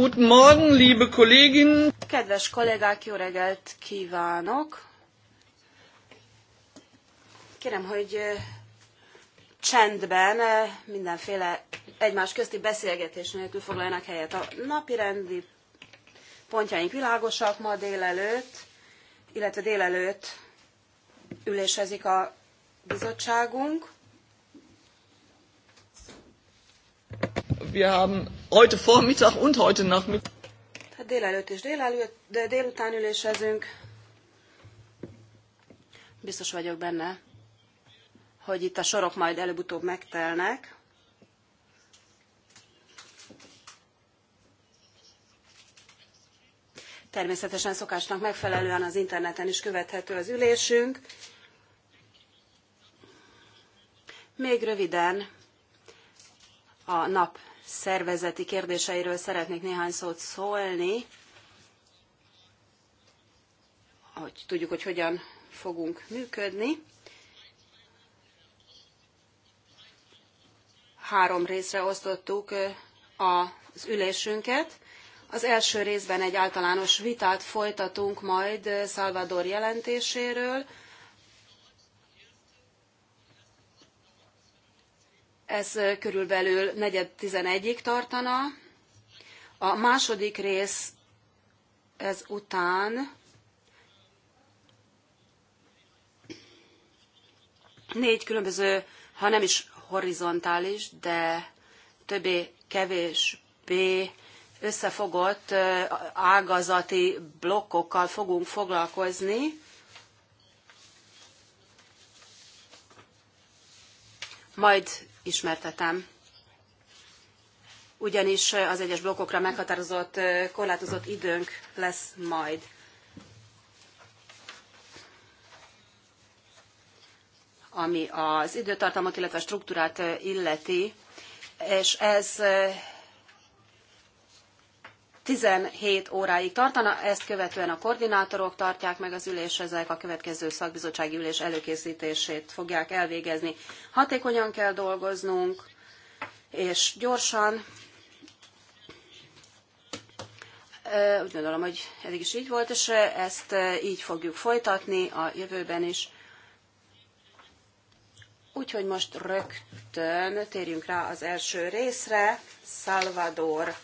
Guten Morgen, liebe Kolleginnen. Kedves kollégák, jó reggelt kívánok. Kérem, hogy eh, csendben eh, mindenféle egymás közti beszélgetés nélkül foglaljanak helyet. A napi rendi pontjaink világosak ma délelőtt, illetve délelőtt ülésezik a bizottságunk. Wir haben heute Vormittag und heute Nachmittag. Hát délelőtt és délelőtt, de délután ülésezünk. Biztos vagyok benne, hogy itt a sorok majd előbb-utóbb megtelnek. Természetesen szokásnak megfelelően az interneten is követhető az ülésünk. Még röviden a nap szervezeti kérdéseiről szeretnék néhány szót szólni, hogy tudjuk, hogy hogyan fogunk működni. Három részre osztottuk az ülésünket. Az első részben egy általános vitát folytatunk majd Salvador jelentéséről, Ez körülbelül negyed tizenegyig tartana. A második rész ez után négy különböző, ha nem is horizontális, de többé-kevésbé összefogott ágazati blokkokkal fogunk foglalkozni. Majd ismertetem. Ugyanis az egyes blokkokra meghatározott korlátozott időnk lesz majd. Ami az időtartamot, illetve a struktúrát illeti, és ez 17 óráig tartana, ezt követően a koordinátorok tartják meg az ülés, ezek a következő szakbizottsági ülés előkészítését fogják elvégezni. Hatékonyan kell dolgoznunk, és gyorsan. Úgy gondolom, hogy eddig is így volt, és ezt így fogjuk folytatni a jövőben is. Úgyhogy most rögtön térjünk rá az első részre. Salvador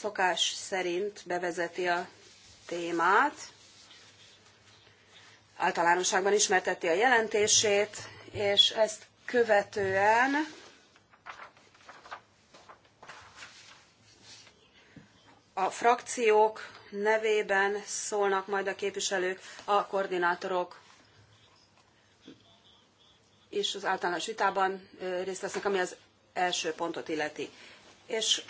szokás szerint bevezeti a témát, általánosságban ismerteti a jelentését, és ezt követően a frakciók nevében szólnak majd a képviselők, a koordinátorok és az általános vitában részt vesznek, ami az első pontot illeti. És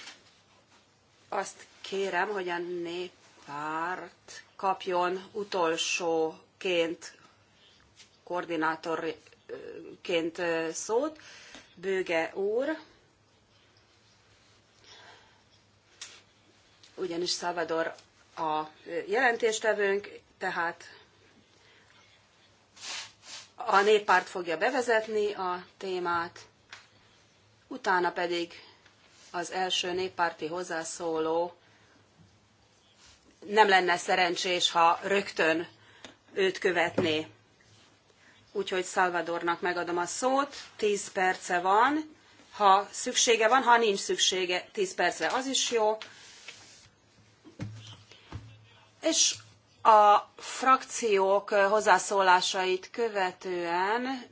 azt kérem, hogy a néppárt kapjon utolsóként koordinátorként szót. Bőge úr, ugyanis Salvador a jelentéstevőnk, tehát a néppárt fogja bevezetni a témát, utána pedig az első néppárti hozzászóló nem lenne szerencsés, ha rögtön őt követné. Úgyhogy Salvadornak megadom a szót, 10 perce van, ha szüksége van, ha nincs szüksége 10 percre, az is jó. És a frakciók hozzászólásait követően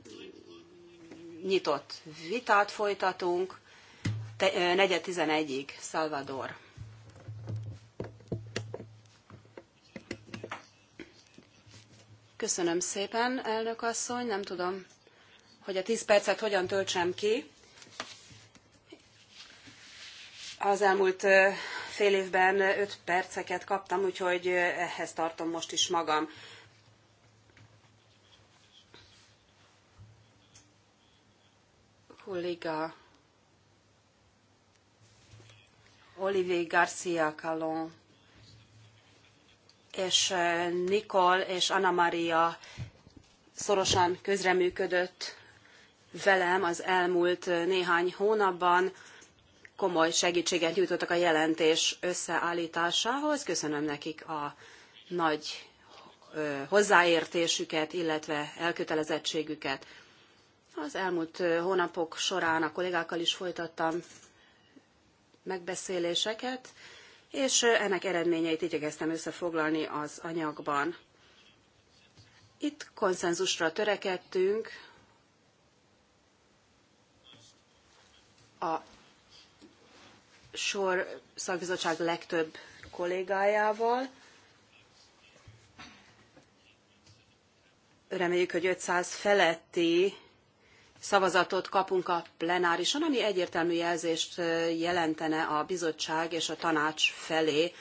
nyitott vitát folytatunk negyed tizenegyig, Salvador. Köszönöm szépen, elnök asszony. Nem tudom, hogy a tíz percet hogyan töltsem ki. Az elmúlt fél évben öt perceket kaptam, úgyhogy ehhez tartom most is magam. Kolléga Olivier Garcia Calon és eh, Nicole és Anna Maria szorosan közreműködött velem az elmúlt eh, néhány hónapban. Komoly segítséget nyújtottak a jelentés összeállításához. Köszönöm nekik a nagy eh, hozzáértésüket, illetve elkötelezettségüket. Az elmúlt hónapok során a kollégákkal is folytattam megbeszéléseket, és ennek eredményeit igyekeztem összefoglalni az anyagban. Itt konszenzusra törekedtünk a sor szakbizottság legtöbb kollégájával. Reméljük, hogy 500 feletti szavazatot kapunk a plenárison, ami egyértelmű jelzést jelentene a bizottság és a tanács felé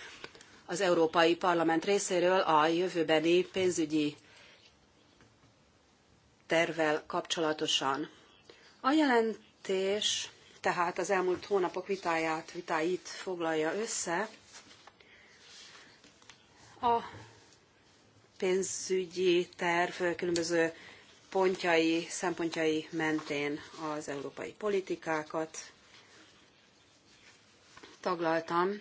az Európai Parlament részéről a jövőbeni pénzügyi tervvel kapcsolatosan. A jelentés tehát az elmúlt hónapok vitáját, vitáit foglalja össze. A pénzügyi terv különböző pontjai, szempontjai mentén az európai politikákat taglaltam.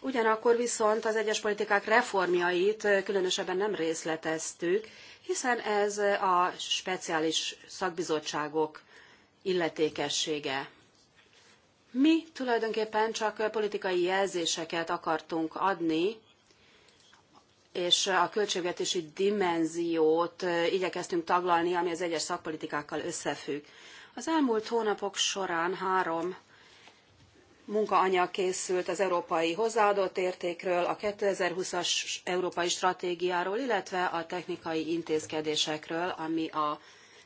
Ugyanakkor viszont az egyes politikák reformjait különösebben nem részleteztük, hiszen ez a speciális szakbizottságok illetékessége. Mi tulajdonképpen csak politikai jelzéseket akartunk adni, és a költségvetési dimenziót igyekeztünk taglalni, ami az egyes szakpolitikákkal összefügg. Az elmúlt hónapok során három munkaanyag készült az európai hozzáadott értékről, a 2020-as európai stratégiáról, illetve a technikai intézkedésekről, ami a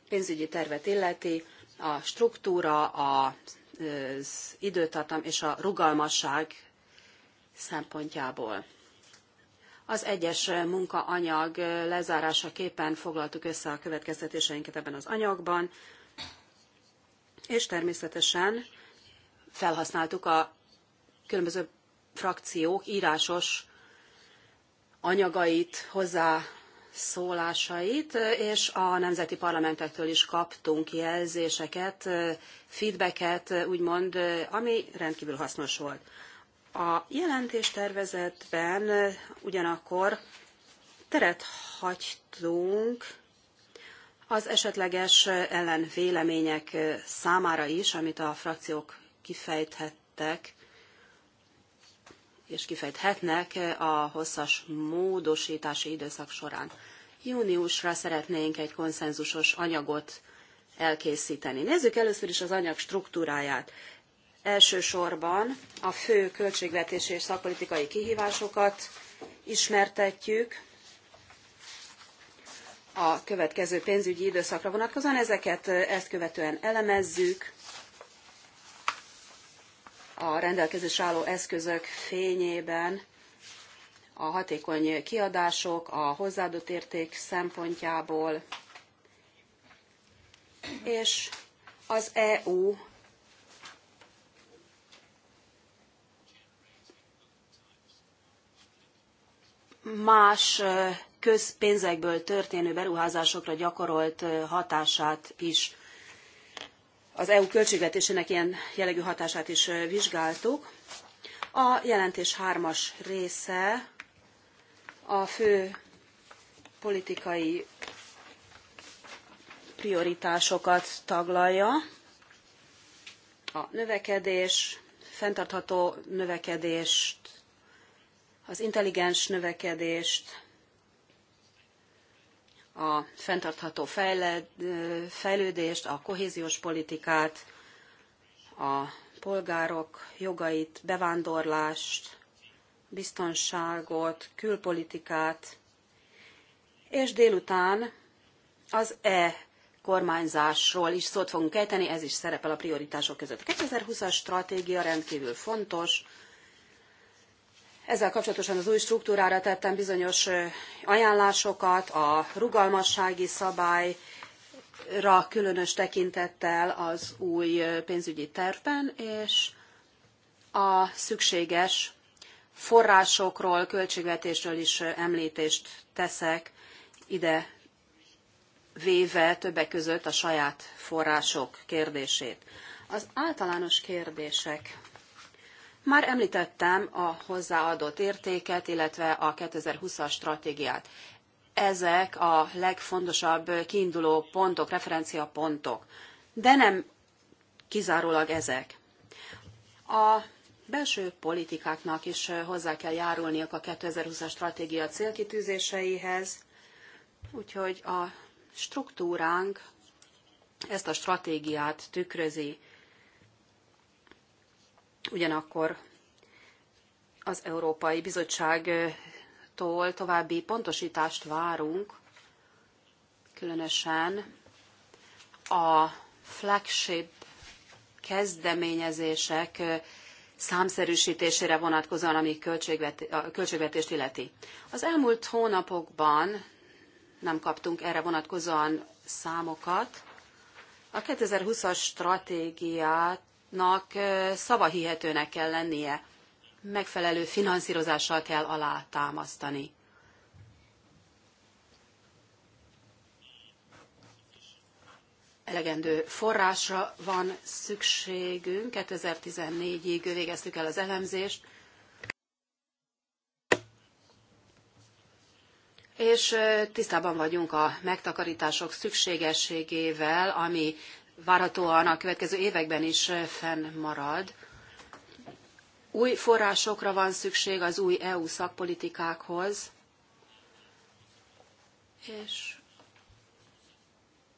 pénzügyi tervet illeti, a struktúra, az időtartam és a rugalmasság szempontjából. Az egyes munkaanyag lezárásaképpen foglaltuk össze a következtetéseinket ebben az anyagban, és természetesen felhasználtuk a különböző frakciók írásos anyagait, hozzászólásait, és a nemzeti parlamentektől is kaptunk jelzéseket, feedbacket, úgymond, ami rendkívül hasznos volt. A jelentéstervezetben ugyanakkor teret hagytunk az esetleges ellenvélemények számára is, amit a frakciók kifejthettek és kifejthetnek a hosszas módosítási időszak során. Júniusra szeretnénk egy konszenzusos anyagot elkészíteni. Nézzük először is az anyag struktúráját. Elsősorban a fő költségvetési és szakpolitikai kihívásokat ismertetjük a következő pénzügyi időszakra vonatkozóan. Ezeket ezt követően elemezzük a rendelkezés álló eszközök fényében a hatékony kiadások, a hozzáadott érték szempontjából, és az EU más közpénzekből történő beruházásokra gyakorolt hatását is, az EU költségvetésének ilyen jellegű hatását is vizsgáltuk. A jelentés hármas része a fő politikai prioritásokat taglalja. A növekedés, fenntartható növekedés, az intelligens növekedést, a fenntartható fejlődést, a kohéziós politikát, a polgárok jogait, bevándorlást, biztonságot, külpolitikát, és délután az E kormányzásról is szót fogunk ejteni, ez is szerepel a prioritások között. A 2020-as stratégia rendkívül fontos, ezzel kapcsolatosan az új struktúrára tettem bizonyos ajánlásokat, a rugalmassági szabályra különös tekintettel az új pénzügyi tervben, és a szükséges forrásokról, költségvetésről is említést teszek ide véve többek között a saját források kérdését. Az általános kérdések már említettem a hozzáadott értéket, illetve a 2020-as stratégiát. Ezek a legfontosabb kiinduló pontok, referenciapontok, de nem kizárólag ezek. A belső politikáknak is hozzá kell járulniuk a 2020-as stratégia célkitűzéseihez, úgyhogy a struktúránk ezt a stratégiát tükrözi. Ugyanakkor az Európai Bizottságtól további pontosítást várunk, különösen a flagship kezdeményezések számszerűsítésére vonatkozóan, ami a költségvetést illeti. Az elmúlt hónapokban nem kaptunk erre vonatkozóan számokat. A 2020-as stratégiát nak szavahihetőnek kell lennie, megfelelő finanszírozással kell alátámasztani. Elegendő forrásra van szükségünk, 2014-ig végeztük el az elemzést, és tisztában vagyunk a megtakarítások szükségességével, ami várhatóan a következő években is fennmarad. Új forrásokra van szükség az új EU szakpolitikákhoz, és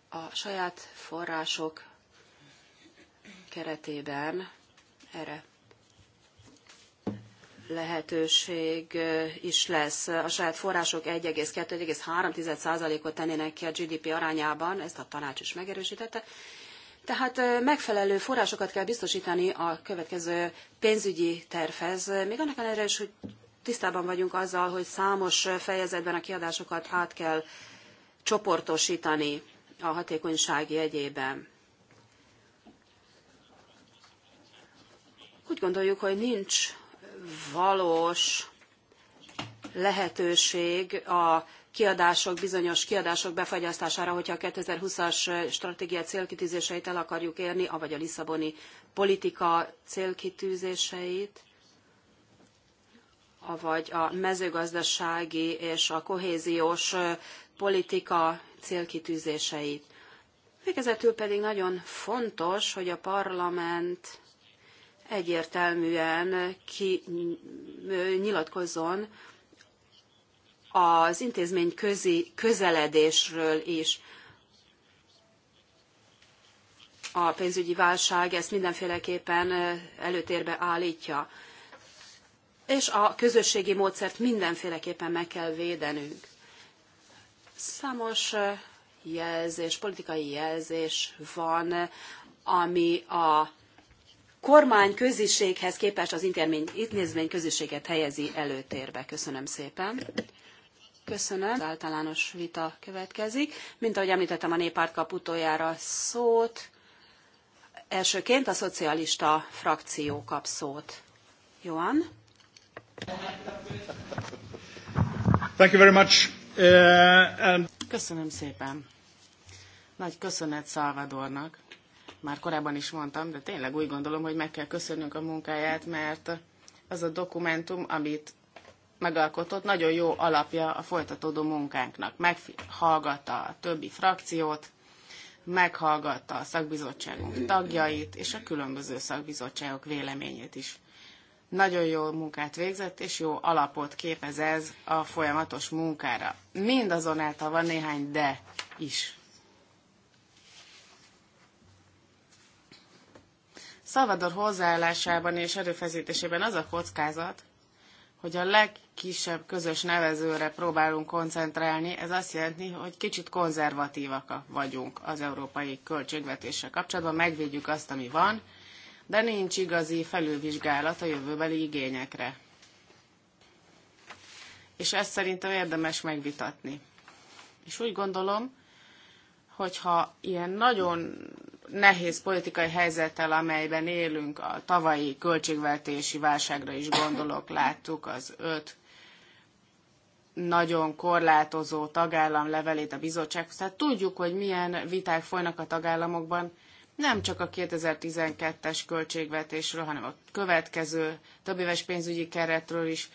a saját források keretében erre lehetőség is lesz. A saját források 1,2-1,3%-ot tennének ki a GDP arányában, ezt a tanács is megerősítette, tehát megfelelő forrásokat kell biztosítani a következő pénzügyi tervhez, még annak ellenére is, hogy tisztában vagyunk azzal, hogy számos fejezetben a kiadásokat át kell csoportosítani a hatékonyság jegyében. Úgy gondoljuk, hogy nincs valós lehetőség a kiadások, bizonyos kiadások befagyasztására, hogyha a 2020-as stratégia célkitűzéseit el akarjuk érni, avagy a Lisszaboni politika célkitűzéseit, avagy a mezőgazdasági és a kohéziós politika célkitűzéseit. Végezetül pedig nagyon fontos, hogy a parlament egyértelműen ki nyilatkozzon az intézmény közi közeledésről is. A pénzügyi válság ezt mindenféleképpen előtérbe állítja. És a közösségi módszert mindenféleképpen meg kell védenünk. Számos jelzés, politikai jelzés van, ami a kormány köziséghez képest az intézmény köziséget helyezi előtérbe. Köszönöm szépen. Köszönöm. Az általános vita következik. Mint ahogy említettem, a néppárt kap utoljára szót. Elsőként a szocialista frakció kap szót. Johan? Thank you very much. Uh, and... Köszönöm szépen. Nagy köszönet Salvadornak. Már korábban is mondtam, de tényleg úgy gondolom, hogy meg kell köszönnünk a munkáját, mert az a dokumentum, amit megalkotott nagyon jó alapja a folytatódó munkánknak. Meghallgatta a többi frakciót, meghallgatta a szakbizottságunk tagjait és a különböző szakbizottságok véleményét is. Nagyon jó munkát végzett, és jó alapot képez ez a folyamatos munkára. Mindazonáltal van néhány de is. Salvador hozzáállásában és erőfeszítésében az a kockázat, hogy a legkisebb közös nevezőre próbálunk koncentrálni, ez azt jelenti, hogy kicsit konzervatívak vagyunk az európai költségvetéssel kapcsolatban, megvédjük azt, ami van, de nincs igazi felülvizsgálat a jövőbeli igényekre. És ezt szerintem érdemes megvitatni. És úgy gondolom, hogyha ilyen nagyon nehéz politikai helyzettel, amelyben élünk, a tavalyi költségvetési válságra is gondolok, láttuk az öt nagyon korlátozó tagállam levelét a bizottság. Tehát tudjuk, hogy milyen viták folynak a tagállamokban, nem csak a 2012-es költségvetésről, hanem a következő többéves pénzügyi keretről is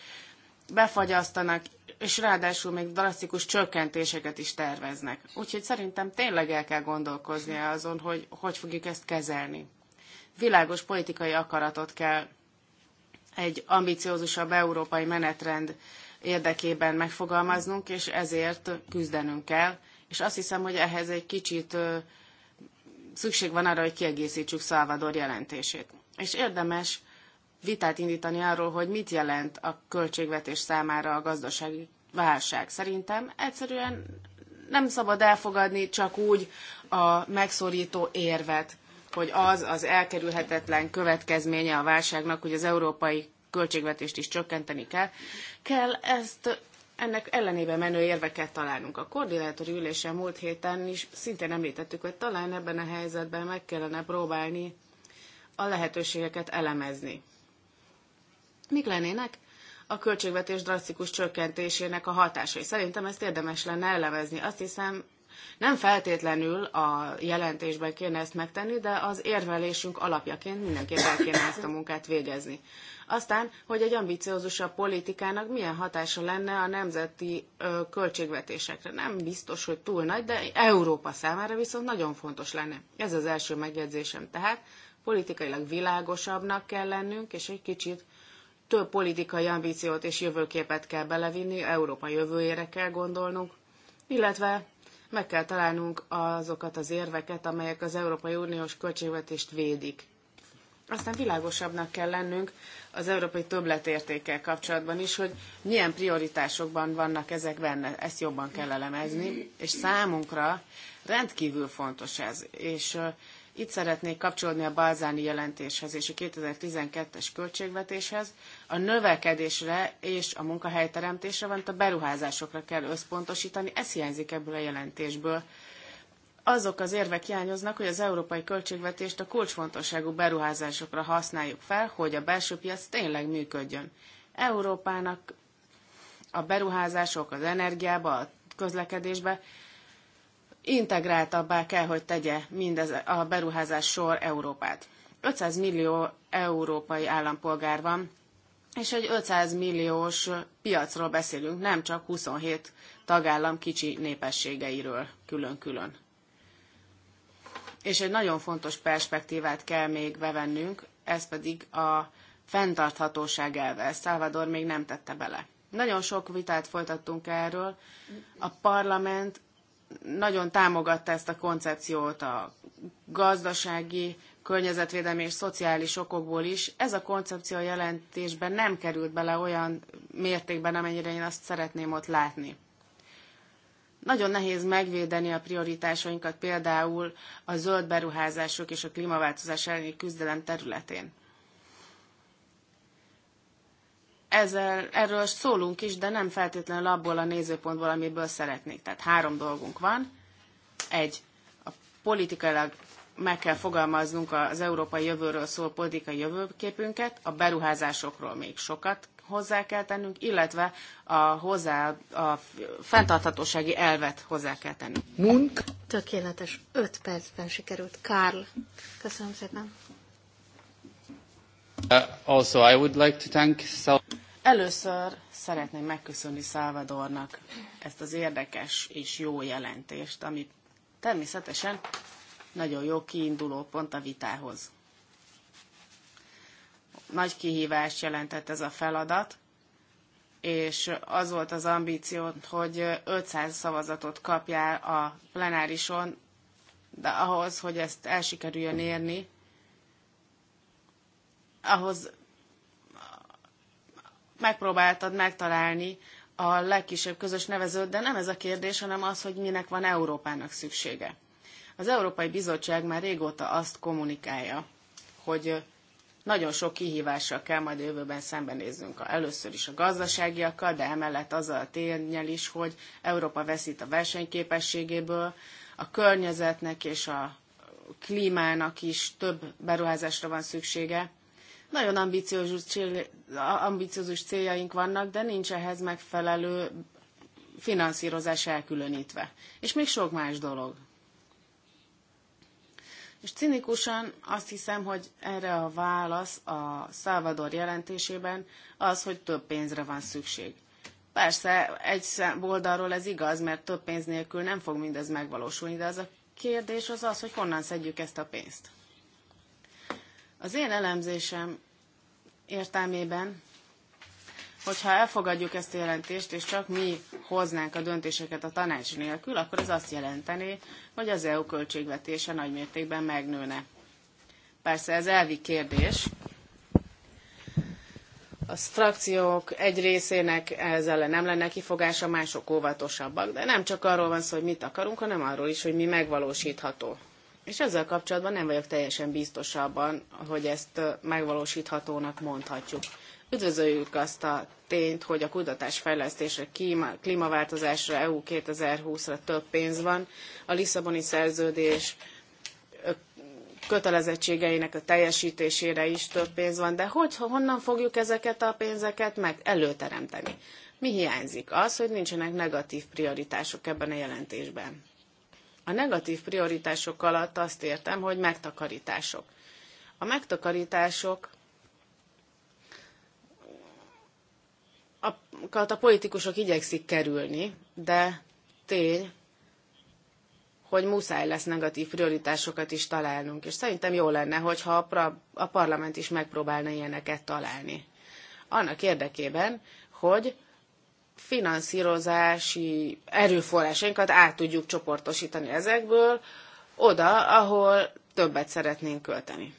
befagyasztanak és ráadásul még drasztikus csökkentéseket is terveznek. Úgyhogy szerintem tényleg el kell gondolkozni azon, hogy hogy fogjuk ezt kezelni. Világos politikai akaratot kell egy ambiciózusabb európai menetrend érdekében megfogalmaznunk, és ezért küzdenünk kell. És azt hiszem, hogy ehhez egy kicsit szükség van arra, hogy kiegészítsük Szalvador jelentését. És érdemes vitát indítani arról, hogy mit jelent a költségvetés számára a gazdasági válság. Szerintem egyszerűen nem szabad elfogadni csak úgy a megszorító érvet, hogy az az elkerülhetetlen következménye a válságnak, hogy az európai költségvetést is csökkenteni kell. Kell ezt ennek ellenében menő érveket találnunk. A koordinátori ülésen múlt héten is szintén említettük, hogy talán ebben a helyzetben meg kellene próbálni a lehetőségeket elemezni mik lennének a költségvetés drasztikus csökkentésének a hatásai. Szerintem ezt érdemes lenne elemezni. Azt hiszem, nem feltétlenül a jelentésben kéne ezt megtenni, de az érvelésünk alapjaként mindenképpen kéne ezt a munkát végezni. Aztán, hogy egy ambiciózusabb politikának milyen hatása lenne a nemzeti ö, költségvetésekre. Nem biztos, hogy túl nagy, de Európa számára viszont nagyon fontos lenne. Ez az első megjegyzésem. Tehát politikailag világosabbnak kell lennünk, és egy kicsit több politikai ambíciót és jövőképet kell belevinni, Európa jövőjére kell gondolnunk, illetve meg kell találnunk azokat az érveket, amelyek az Európai Uniós költségvetést védik. Aztán világosabbnak kell lennünk az európai többletértékkel kapcsolatban is, hogy milyen prioritásokban vannak ezek benne, ezt jobban kell elemezni, és számunkra rendkívül fontos ez, és itt szeretnék kapcsolódni a balzáni jelentéshez és a 2012-es költségvetéshez. A növekedésre és a munkahelyteremtésre, valamint a beruházásokra kell összpontosítani. Ez hiányzik ebből a jelentésből. Azok az érvek hiányoznak, hogy az európai költségvetést a kulcsfontosságú beruházásokra használjuk fel, hogy a belső piac tényleg működjön. Európának a beruházások az energiába, a közlekedésbe integráltabbá kell, hogy tegye mindez a beruházás sor Európát. 500 millió európai állampolgár van, és egy 500 milliós piacról beszélünk, nem csak 27 tagállam kicsi népességeiről külön-külön. És egy nagyon fontos perspektívát kell még bevennünk, ez pedig a fenntarthatóság elve. Ezt Salvador még nem tette bele. Nagyon sok vitát folytattunk erről. A parlament nagyon támogatta ezt a koncepciót a gazdasági, környezetvédelmi és szociális okokból is. Ez a koncepció jelentésben nem került bele olyan mértékben, amennyire én azt szeretném ott látni. Nagyon nehéz megvédeni a prioritásainkat például a zöld beruházások és a klímaváltozás elleni küzdelem területén. ezzel, erről szólunk is, de nem feltétlenül abból a nézőpontból, amiből szeretnék. Tehát három dolgunk van. Egy, a politikailag meg kell fogalmaznunk az európai jövőről szól politikai jövőképünket, a beruházásokról még sokat hozzá kell tennünk, illetve a, hozzá, a fenntarthatósági elvet hozzá kell tennünk. Munk. Tökéletes. Öt percben sikerült. Karl. Köszönöm szépen. Uh, also, I would like to thank Először szeretném megköszönni Szávadornak ezt az érdekes és jó jelentést, ami természetesen nagyon jó kiinduló pont a vitához. Nagy kihívást jelentett ez a feladat, és az volt az ambíció, hogy 500 szavazatot kapjál a plenárison, de ahhoz, hogy ezt el sikerüljön érni, ahhoz megpróbáltad megtalálni a legkisebb közös nevezőt, de nem ez a kérdés, hanem az, hogy minek van Európának szüksége. Az Európai Bizottság már régóta azt kommunikálja, hogy nagyon sok kihívással kell majd a jövőben szembenéznünk. Először is a gazdaságiakkal, de emellett azzal a tényel is, hogy Európa veszít a versenyképességéből, a környezetnek és a klímának is több beruházásra van szüksége. Nagyon ambiciózus, cél, ambiciózus céljaink vannak, de nincs ehhez megfelelő finanszírozás elkülönítve. És még sok más dolog. És cinikusan azt hiszem, hogy erre a válasz a Salvador jelentésében az, hogy több pénzre van szükség. Persze, egy oldalról ez igaz, mert több pénz nélkül nem fog mindez megvalósulni, de az a kérdés az az, hogy honnan szedjük ezt a pénzt. Az én elemzésem értelmében, hogyha elfogadjuk ezt a jelentést, és csak mi hoznánk a döntéseket a tanács nélkül, akkor ez azt jelenteni, hogy az EU költségvetése nagymértékben megnőne. Persze ez elvi kérdés. A frakciók egy részének ezzel nem lenne kifogása, mások óvatosabbak, de nem csak arról van szó, hogy mit akarunk, hanem arról is, hogy mi megvalósítható. És ezzel kapcsolatban nem vagyok teljesen biztos abban, hogy ezt megvalósíthatónak mondhatjuk. Üdvözöljük azt a tényt, hogy a kutatás fejlesztésre, klímaváltozásra, EU 2020-ra több pénz van. A Lisszaboni szerződés kötelezettségeinek a teljesítésére is több pénz van, de hogy, honnan fogjuk ezeket a pénzeket meg előteremteni? Mi hiányzik? Az, hogy nincsenek negatív prioritások ebben a jelentésben. A negatív prioritások alatt azt értem, hogy megtakarítások. A megtakarítások a politikusok igyekszik kerülni, de tény, hogy muszáj lesz negatív prioritásokat is találnunk, és szerintem jó lenne, hogyha a parlament is megpróbálna ilyeneket találni. Annak érdekében, hogy finanszírozási erőforrásainkat át tudjuk csoportosítani ezekből oda, ahol többet szeretnénk költeni.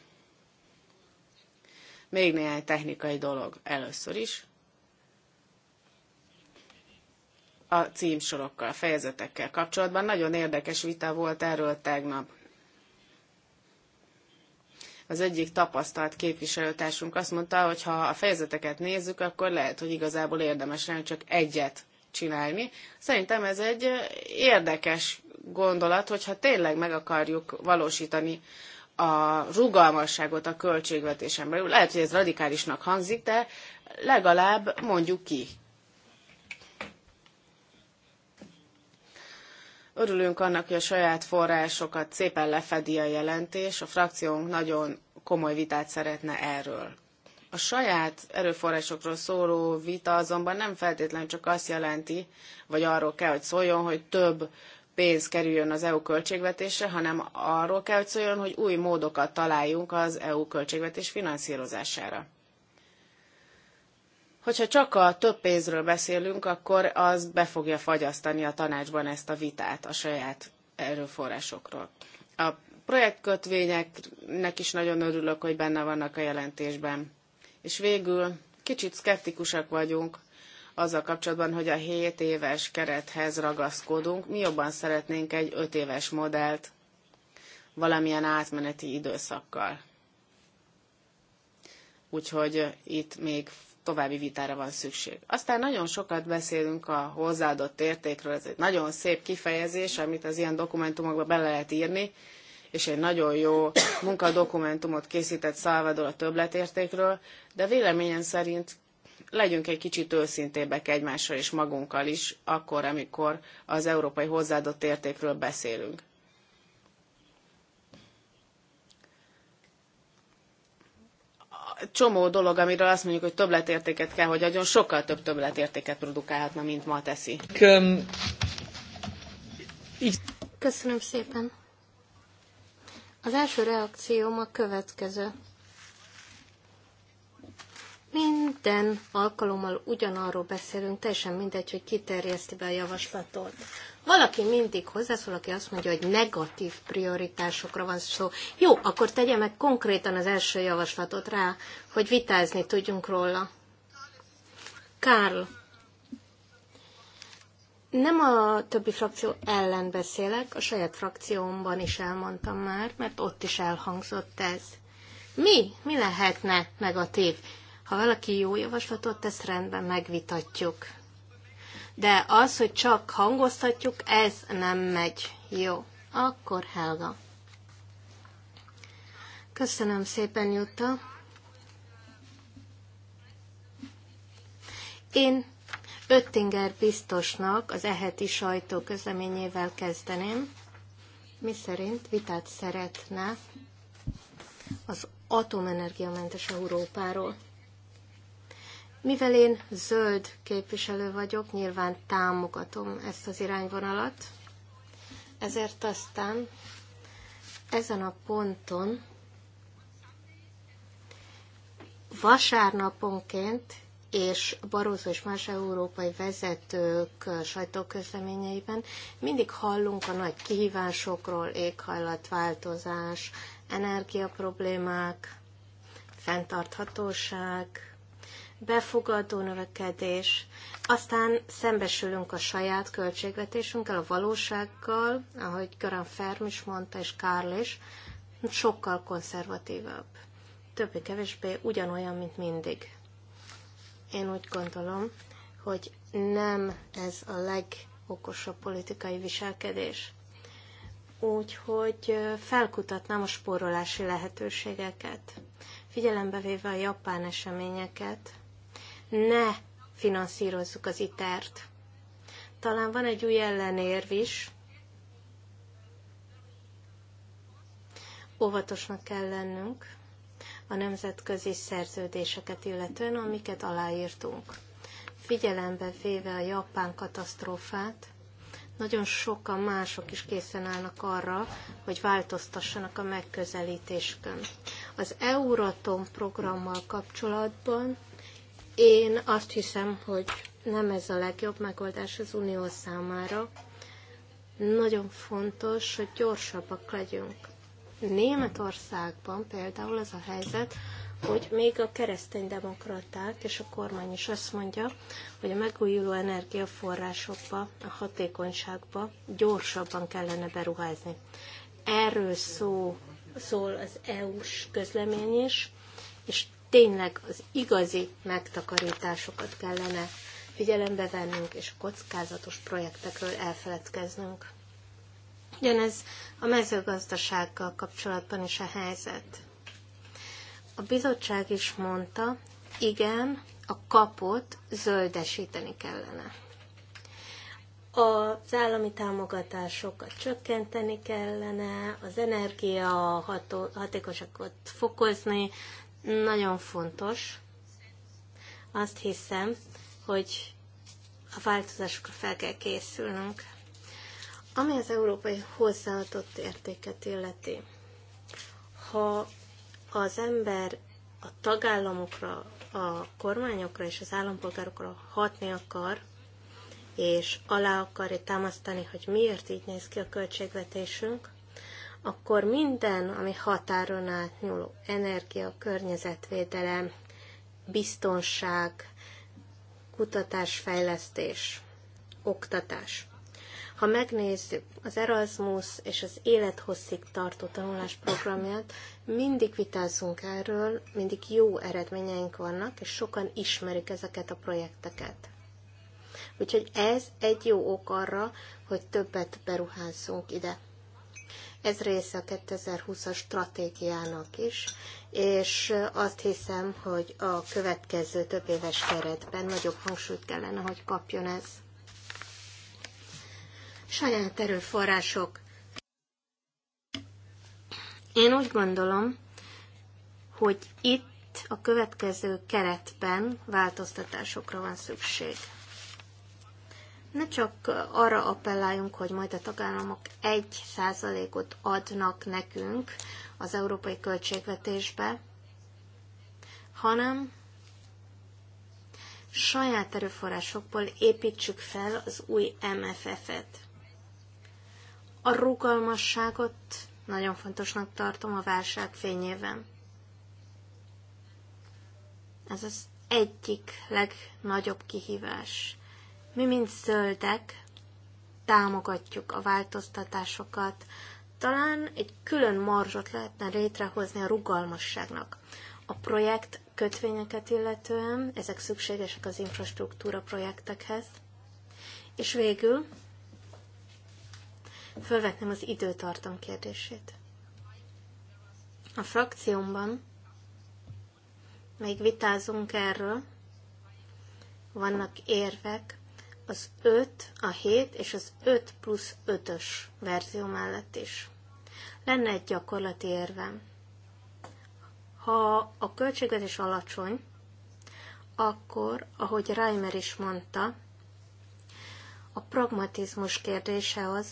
Még néhány technikai dolog először is. A címsorokkal, fejezetekkel kapcsolatban nagyon érdekes vita volt erről tegnap az egyik tapasztalt képviselőtársunk azt mondta, hogy ha a fejezeteket nézzük, akkor lehet, hogy igazából érdemes lenne csak egyet csinálni. Szerintem ez egy érdekes gondolat, hogyha tényleg meg akarjuk valósítani a rugalmasságot a költségvetésen belül. Lehet, hogy ez radikálisnak hangzik, de legalább mondjuk ki. Örülünk annak, hogy a saját forrásokat szépen lefedi a jelentés, a frakciónk nagyon komoly vitát szeretne erről. A saját erőforrásokról szóló vita azonban nem feltétlenül csak azt jelenti, vagy arról kell, hogy szóljon, hogy több pénz kerüljön az EU költségvetésre, hanem arról kell, hogy szóljon, hogy új módokat találjunk az EU költségvetés finanszírozására. Hogyha csak a több pénzről beszélünk, akkor az be fogja fagyasztani a tanácsban ezt a vitát a saját erőforrásokról. A projektkötvényeknek is nagyon örülök, hogy benne vannak a jelentésben. És végül kicsit szkeptikusak vagyunk azzal kapcsolatban, hogy a 7 éves kerethez ragaszkodunk. Mi jobban szeretnénk egy 5 éves modellt valamilyen átmeneti időszakkal. Úgyhogy itt még további vitára van szükség. Aztán nagyon sokat beszélünk a hozzáadott értékről, ez egy nagyon szép kifejezés, amit az ilyen dokumentumokba bele lehet írni, és egy nagyon jó munkadokumentumot készített Szalvador a többletértékről, de véleményem szerint legyünk egy kicsit őszintébbek egymással és magunkkal is, akkor, amikor az európai hozzáadott értékről beszélünk. csomó dolog, amiről azt mondjuk, hogy többletértéket kell, hogy adjon, sokkal több többletértéket produkálhatna, mint ma teszi. Köszönöm szépen. Az első reakcióm a következő. Minden alkalommal ugyanarról beszélünk, teljesen mindegy, hogy kiterjeszti be a javaslatot. Valaki mindig hozzászól, aki azt mondja, hogy negatív prioritásokra van szó. Jó, akkor tegye meg konkrétan az első javaslatot rá, hogy vitázni tudjunk róla. Karl, nem a többi frakció ellen beszélek, a saját frakciómban is elmondtam már, mert ott is elhangzott ez. Mi? Mi lehetne negatív? Ha valaki jó javaslatot tesz, rendben megvitatjuk de az, hogy csak hangoztatjuk, ez nem megy. Jó, akkor Helga. Köszönöm szépen, Jutta. Én Öttinger biztosnak az eheti sajtó közleményével kezdeném, mi szerint vitát szeretne az atomenergiamentes Európáról. Mivel én zöld képviselő vagyok, nyilván támogatom ezt az irányvonalat, ezért aztán ezen a ponton vasárnaponként és Barózó és más európai vezetők sajtóközleményeiben mindig hallunk a nagy kihívásokról, éghajlatváltozás, energiaproblémák, fenntarthatóság, befogadó növekedés, aztán szembesülünk a saját költségvetésünkkel, a valósággal, ahogy Göran Ferm is mondta, és Kárl is, sokkal konzervatívabb. Többé-kevésbé ugyanolyan, mint mindig. Én úgy gondolom, hogy nem ez a legokosabb politikai viselkedés. Úgyhogy felkutatnám a spórolási lehetőségeket. Figyelembe véve a japán eseményeket, ne finanszírozzuk az itert. E Talán van egy új ellenérv is. Óvatosnak kell lennünk a nemzetközi szerződéseket illetően, amiket aláírtunk. Figyelembe véve a japán katasztrófát, nagyon sokan mások is készen állnak arra, hogy változtassanak a megközelítésükön. Az Euratom programmal kapcsolatban én azt hiszem, hogy nem ez a legjobb megoldás az Unió számára. Nagyon fontos, hogy gyorsabbak legyünk. Németországban például az a helyzet, hogy még a kereszténydemokraták és a kormány is azt mondja, hogy a megújuló energiaforrásokba, a hatékonyságba gyorsabban kellene beruházni. Erről szó, szól az EU-s közlemény is, és tényleg az igazi megtakarításokat kellene figyelembe vennünk, és a kockázatos projektekről elfeledkeznünk. Ugyanez a mezőgazdasággal kapcsolatban is a helyzet. A bizottság is mondta, igen, a kapot zöldesíteni kellene. Az állami támogatásokat csökkenteni kellene, az energia hatékosakot fokozni, nagyon fontos. Azt hiszem, hogy a változásokra fel kell készülnünk. Ami az európai hozzáadott értéket illeti, ha az ember a tagállamokra, a kormányokra és az állampolgárokra hatni akar, és alá akarja támasztani, hogy miért így néz ki a költségvetésünk, akkor minden, ami határon átnyúló energia, környezetvédelem, biztonság, kutatásfejlesztés, oktatás. Ha megnézzük az Erasmus és az élethosszig tartó tanulás programját, mindig vitázunk erről, mindig jó eredményeink vannak, és sokan ismerik ezeket a projekteket. Úgyhogy ez egy jó ok arra, hogy többet beruházzunk ide. Ez része a 2020-as stratégiának is, és azt hiszem, hogy a következő több éves keretben nagyobb hangsúlyt kellene, hogy kapjon ez. Saját erőforrások. Én úgy gondolom, hogy itt a következő keretben változtatásokra van szükség ne csak arra appelláljunk, hogy majd a tagállamok egy százalékot adnak nekünk az európai költségvetésbe, hanem saját erőforrásokból építsük fel az új MFF-et. A rugalmasságot nagyon fontosnak tartom a válság fényében. Ez az egyik legnagyobb kihívás mi, mint zöldek, támogatjuk a változtatásokat. Talán egy külön marzsot lehetne létrehozni a rugalmasságnak. A projekt kötvényeket illetően, ezek szükségesek az infrastruktúra projektekhez. És végül felvetném az időtartam kérdését. A frakciómban még vitázunk erről, vannak érvek, az 5, a 7 és az 5 plusz 5-ös verzió mellett is. Lenne egy gyakorlati érvem. Ha a költségvetés alacsony, akkor, ahogy Reimer is mondta, a pragmatizmus kérdése az,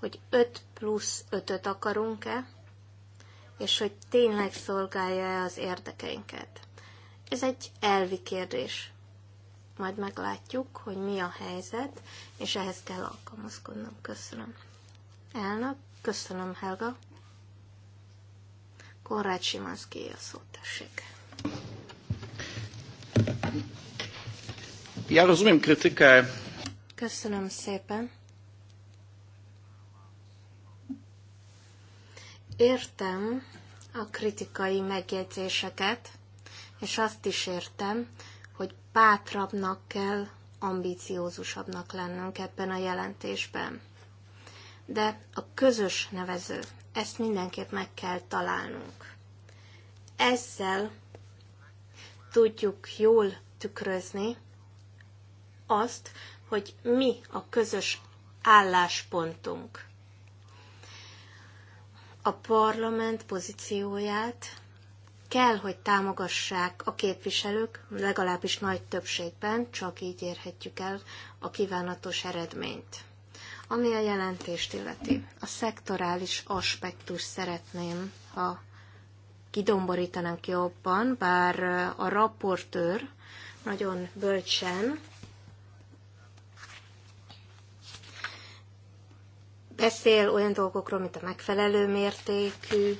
hogy 5 plusz 5-öt akarunk-e, és hogy tényleg szolgálja-e az érdekeinket. Ez egy elvi kérdés majd meglátjuk, hogy mi a helyzet, és ehhez kell alkalmazkodnom. Köszönöm. Elnök, köszönöm, Helga. Konrád Simanszki, a szót tessék. Ja rozumiem krytykę. Köszönöm szépen. Értem a kritikai megjegyzéseket, és azt is értem, bátrabbnak kell, ambíciózusabbnak lennünk ebben a jelentésben. De a közös nevező, ezt mindenképp meg kell találnunk. Ezzel tudjuk jól tükrözni azt, hogy mi a közös álláspontunk. A parlament pozícióját kell, hogy támogassák a képviselők, legalábbis nagy többségben, csak így érhetjük el a kívánatos eredményt. Ami a jelentést illeti, a szektorális aspektus szeretném, ha kidomborítanánk jobban, bár a raportőr nagyon bölcsen beszél olyan dolgokról, mint a megfelelő mértékű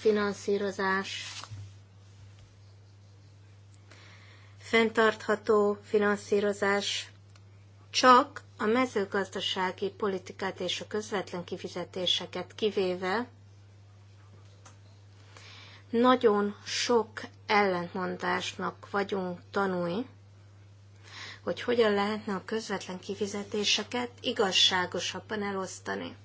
finanszírozás, fenntartható finanszírozás, csak a mezőgazdasági politikát és a közvetlen kifizetéseket kivéve nagyon sok ellentmondásnak vagyunk tanúi, hogy hogyan lehetne a közvetlen kifizetéseket igazságosabban elosztani.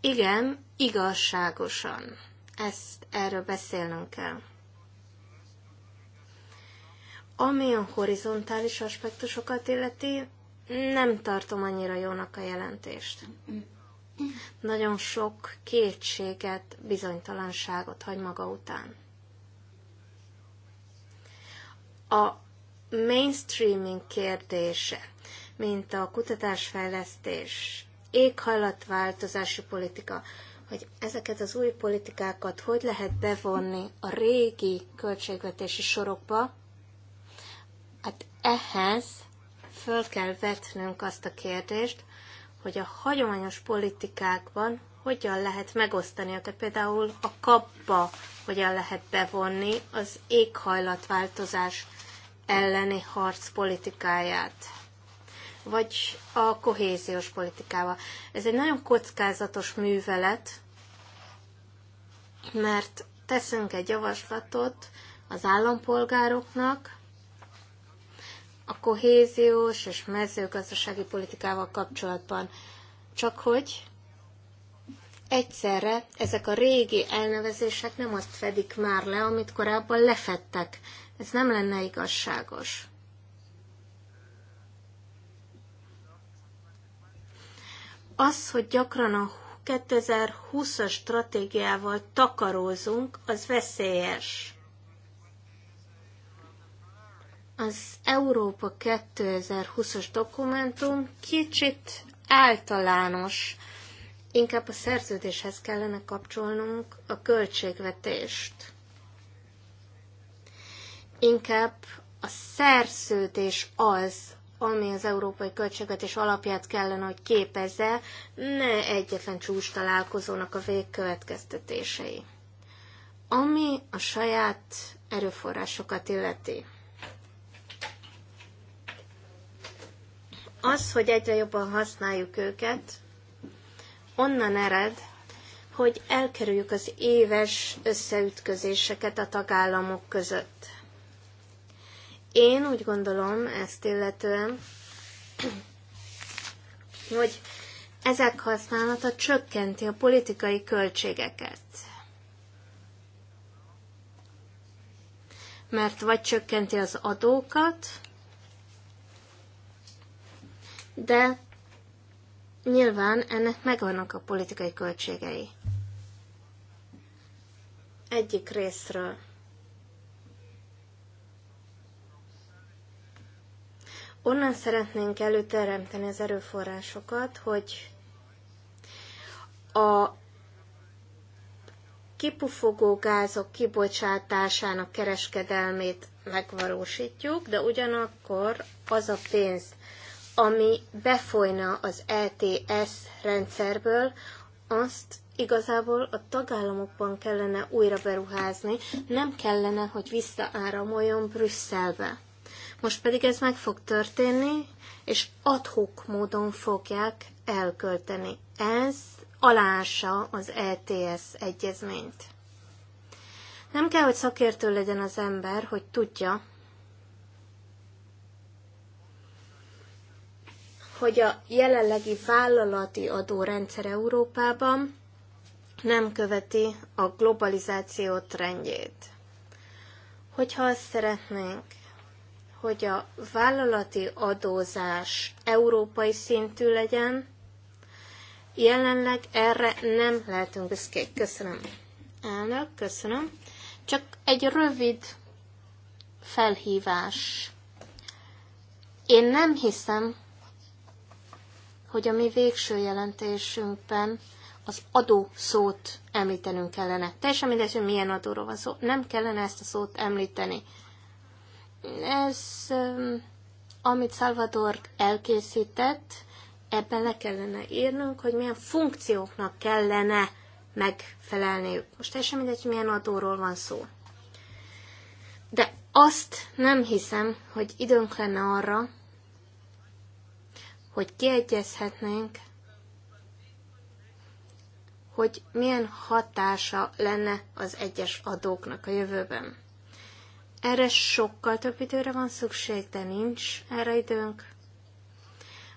Igen, igazságosan. Ezt erről beszélnünk kell. Ami a horizontális aspektusokat illeti, nem tartom annyira jónak a jelentést. Nagyon sok kétséget, bizonytalanságot hagy maga után. A mainstreaming kérdése, mint a kutatásfejlesztés, éghajlatváltozási politika, hogy ezeket az új politikákat hogy lehet bevonni a régi költségvetési sorokba, ehhez föl kell vetnünk azt a kérdést, hogy a hagyományos politikákban hogyan lehet megosztani, tehát például a kapba hogyan lehet bevonni az éghajlatváltozás elleni harc politikáját, vagy a kohéziós politikával. Ez egy nagyon kockázatos művelet, mert teszünk egy javaslatot az állampolgároknak, a kohéziós és mezőgazdasági politikával kapcsolatban. Csak hogy egyszerre ezek a régi elnevezések nem azt fedik már le, amit korábban lefettek. Ez nem lenne igazságos. Az, hogy gyakran a 2020-as stratégiával takarózunk, az veszélyes az Európa 2020-as dokumentum kicsit általános, inkább a szerződéshez kellene kapcsolnunk a költségvetést. Inkább a szerződés az, ami az európai költségvetés alapját kellene, hogy képezze, ne egyetlen csúcs találkozónak a végkövetkeztetései. Ami a saját erőforrásokat illeti. Az, hogy egyre jobban használjuk őket, onnan ered, hogy elkerüljük az éves összeütközéseket a tagállamok között. Én úgy gondolom ezt illetően, hogy ezek használata csökkenti a politikai költségeket. Mert vagy csökkenti az adókat, de nyilván ennek megvannak a politikai költségei. Egyik részről onnan szeretnénk előteremteni az erőforrásokat, hogy a kipufogó gázok kibocsátásának kereskedelmét megvalósítjuk, de ugyanakkor az a pénz, ami befolyna az ETS rendszerből, azt igazából a tagállamokban kellene újra beruházni, nem kellene, hogy visszaáramoljon Brüsszelbe. Most pedig ez meg fog történni, és adhok módon fogják elkölteni. Ez alása az ETS egyezményt. Nem kell, hogy szakértő legyen az ember, hogy tudja, hogy a jelenlegi vállalati adórendszer Európában nem követi a globalizáció trendjét. Hogyha azt szeretnénk, hogy a vállalati adózás európai szintű legyen, jelenleg erre nem lehetünk büszkék. Köszönöm. Elnök, köszönöm. Csak egy rövid felhívás. Én nem hiszem, hogy a mi végső jelentésünkben az adó szót említenünk kellene. Teljesen mindegy, hogy milyen adóról van szó. Nem kellene ezt a szót említeni. Ez, amit Salvador elkészített, ebben le kellene írnunk, hogy milyen funkcióknak kellene megfelelniük. Most teljesen mindegy, hogy milyen adóról van szó. De azt nem hiszem, hogy időnk lenne arra, hogy kiegyezhetnénk, hogy milyen hatása lenne az egyes adóknak a jövőben. Erre sokkal több időre van szükség, de nincs erre időnk.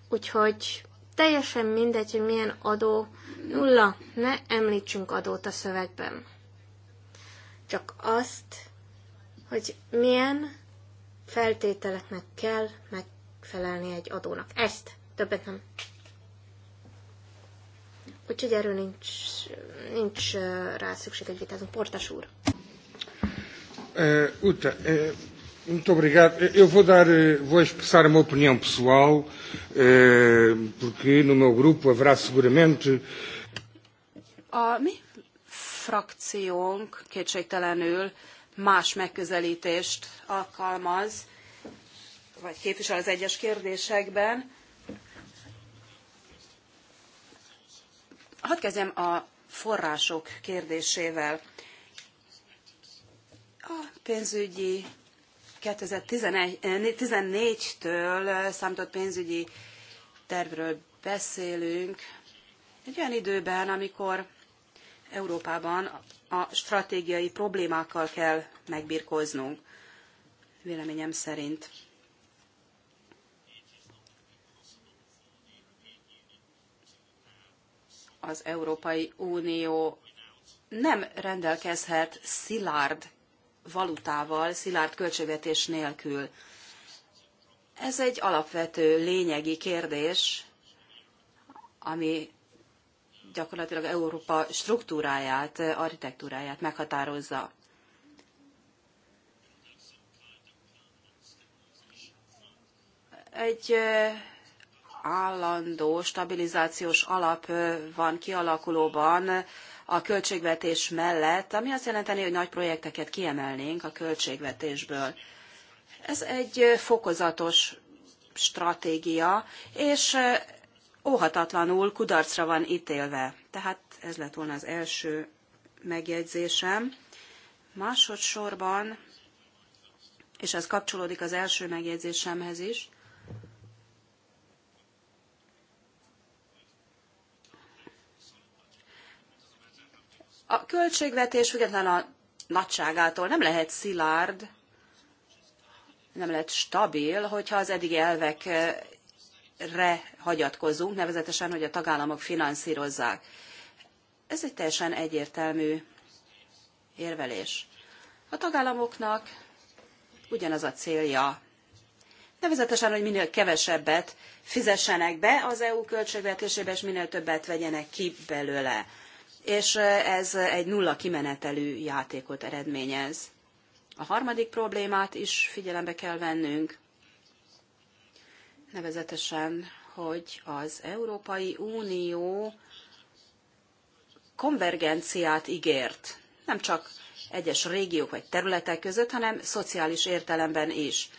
Úgyhogy teljesen mindegy, hogy milyen adó nulla, ne említsünk adót a szövegben. Csak azt, hogy milyen feltételeknek kell megfelelni egy adónak. Ezt Többet nem. Úgyhogy erről nincs, nincs rá szükség, egy vitázunk. Portas úr. Uh, Uta, uh, muito obrigado. Eu vou dar, uh, vou expressar uma opinião pessoal, uh, porque no meu grupo haverá seguramente. A mi frakciónk kétségtelenül más megközelítést alkalmaz, vagy képvisel az egyes kérdésekben. Hadd kezdjem a források kérdésével. A pénzügyi 2014-től számított pénzügyi tervről beszélünk, egy olyan időben, amikor Európában a stratégiai problémákkal kell megbirkóznunk, véleményem szerint. az Európai Unió nem rendelkezhet szilárd valutával, szilárd költségvetés nélkül. Ez egy alapvető lényegi kérdés, ami gyakorlatilag Európa struktúráját, architektúráját meghatározza. Egy állandó stabilizációs alap van kialakulóban a költségvetés mellett, ami azt jelenteni, hogy nagy projekteket kiemelnénk a költségvetésből. Ez egy fokozatos stratégia, és óhatatlanul kudarcra van ítélve. Tehát ez lett volna az első megjegyzésem. Másodszorban, és ez kapcsolódik az első megjegyzésemhez is, A költségvetés független a nagyságától nem lehet szilárd, nem lehet stabil, hogyha az eddig elvekre hagyatkozunk, nevezetesen, hogy a tagállamok finanszírozzák. Ez egy teljesen egyértelmű érvelés. A tagállamoknak ugyanaz a célja, nevezetesen, hogy minél kevesebbet fizessenek be az EU költségvetésébe, és minél többet vegyenek ki belőle és ez egy nulla kimenetelű játékot eredményez. A harmadik problémát is figyelembe kell vennünk, nevezetesen, hogy az Európai Unió konvergenciát ígért. Nem csak egyes régiók vagy területek között, hanem szociális értelemben is.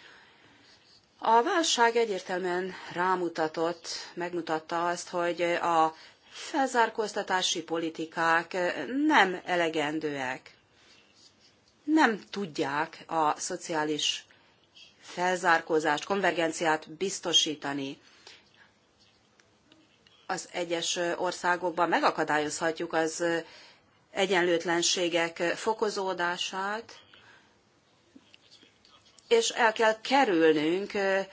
A válság egyértelműen rámutatott, megmutatta azt, hogy a felzárkóztatási politikák eh, nem elegendőek. Nem tudják a szociális felzárkózást, konvergenciát biztosítani. Az egyes országokban megakadályozhatjuk az eh, egyenlőtlenségek fokozódását, és el kell kerülnünk eh,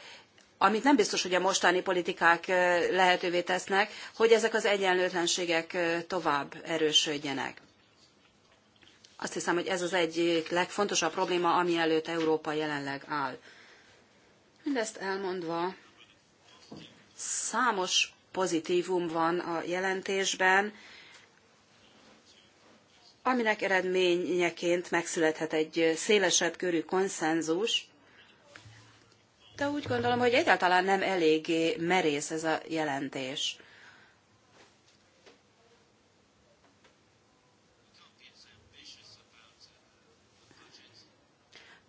amit nem biztos, hogy a mostani politikák lehetővé tesznek, hogy ezek az egyenlőtlenségek tovább erősödjenek. Azt hiszem, hogy ez az egyik legfontosabb probléma, ami előtt Európa jelenleg áll. Mindezt elmondva, számos pozitívum van a jelentésben, aminek eredményeként megszülethet egy szélesebb körű konszenzus, de úgy gondolom, hogy egyáltalán nem eléggé merész ez a jelentés.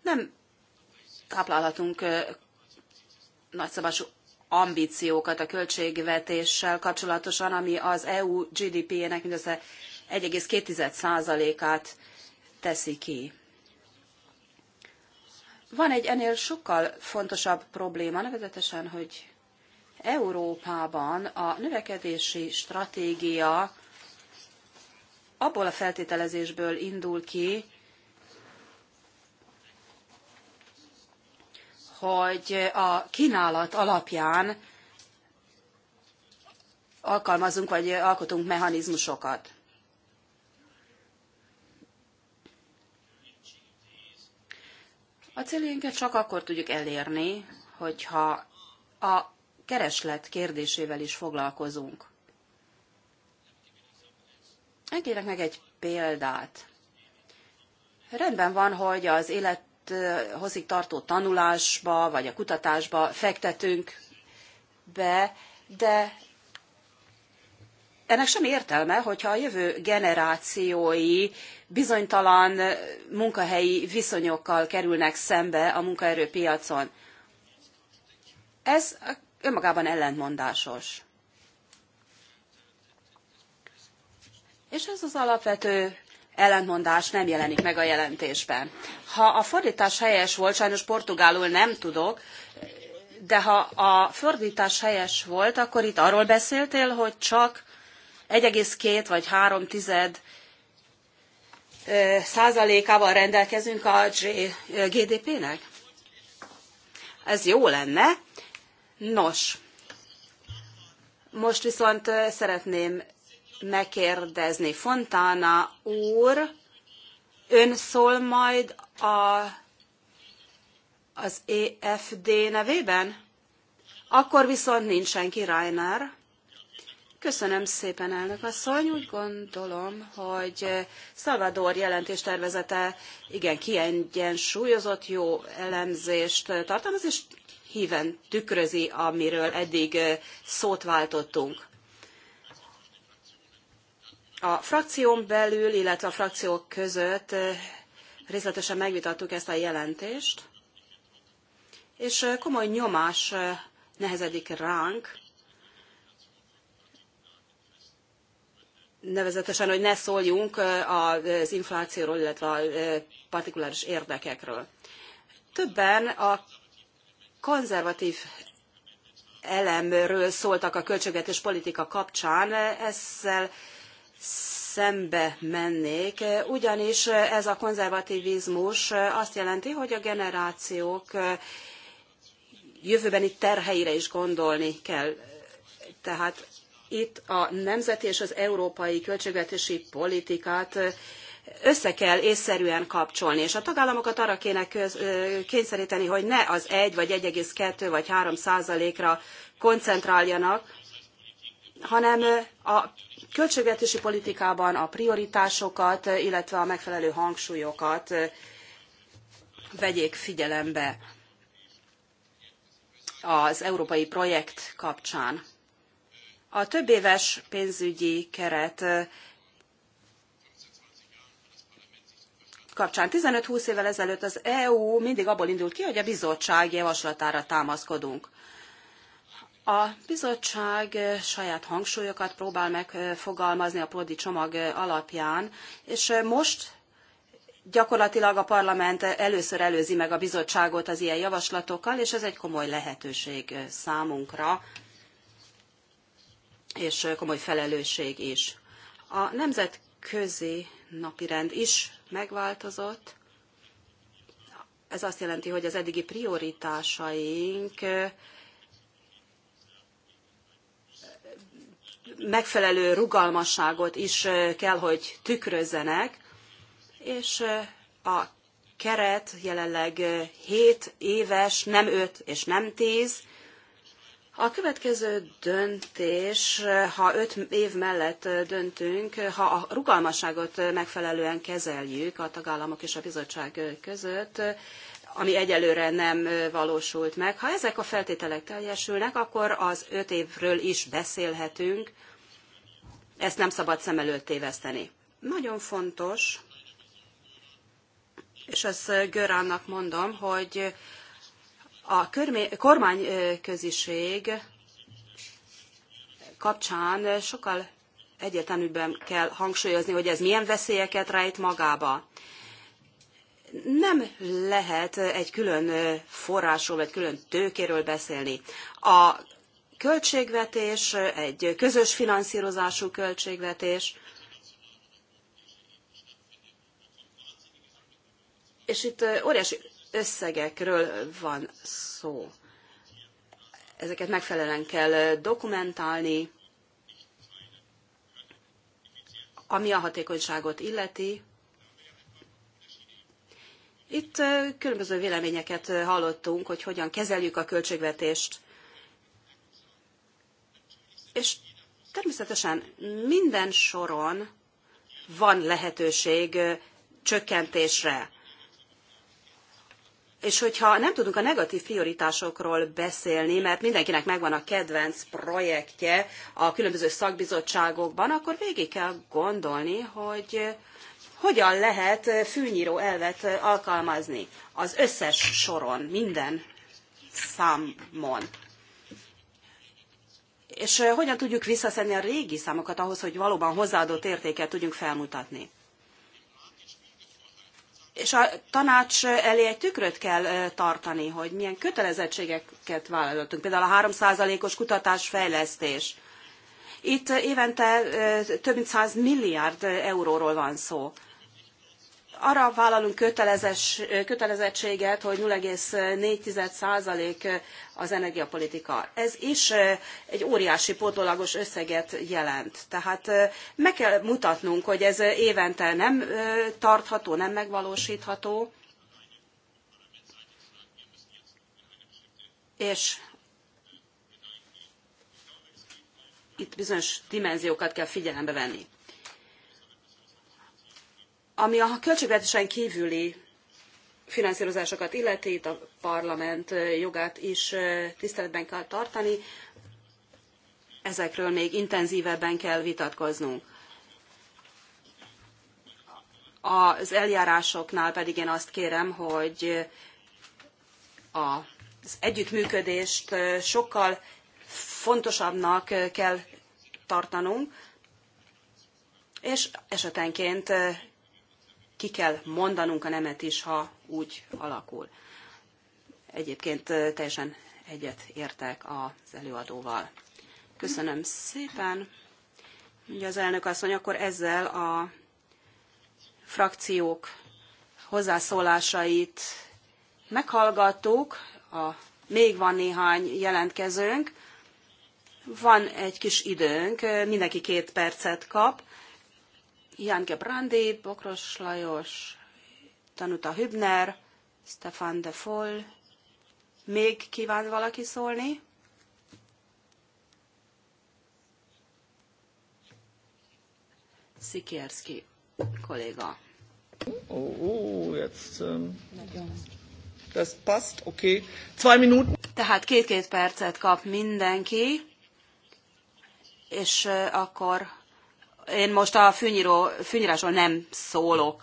Nem táplálhatunk nagyszabású ambíciókat a költségvetéssel kapcsolatosan, ami az EU gdp ének mindössze 1,2%-át teszi ki. Van egy ennél sokkal fontosabb probléma, nevezetesen, hogy Európában a növekedési stratégia abból a feltételezésből indul ki, hogy a kínálat alapján alkalmazunk vagy alkotunk mechanizmusokat. A céljainkat csak akkor tudjuk elérni, hogyha a kereslet kérdésével is foglalkozunk. Engedjenek meg egy példát. Rendben van, hogy az élet tartó tanulásba vagy a kutatásba fektetünk be, de ennek semmi értelme, hogyha a jövő generációi bizonytalan munkahelyi viszonyokkal kerülnek szembe a munkaerőpiacon. Ez önmagában ellentmondásos. És ez az alapvető ellentmondás nem jelenik meg a jelentésben. Ha a fordítás helyes volt, sajnos portugálul nem tudok, de ha a fordítás helyes volt, akkor itt arról beszéltél, hogy csak 1,2 vagy 3 tized százalékával rendelkezünk a GDP-nek? Ez jó lenne. Nos, most viszont szeretném megkérdezni. Fontana úr, ön szól majd a, az EFD nevében? Akkor viszont nincs senki, Reiner. Köszönöm szépen, elnök asszony. Úgy gondolom, hogy eh, Salvador jelentéstervezete igen kiegyensúlyozott, jó elemzést eh, tartalmaz, és híven tükrözi, amiről eddig eh, szót váltottunk. A frakción belül, illetve a frakciók között részletesen megvitattuk ezt a jelentést, és komoly nyomás nehezedik ránk, nevezetesen, hogy ne szóljunk az inflációról, illetve a partikuláris érdekekről. Többen a konzervatív elemről szóltak a költségvetés politika kapcsán, ezzel szembe mennék, ugyanis ez a konzervativizmus azt jelenti, hogy a generációk jövőbeni terheire is gondolni kell. Tehát itt a nemzeti és az európai költségvetési politikát össze kell észszerűen kapcsolni, és a tagállamokat arra kéne köz, kényszeríteni, hogy ne az 1 vagy 1,2 vagy 3 százalékra koncentráljanak, hanem a költségvetési politikában a prioritásokat, illetve a megfelelő hangsúlyokat vegyék figyelembe az európai projekt kapcsán. A többéves pénzügyi keret kapcsán 15-20 évvel ezelőtt az EU mindig abból indult ki, hogy a bizottság javaslatára támaszkodunk. A bizottság saját hangsúlyokat próbál megfogalmazni a Prodi csomag alapján, és most gyakorlatilag a parlament először előzi meg a bizottságot az ilyen javaslatokkal, és ez egy komoly lehetőség számunkra, és komoly felelősség is. A nemzetközi napirend is megváltozott. Ez azt jelenti, hogy az eddigi prioritásaink megfelelő rugalmasságot is kell, hogy tükrözzenek, és a keret jelenleg 7 éves, nem 5 és nem 10, a következő döntés, ha öt év mellett döntünk, ha a rugalmasságot megfelelően kezeljük a tagállamok és a bizottság között, ami egyelőre nem valósult meg. Ha ezek a feltételek teljesülnek, akkor az öt évről is beszélhetünk. Ezt nem szabad szem előtt téveszteni. Nagyon fontos, és ezt Göránnak mondom, hogy a kormányköziség kapcsán sokkal egyértelműbben kell hangsúlyozni, hogy ez milyen veszélyeket rejt magába. Nem lehet egy külön forrásról vagy külön tőkéről beszélni. A költségvetés, egy közös finanszírozású költségvetés, és itt óriási összegekről van szó. Ezeket megfelelően kell dokumentálni, ami a hatékonyságot illeti. Itt különböző véleményeket hallottunk, hogy hogyan kezeljük a költségvetést. És természetesen minden soron van lehetőség csökkentésre. És hogyha nem tudunk a negatív prioritásokról beszélni, mert mindenkinek megvan a kedvenc projektje a különböző szakbizottságokban, akkor végig kell gondolni, hogy hogyan lehet fűnyíró elvet alkalmazni az összes soron, minden számon. És hogyan tudjuk visszaszedni a régi számokat ahhoz, hogy valóban hozzáadott értéket tudjunk felmutatni és a tanács elé egy tükröt kell tartani, hogy milyen kötelezettségeket vállaltunk, például a 3%-os kutatásfejlesztés. Itt évente több mint 100 milliárd euróról van szó arra vállalunk kötelezettséget, hogy 0,4% az energiapolitika. Ez is egy óriási pótolagos összeget jelent. Tehát meg kell mutatnunk, hogy ez évente nem tartható, nem megvalósítható. És itt bizonyos dimenziókat kell figyelembe venni. Ami a költségvetésen kívüli finanszírozásokat illeti, itt a parlament jogát is tiszteletben kell tartani, ezekről még intenzívebben kell vitatkoznunk. Az eljárásoknál pedig én azt kérem, hogy az együttműködést sokkal fontosabbnak kell tartanunk, és esetenként ki kell mondanunk a nemet is, ha úgy alakul. Egyébként teljesen egyet értek az előadóval. Köszönöm szépen. Ugye az elnök asszony, akkor ezzel a frakciók hozzászólásait meghallgattuk, a, még van néhány jelentkezőnk, van egy kis időnk, mindenki két percet kap, Jan Gebrandi, Bokros Lajos, Tanuta Hübner, Stefan de Foll. Még kíván valaki szólni? Szikierszki kolléga. Oh, oh jetzt, Um, das passt, okay. Zwei Minuten. Tehát két-két percet kap mindenki, és akkor én most a fűnyíró, fűnyírásról nem szólok.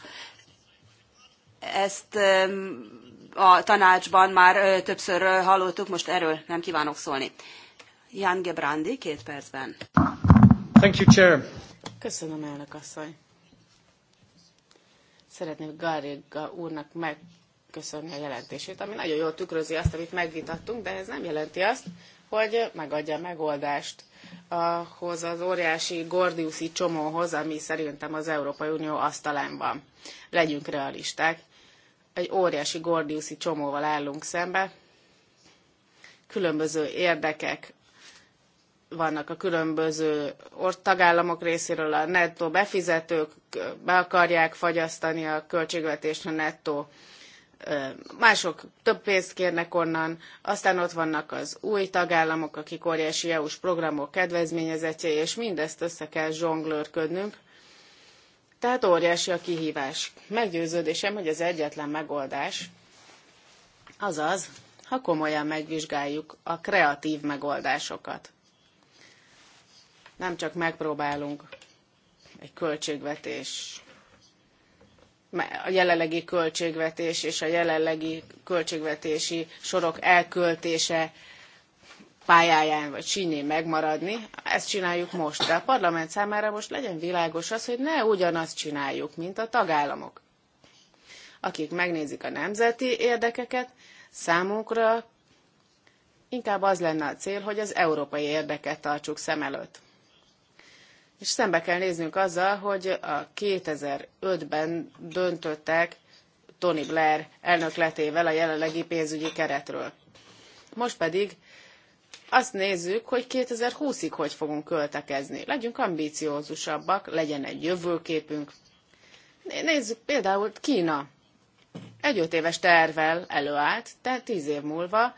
Ezt a tanácsban már többször hallottuk, most erről nem kívánok szólni. Jan Gebrandi, két percben. Thank you, Chair. Köszönöm, elnök asszony. Szeretném Garriga úrnak megköszönni a jelentését, ami nagyon jól tükrözi azt, amit megvitattunk, de ez nem jelenti azt, hogy megadja a megoldást ahhoz az óriási Gordiuszi csomóhoz, ami szerintem az Európai Unió asztalán van. Legyünk realisták. Egy óriási Gordiuszi csomóval állunk szembe. Különböző érdekek vannak a különböző tagállamok részéről, a nettó befizetők be akarják fagyasztani a költségvetést, a nettó mások több pénzt kérnek onnan, aztán ott vannak az új tagállamok, akik óriási EU-s programok kedvezményezetje, és mindezt össze kell zsonglőrködnünk. Tehát óriási a kihívás. Meggyőződésem, hogy az egyetlen megoldás az az, ha komolyan megvizsgáljuk a kreatív megoldásokat. Nem csak megpróbálunk egy költségvetés a jelenlegi költségvetés és a jelenlegi költségvetési sorok elköltése pályáján vagy sínjén megmaradni. Ezt csináljuk most, de a parlament számára most legyen világos az, hogy ne ugyanazt csináljuk, mint a tagállamok. Akik megnézik a nemzeti érdekeket, számukra inkább az lenne a cél, hogy az európai érdeket tartsuk szem előtt és szembe kell néznünk azzal, hogy a 2005-ben döntöttek Tony Blair elnökletével a jelenlegi pénzügyi keretről. Most pedig azt nézzük, hogy 2020-ig hogy fogunk költekezni. Legyünk ambíciózusabbak, legyen egy jövőképünk. Nézzük például Kína. Egy öt éves előállt, tehát tíz év múlva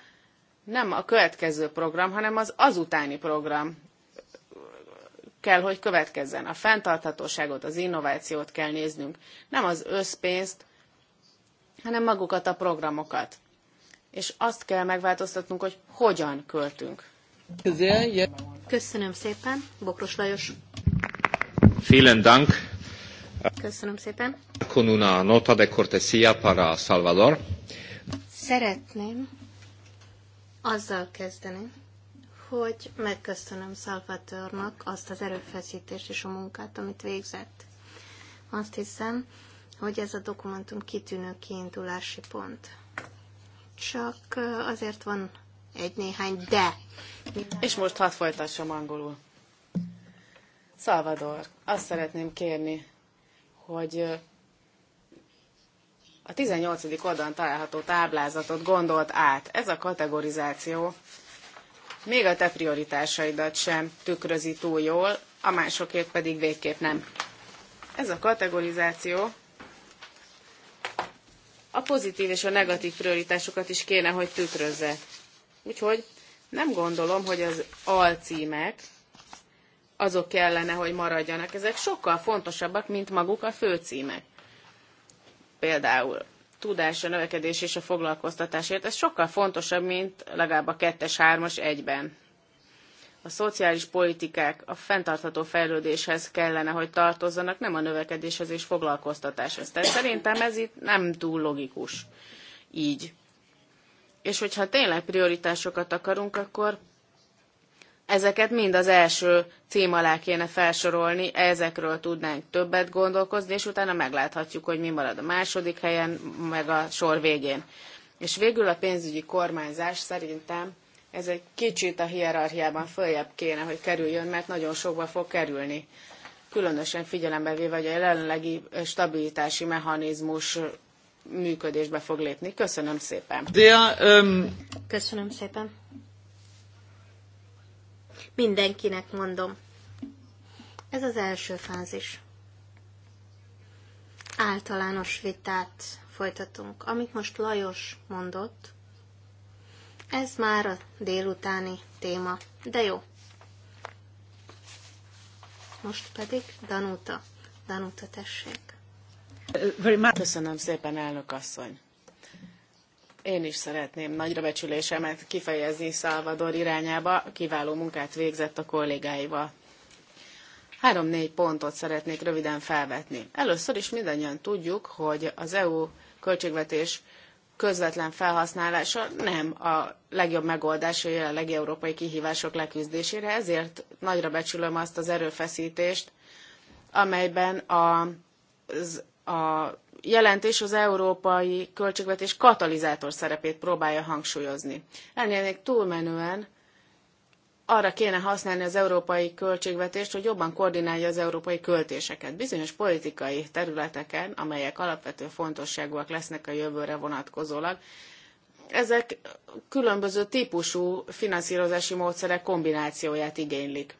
nem a következő program, hanem az azutáni program kell, hogy következzen. A fenntarthatóságot, az innovációt kell néznünk. Nem az összpénzt, hanem magukat a programokat. És azt kell megváltoztatnunk, hogy hogyan költünk. Köszönöm szépen, Bokros Lajos. Vielen Dank. Köszönöm szépen. Con una nota de Cortesia para Salvador. Szeretném azzal kezdeni, hogy megköszönöm Salvatörnak azt az erőfeszítést és a munkát, amit végzett. Azt hiszem, hogy ez a dokumentum kitűnő kiindulási pont. Csak azért van egy néhány de. És most hadd folytassam angolul. Szalvador, azt szeretném kérni, hogy a 18. oldalon található táblázatot gondolt át. Ez a kategorizáció még a te prioritásaidat sem tükrözi túl jól, a másokért pedig végképp nem. Ez a kategorizáció a pozitív és a negatív prioritásokat is kéne, hogy tükrözze. Úgyhogy nem gondolom, hogy az alcímek azok kellene, hogy maradjanak. Ezek sokkal fontosabbak, mint maguk a főcímek. Például tudás, a növekedés és a foglalkoztatásért. Ez sokkal fontosabb, mint legalább a kettes, hármas egyben. A szociális politikák a fenntartható fejlődéshez kellene, hogy tartozzanak, nem a növekedéshez és foglalkoztatáshoz. Tehát szerintem ez itt nem túl logikus így. És hogyha tényleg prioritásokat akarunk, akkor Ezeket mind az első cím alá kéne felsorolni, ezekről tudnánk többet gondolkozni, és utána megláthatjuk, hogy mi marad a második helyen, meg a sor végén. És végül a pénzügyi kormányzás szerintem ez egy kicsit a hierarchiában följebb kéne, hogy kerüljön, mert nagyon sokba fog kerülni. Különösen figyelembe véve, hogy a jelenlegi stabilitási mechanizmus működésbe fog lépni. Köszönöm szépen. De, um... Köszönöm szépen. Mindenkinek mondom. Ez az első fázis. Általános vitát folytatunk. Amit most Lajos mondott, ez már a délutáni téma. De jó. Most pedig Danuta. Danuta, tessék. Köszönöm szépen, elnök asszony. Én is szeretném nagyra becsülésemet kifejezni Szalvador irányába, kiváló munkát végzett a kollégáival. Három-négy pontot szeretnék röviden felvetni. Először is mindannyian tudjuk, hogy az EU költségvetés közvetlen felhasználása nem a legjobb megoldás a jelenlegi európai kihívások leküzdésére, ezért nagyra becsülöm azt az erőfeszítést, amelyben a, az, a jelentés az európai költségvetés katalizátor szerepét próbálja hangsúlyozni. Ennél túlmenően arra kéne használni az európai költségvetést, hogy jobban koordinálja az európai költéseket. Bizonyos politikai területeken, amelyek alapvető fontosságúak lesznek a jövőre vonatkozólag, ezek különböző típusú finanszírozási módszerek kombinációját igénylik.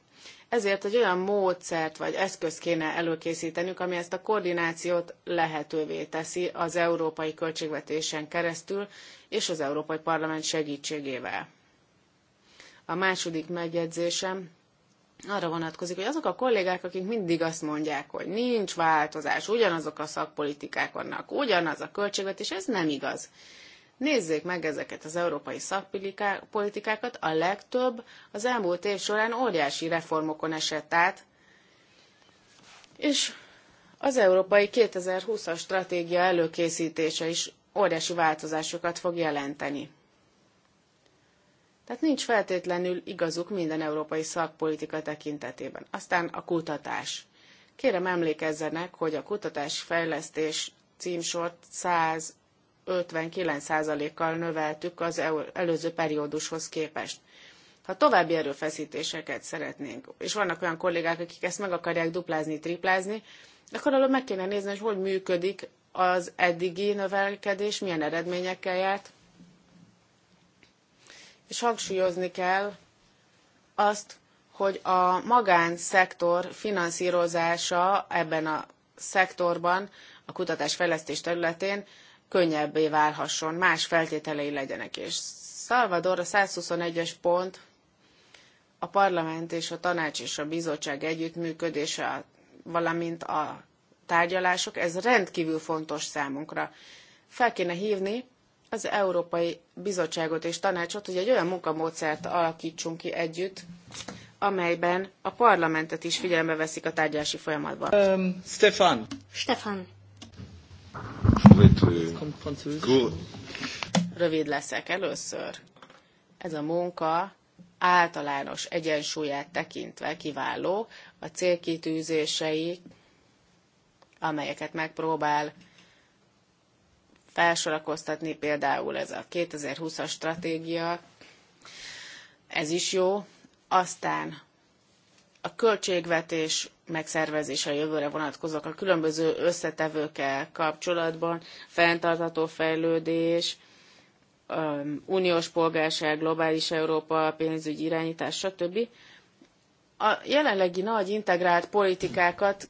Ezért egy olyan módszert vagy eszközt kéne előkészítenünk, ami ezt a koordinációt lehetővé teszi az európai költségvetésen keresztül és az Európai Parlament segítségével. A második megjegyzésem arra vonatkozik, hogy azok a kollégák, akik mindig azt mondják, hogy nincs változás, ugyanazok a szakpolitikák vannak, ugyanaz a költségvetés, ez nem igaz. Nézzék meg ezeket az európai szakpolitikákat, a legtöbb az elmúlt év során óriási reformokon esett át, és az európai 2020-as stratégia előkészítése is óriási változásokat fog jelenteni. Tehát nincs feltétlenül igazuk minden európai szakpolitika tekintetében. Aztán a kutatás. Kérem emlékezzenek, hogy a kutatás fejlesztés címsort 100 59%-kal növeltük az előző periódushoz képest. Ha további erőfeszítéseket szeretnénk, és vannak olyan kollégák, akik ezt meg akarják duplázni, triplázni, akkor arról meg kéne nézni, hogy hogy működik az eddigi növelkedés, milyen eredményekkel járt, és hangsúlyozni kell azt, hogy a magánszektor finanszírozása ebben a szektorban, a kutatásfejlesztés területén könnyebbé válhasson, más feltételei legyenek. És Salvador a 121-es pont a parlament és a tanács és a bizottság együttműködése, valamint a tárgyalások, ez rendkívül fontos számunkra. Fel kéne hívni az Európai Bizottságot és Tanácsot, hogy egy olyan munkamódszert alakítsunk ki együtt, amelyben a parlamentet is figyelembe veszik a tárgyalási folyamatban. Um, Stefan. Stefan. Rövid leszek először. Ez a munka általános egyensúlyát tekintve kiváló, a célkitűzései, amelyeket megpróbál felsorakoztatni, például ez a 2020-as stratégia, ez is jó, aztán a költségvetés megszervezése a jövőre vonatkozók a különböző összetevőkkel kapcsolatban, fenntartható fejlődés, uniós polgárság, globális Európa, pénzügyi irányítás, stb. A jelenlegi nagy integrált politikákat,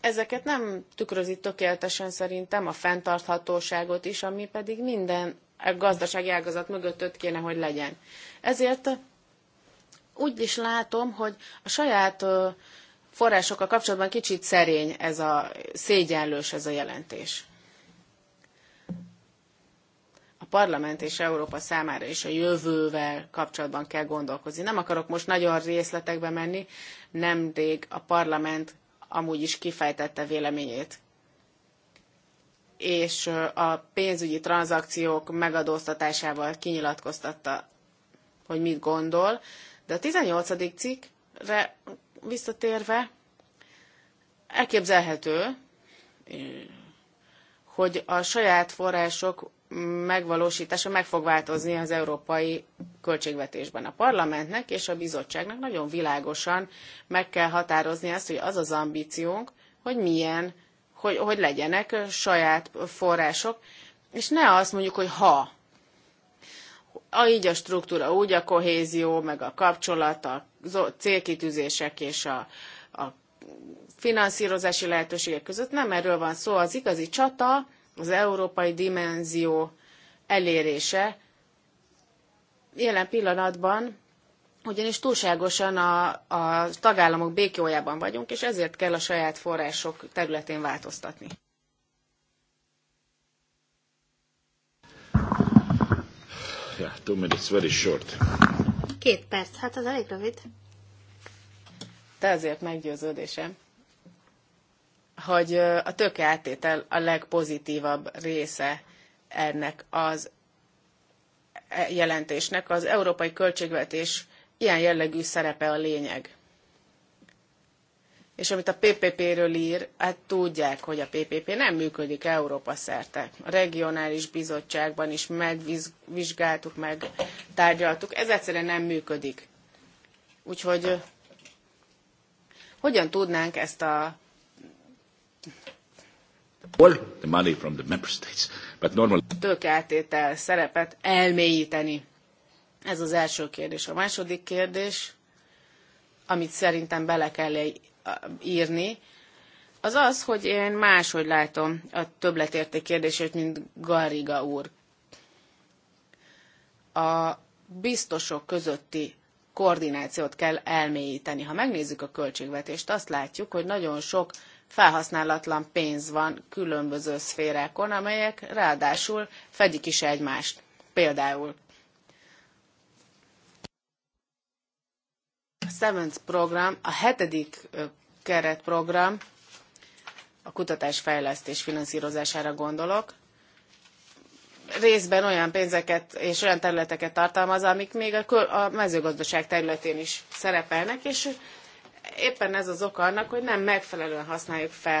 ezeket nem tükrözi tökéletesen szerintem a fenntarthatóságot is, ami pedig minden gazdasági ágazat mögött ott kéne, hogy legyen. Ezért úgy is látom, hogy a saját forrásokkal kapcsolatban kicsit szerény ez a szégyenlős ez a jelentés. A parlament és Európa számára is a jövővel kapcsolatban kell gondolkozni. Nem akarok most nagyon részletekbe menni, nemrég a parlament amúgy is kifejtette véleményét és a pénzügyi tranzakciók megadóztatásával kinyilatkoztatta, hogy mit gondol, de a 18. cikkre visszatérve elképzelhető, hogy a saját források megvalósítása meg fog változni az európai költségvetésben. A parlamentnek és a bizottságnak nagyon világosan meg kell határozni azt, hogy az az ambíciónk, hogy milyen, hogy, hogy legyenek saját források, és ne azt mondjuk, hogy ha a, így a struktúra, úgy a kohézió, meg a kapcsolat, a célkitűzések és a, a finanszírozási lehetőségek között. Nem erről van szó, az igazi csata az európai dimenzió elérése. Jelen pillanatban ugyanis túlságosan a, a tagállamok békjójában vagyunk, és ezért kell a saját források területén változtatni. yeah, two minutes, very short. Két perc, hát az elég rövid. De azért meggyőződésem, hogy a tök áttétel a legpozitívabb része ennek az e-, jelentésnek. Az európai költségvetés ilyen jellegű szerepe a lényeg és amit a PPP-ről ír, hát tudják, hogy a PPP nem működik Európa szerte. A regionális bizottságban is megvizsgáltuk, meg tárgyaltuk. Ez egyszerűen nem működik. Úgyhogy hogyan tudnánk ezt a Well, the money from the member states, but normal... szerepet elmélyíteni? Ez az első kérdés. A második kérdés, amit szerintem bele kell írni, az az, hogy én máshogy látom a többletérték kérdését, mint Garriga úr. A biztosok közötti koordinációt kell elmélyíteni. Ha megnézzük a költségvetést, azt látjuk, hogy nagyon sok felhasználatlan pénz van különböző szférákon, amelyek ráadásul fedik is egymást. Például Seventh program, a hetedik keretprogram, a kutatásfejlesztés finanszírozására gondolok, részben olyan pénzeket és olyan területeket tartalmaz, amik még a mezőgazdaság területén is szerepelnek, és éppen ez az oka annak, hogy nem megfelelően használjuk fel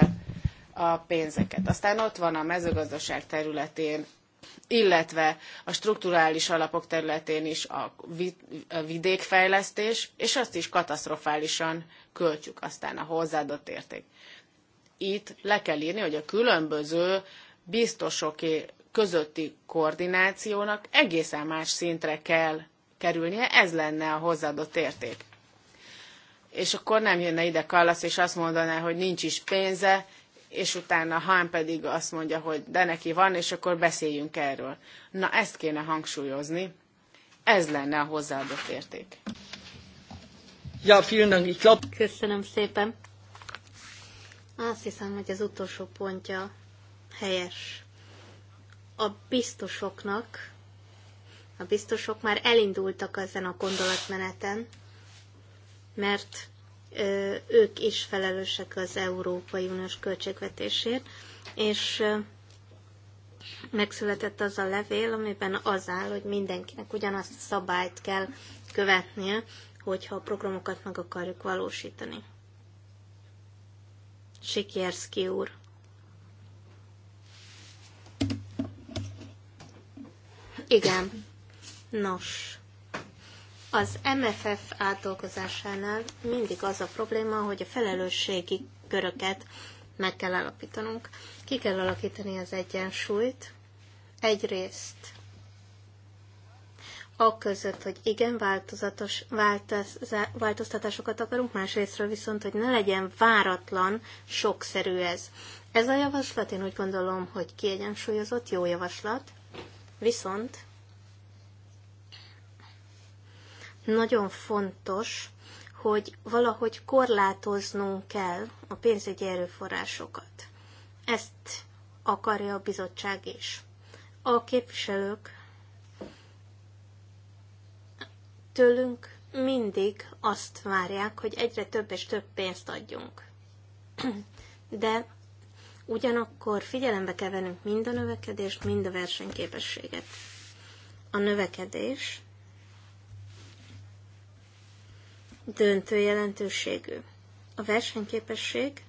a pénzeket. Aztán ott van a mezőgazdaság területén illetve a strukturális alapok területén is a vidékfejlesztés, és azt is katasztrofálisan költjük aztán a hozzáadott érték. Itt le kell írni, hogy a különböző biztosoké közötti koordinációnak egészen más szintre kell kerülnie, ez lenne a hozzáadott érték. És akkor nem jönne ide Kallasz, és azt mondaná, hogy nincs is pénze, és utána Hán pedig azt mondja, hogy de neki van, és akkor beszéljünk erről. Na ezt kéne hangsúlyozni, ez lenne a hozzáadott érték. Ja, vielen Dank, ich glaub... Köszönöm szépen. Azt hiszem, hogy az utolsó pontja helyes. A biztosoknak, a biztosok már elindultak ezen a gondolatmeneten, mert ők is felelősek az Európai Uniós költségvetésért, és megszületett az a levél, amiben az áll, hogy mindenkinek ugyanazt a szabályt kell követnie, hogyha a programokat meg akarjuk valósítani. Sikierszki úr. Igen. Nos. Az MFF átdolgozásánál mindig az a probléma, hogy a felelősségi köröket meg kell alapítanunk. Ki kell alakítani az egyensúlyt. Egyrészt a között, hogy igen, változatos, változ, változtatásokat akarunk, másrésztről viszont, hogy ne legyen váratlan, sokszerű ez. Ez a javaslat, én úgy gondolom, hogy kiegyensúlyozott, jó javaslat, viszont Nagyon fontos, hogy valahogy korlátoznunk kell a pénzügyi erőforrásokat. Ezt akarja a bizottság is. A képviselők tőlünk mindig azt várják, hogy egyre több és több pénzt adjunk. De ugyanakkor figyelembe kell vennünk mind a növekedést, mind a versenyképességet. A növekedés döntő jelentőségű. A versenyképesség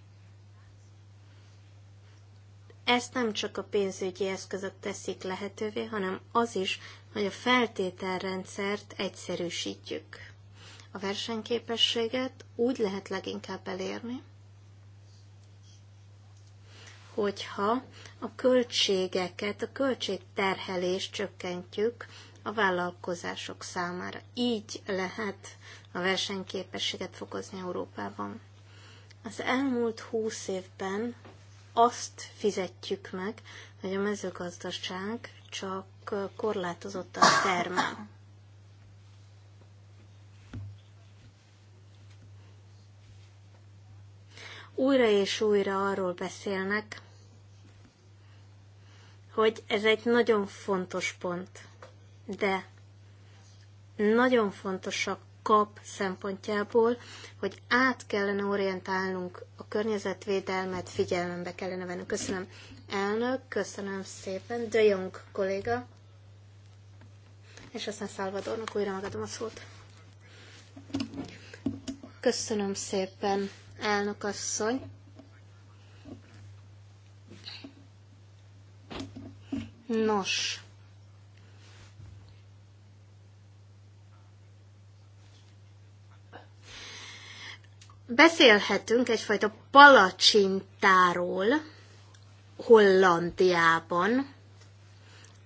ezt nem csak a pénzügyi eszközök teszik lehetővé, hanem az is, hogy a feltételrendszert egyszerűsítjük. A versenyképességet úgy lehet leginkább elérni, hogyha a költségeket, a költségterhelést csökkentjük a vállalkozások számára. Így lehet a versenyképességet fokozni Európában. Az elmúlt húsz évben azt fizetjük meg, hogy a mezőgazdaság csak korlátozottan termel. Újra és újra arról beszélnek, hogy ez egy nagyon fontos pont, de nagyon fontosak kap szempontjából, hogy át kellene orientálnunk a környezetvédelmet, figyelembe kellene venni. Köszönöm, elnök, köszönöm szépen, De Jong kolléga, és aztán Szálvadornak újra megadom a szót. Köszönöm szépen, elnök asszony. Nos, beszélhetünk egyfajta palacsintáról Hollandiában,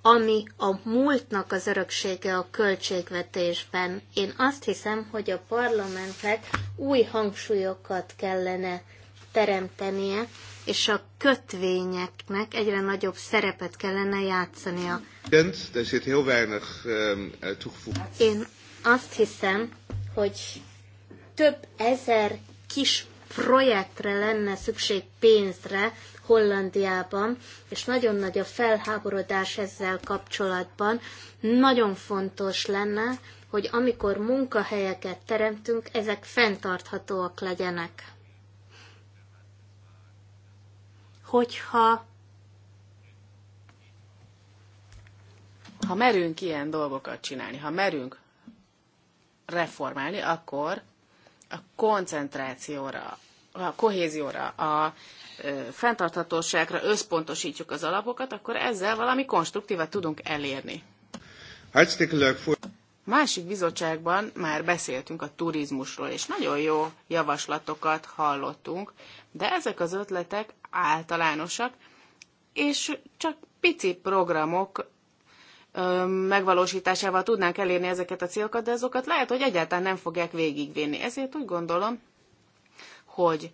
ami a múltnak az öröksége a költségvetésben. Én azt hiszem, hogy a parlamentnek új hangsúlyokat kellene teremtenie, és a kötvényeknek egyre nagyobb szerepet kellene játszania. Ehm, eh, Én azt hiszem, hogy több ezer kis projektre lenne szükség pénzre Hollandiában, és nagyon nagy a felháborodás ezzel kapcsolatban. Nagyon fontos lenne, hogy amikor munkahelyeket teremtünk, ezek fenntarthatóak legyenek. Hogyha ha merünk ilyen dolgokat csinálni, ha merünk reformálni, akkor a koncentrációra, a kohézióra, a fenntarthatóságra összpontosítjuk az alapokat, akkor ezzel valami konstruktívat tudunk elérni. Másik bizottságban már beszéltünk a turizmusról, és nagyon jó javaslatokat hallottunk, de ezek az ötletek általánosak, és csak pici programok megvalósításával tudnánk elérni ezeket a célokat, de azokat lehet, hogy egyáltalán nem fogják végigvinni. Ezért úgy gondolom, hogy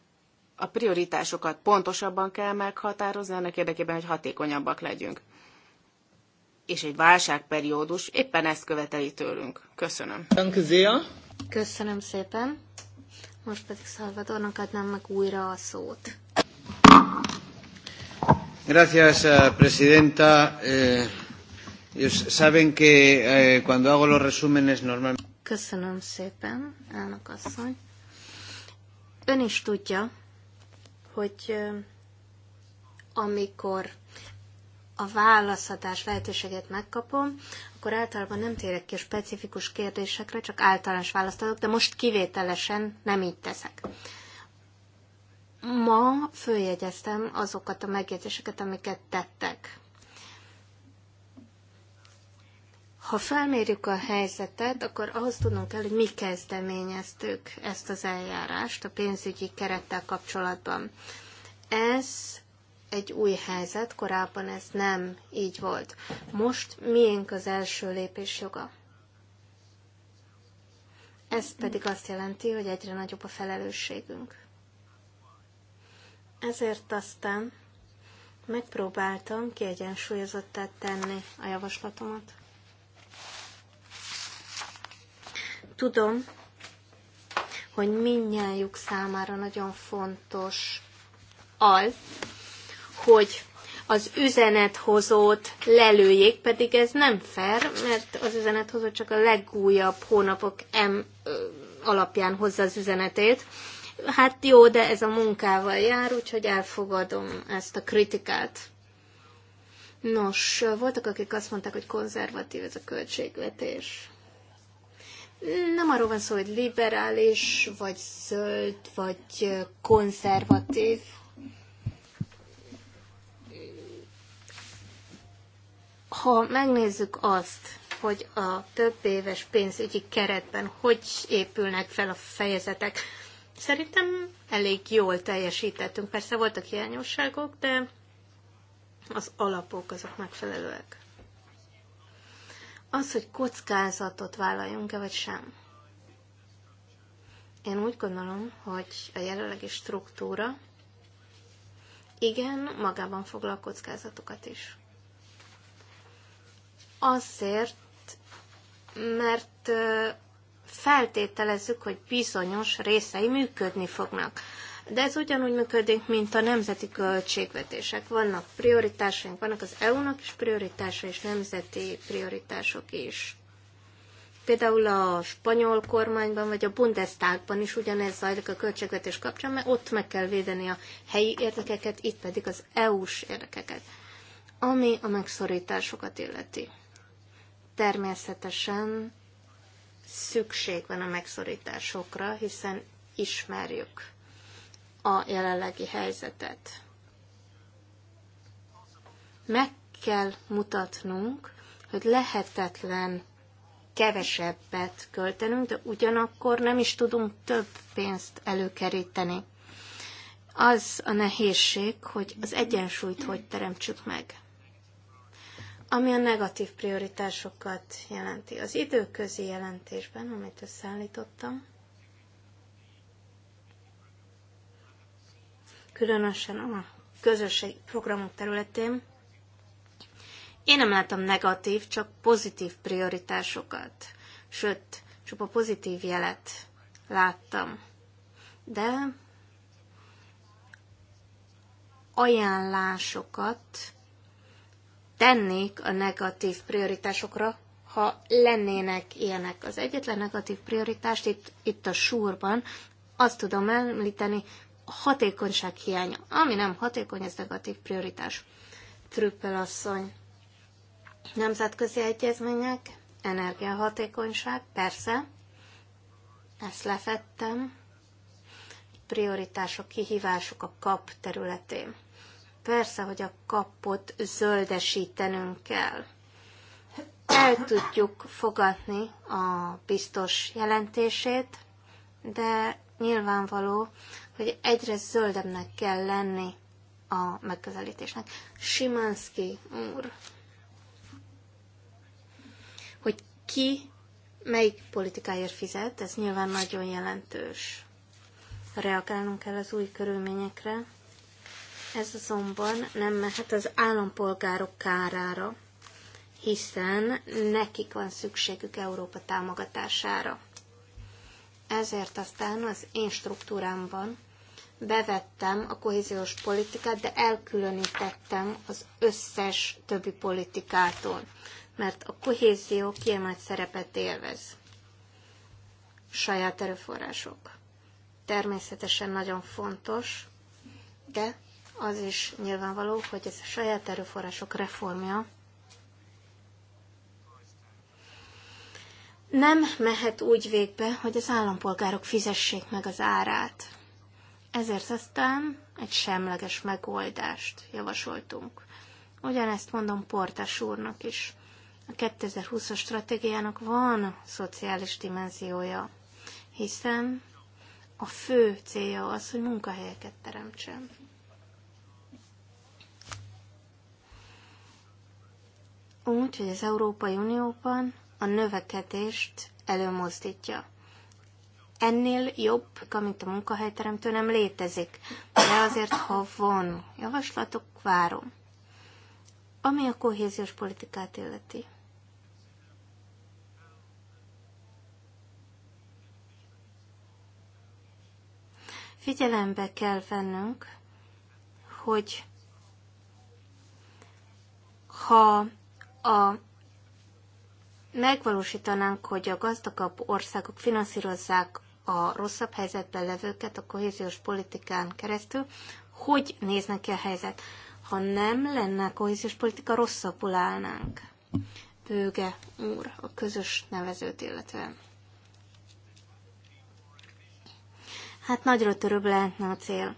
a prioritásokat pontosabban kell meghatározni, annak érdekében, hogy hatékonyabbak legyünk. És egy válságperiódus éppen ezt követeli tőlünk. Köszönöm. Köszönöm szépen. Most pedig Szalvadornak adnám meg újra a szót. Gracias, eh, Presidenta. Eh... Eh, Köszönöm szépen, elnök asszony. Ön is tudja, hogy eh, amikor a válaszadás lehetőséget megkapom, akkor általában nem térek ki a specifikus kérdésekre, csak általános választ adok, de most kivételesen nem így teszek. Ma följegyeztem azokat a megjegyzéseket, amiket tettek. Ha felmérjük a helyzetet, akkor ahhoz tudnunk kell, hogy mi kezdeményeztük ezt az eljárást a pénzügyi kerettel kapcsolatban. Ez egy új helyzet, korábban ez nem így volt. Most miénk az első lépés joga? Ez pedig azt jelenti, hogy egyre nagyobb a felelősségünk. Ezért aztán megpróbáltam kiegyensúlyozottá tenni a javaslatomat. Tudom, hogy minnyájuk számára nagyon fontos az, hogy az üzenethozót lelőjék, pedig ez nem fair, mert az üzenethozó csak a legújabb hónapok M alapján hozza az üzenetét. Hát jó, de ez a munkával jár, úgyhogy elfogadom ezt a kritikát. Nos, voltak, akik azt mondták, hogy konzervatív ez a költségvetés nem arról van szó, hogy liberális, vagy zöld, vagy konzervatív. Ha megnézzük azt, hogy a több éves pénzügyi keretben hogy épülnek fel a fejezetek, szerintem elég jól teljesítettünk. Persze voltak hiányosságok, de az alapok azok megfelelőek az, hogy kockázatot vállaljunk-e vagy sem. Én úgy gondolom, hogy a jelenlegi struktúra igen, magában foglal kockázatokat is. Azért, mert feltételezzük, hogy bizonyos részei működni fognak. De ez ugyanúgy működik, mint a nemzeti költségvetések. Vannak prioritásaink, vannak az EU-nak is prioritása, és nemzeti prioritások is. Például a spanyol kormányban, vagy a Bundestagban is ugyanez zajlik a költségvetés kapcsán, mert ott meg kell védeni a helyi érdekeket, itt pedig az EU-s érdekeket, ami a megszorításokat illeti. Természetesen szükség van a megszorításokra, hiszen ismerjük a jelenlegi helyzetet. Meg kell mutatnunk, hogy lehetetlen kevesebbet költenünk, de ugyanakkor nem is tudunk több pénzt előkeríteni. Az a nehézség, hogy az egyensúlyt hogy teremtsük meg. Ami a negatív prioritásokat jelenti. Az időközi jelentésben, amit összeállítottam, különösen a közösségi programok területén, én nem látom negatív, csak pozitív prioritásokat. Sőt, csupa pozitív jelet láttam. De ajánlásokat tennék a negatív prioritásokra, ha lennének ilyenek. Az egyetlen negatív prioritást itt, itt a súrban azt tudom említeni, hatékonyság hiánya. Ami nem hatékony, ez negatív prioritás. Trüppel asszony. Nemzetközi egyezmények, energiahatékonyság, persze. Ezt lefettem. Prioritások, kihívások a kap területén. Persze, hogy a kapot zöldesítenünk kell el tudjuk fogadni a biztos jelentését, de nyilvánvaló, hogy egyre zöldebbnek kell lenni a megközelítésnek. Simanski úr, hogy ki melyik politikáért fizet, ez nyilván nagyon jelentős. Reagálnunk kell az új körülményekre. Ez azonban nem mehet az állampolgárok kárára, hiszen nekik van szükségük Európa támogatására. Ezért aztán az én struktúrámban bevettem a kohéziós politikát, de elkülönítettem az összes többi politikától, mert a kohézió kiemelt szerepet élvez. Saját erőforrások. Természetesen nagyon fontos, de az is nyilvánvaló, hogy ez a saját erőforrások reformja nem mehet úgy végbe, hogy az állampolgárok fizessék meg az árát. Ezért aztán egy semleges megoldást javasoltunk. Ugyanezt mondom Portás úrnak is. A 2020-as stratégiának van szociális dimenziója, hiszen a fő célja az, hogy munkahelyeket teremtsen. Úgy, hogy az Európai Unióban a növekedést előmozdítja ennél jobb, amit a munkahelyteremtő nem létezik. De azért, ha van javaslatok, várom. Ami a kohéziós politikát illeti. Figyelembe kell vennünk, hogy ha a megvalósítanánk, hogy a gazdagabb országok finanszírozzák a rosszabb helyzetben levőket a kohéziós politikán keresztül, hogy néznek ki a helyzet. Ha nem lenne kohéziós politika, rosszabbul állnánk. Bőge úr, a közös nevezőt illetően. Hát nagyra törőbb lehetne a cél.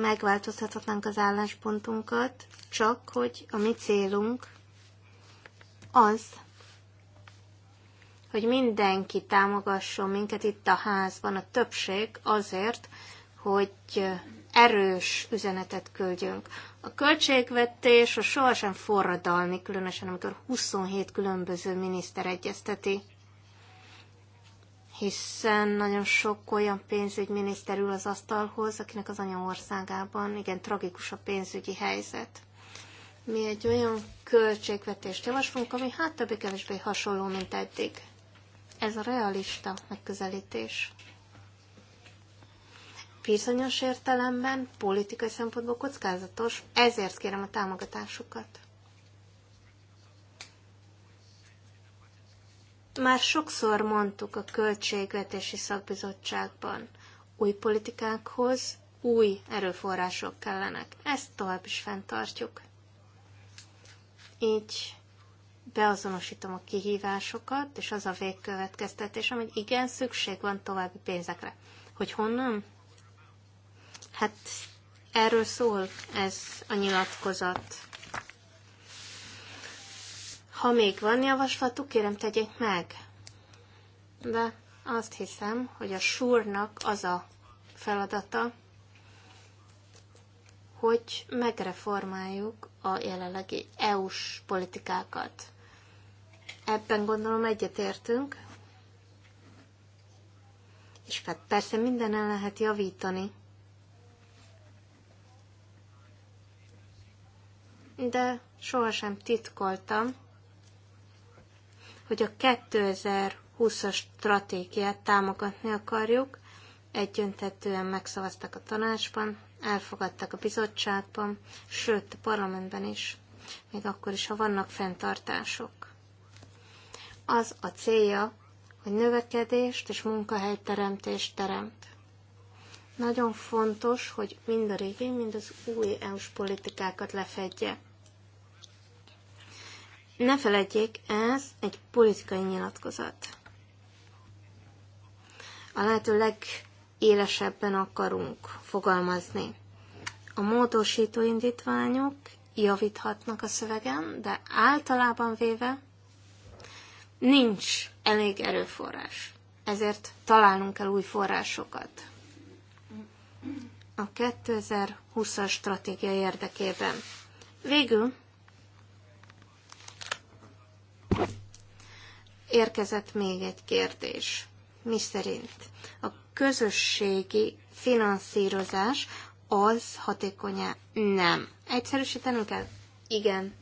Megváltoztathatnánk az álláspontunkat, csak hogy a mi célunk az, hogy mindenki támogasson minket itt a házban, a többség azért, hogy erős üzenetet küldjünk. A költségvetés a sohasem forradalmi, különösen amikor 27 különböző miniszter egyezteti hiszen nagyon sok olyan pénzügyminiszter ül az asztalhoz, akinek az anyaországában igen tragikus a pénzügyi helyzet. Mi egy olyan költségvetést javaslunk, ami hát többé-kevésbé hasonló, mint eddig. Ez a realista megközelítés. Bizonyos értelemben politikai szempontból kockázatos, ezért kérem a támogatásukat. Már sokszor mondtuk a Költségvetési Szakbizottságban, új politikákhoz új erőforrások kellenek. Ezt tovább is fenntartjuk. Így beazonosítom a kihívásokat, és az a végkövetkeztetésem, hogy igen, szükség van további pénzekre. Hogy honnan? Hát erről szól ez a nyilatkozat. Ha még van javaslatuk, kérem tegyék meg. De azt hiszem, hogy a súrnak az a feladata, hogy megreformáljuk a jelenlegi EU-s politikákat. Ebben gondolom egyetértünk. És hát persze mindenen lehet javítani. De sohasem titkoltam, hogy a 2020-as stratégiát támogatni akarjuk. Egyöntetően megszavaztak a tanácsban, elfogadtak a bizottságban, sőt a parlamentben is, még akkor is, ha vannak fenntartások az a célja, hogy növekedést és munkahelyteremtést teremt. Nagyon fontos, hogy mind a régi, mind az új EU-s politikákat lefedje. Ne felejtjék, ez egy politikai nyilatkozat. A lehető legélesebben akarunk fogalmazni. A módosító indítványok javíthatnak a szövegen, de általában véve nincs elég erőforrás. Ezért találnunk kell új forrásokat. A 2020-as stratégia érdekében. Végül érkezett még egy kérdés, mi szerint a közösségi finanszírozás az hatékonya? Nem. Egyszerűsítenünk kell? Igen.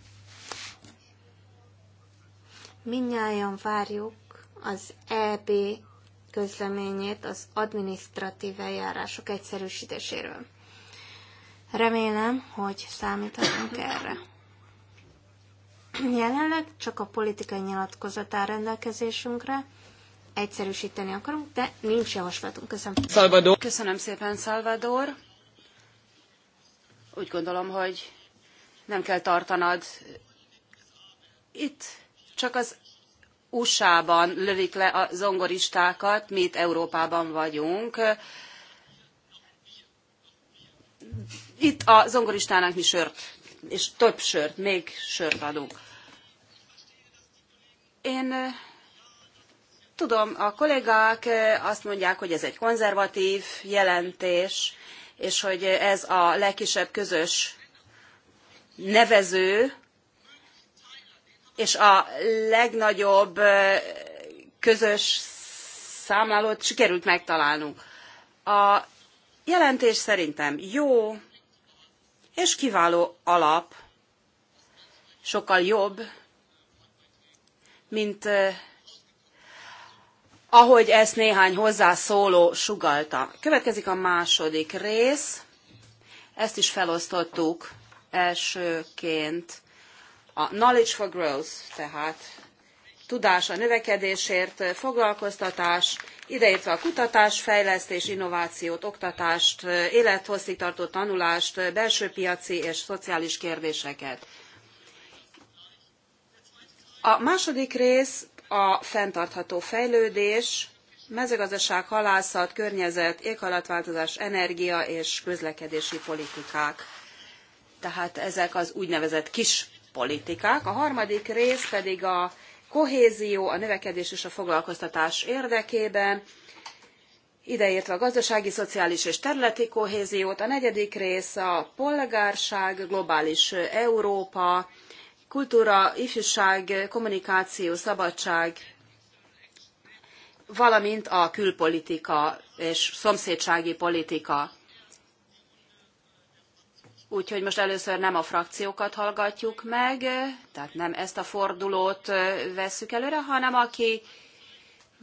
Minnyáján várjuk az EB közleményét az adminisztratív eljárások egyszerűsítéséről. Remélem, hogy számíthatunk erre. Jelenleg csak a politikai nyilatkozat áll rendelkezésünkre, egyszerűsíteni akarunk, de nincs javaslatunk. Köszönöm. Salvador. Köszönöm szépen, Salvador. Úgy gondolom, hogy nem kell tartanad itt csak az USA-ban lövik le a zongoristákat, mi itt Európában vagyunk. Itt a zongoristának mi sört, és több sört, még sört adunk. Én tudom, a kollégák azt mondják, hogy ez egy konzervatív jelentés, és hogy ez a legkisebb közös nevező, és a legnagyobb közös számlálót sikerült megtalálnunk. A jelentés szerintem jó és kiváló alap, sokkal jobb, mint ahogy ezt néhány hozzászóló sugalta. Következik a második rész, ezt is felosztottuk elsőként a knowledge for growth, tehát tudás a növekedésért, foglalkoztatás, ideértve a kutatás, fejlesztés, innovációt, oktatást, élethosszígtartó tanulást, belső piaci és szociális kérdéseket. A második rész a fenntartható fejlődés, mezőgazdaság, halászat, környezet, éghajlatváltozás, energia és közlekedési politikák. Tehát ezek az úgynevezett kis politikák, a harmadik rész pedig a kohézió, a növekedés és a foglalkoztatás érdekében, ideértve a gazdasági, szociális és területi kohéziót, a negyedik rész a polgárság, globális Európa, kultúra, ifjúság, kommunikáció, szabadság, valamint a külpolitika és szomszédsági politika. Úgyhogy most először nem a frakciókat hallgatjuk meg, tehát nem ezt a fordulót vesszük előre, hanem aki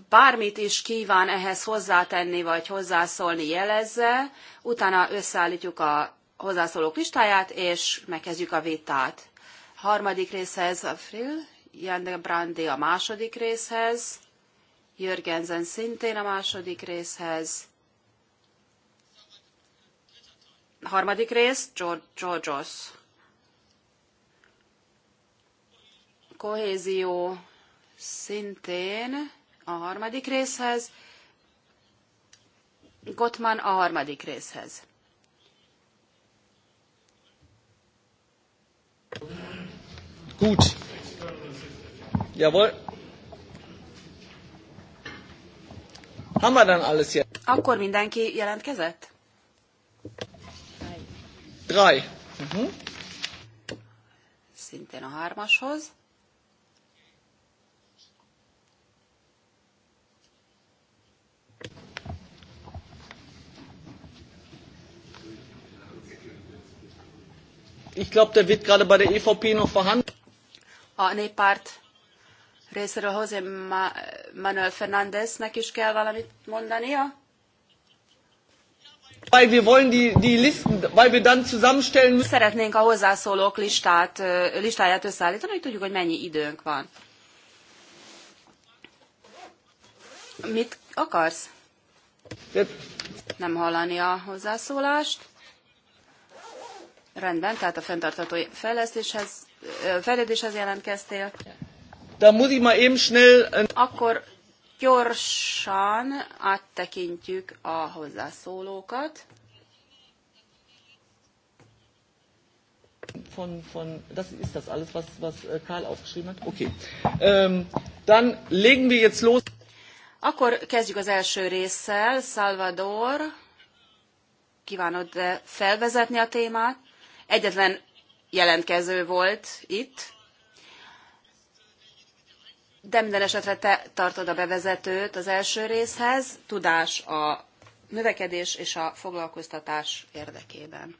bármit is kíván ehhez hozzátenni vagy hozzászólni jelezze, utána összeállítjuk a hozzászólók listáját, és megkezdjük a vitát. A harmadik részhez a Frill, Jende Brandi a második részhez, Jörgensen szintén a második részhez, Harmadik rész, Georgios. Kohézió szintén a harmadik részhez, Gottman a harmadik részhez. Gut. Jawohl. Haben wir dann alles hier? Akkor mindenki jelentkezett? Drei. Mhm. Szintén a hármashoz. Ich glaube, der wird gerade bei der EVP noch verhandelt. A néppárt részéről José Manuel Fernándeznek is kell valamit mondania. Szeretnénk a hozzászólók listát, listáját összeállítani, hogy tudjuk, hogy mennyi időnk van. Mit akarsz? Nem hallani a hozzászólást. Rendben, tehát a fenntartható fejlesztéshez, fejlődéshez jelentkeztél. Da muss ich mal eben schnell... Äh, Akkor Gyorsan áttekintjük a hozzászólókat. Von, von, das ist das alles, was, was äh, Karl aufgeschrieben hat? Okay. Ähm, dann legen wir jetzt los. Akkor kezdjük az első résszel. Salvador, kívánod felvezetni a témát? Egyetlen jelentkező volt itt de minden esetre te tartod a bevezetőt az első részhez, tudás a növekedés és a foglalkoztatás érdekében.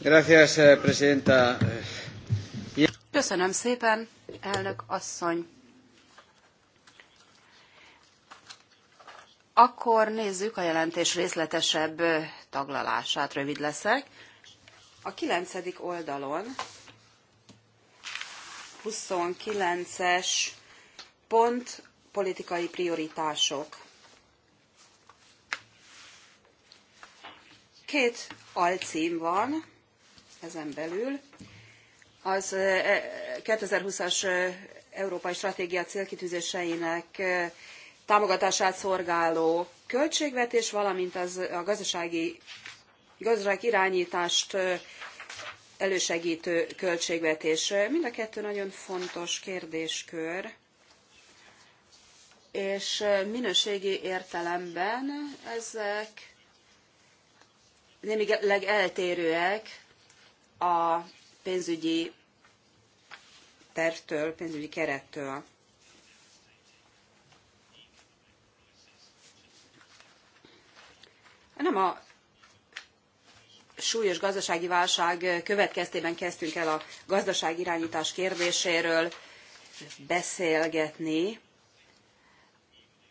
Gracias, eh, Presidenta. Köszönöm szépen, elnök asszony. Akkor nézzük a jelentés részletesebb eh, taglalását, rövid leszek. A kilencedik oldalon 29-es pont politikai prioritások. Két alcím van ezen belül. Az 2020-as Európai Stratégia célkitűzéseinek támogatását szorgáló költségvetés, valamint az a gazdasági, gazdaság irányítást elősegítő költségvetés. Mind a kettő nagyon fontos kérdéskör, és minőségi értelemben ezek némileg eltérőek a pénzügyi tervtől, pénzügyi kerettől. Nem a súlyos gazdasági válság következtében kezdtünk el a gazdaságirányítás kérdéséről beszélgetni.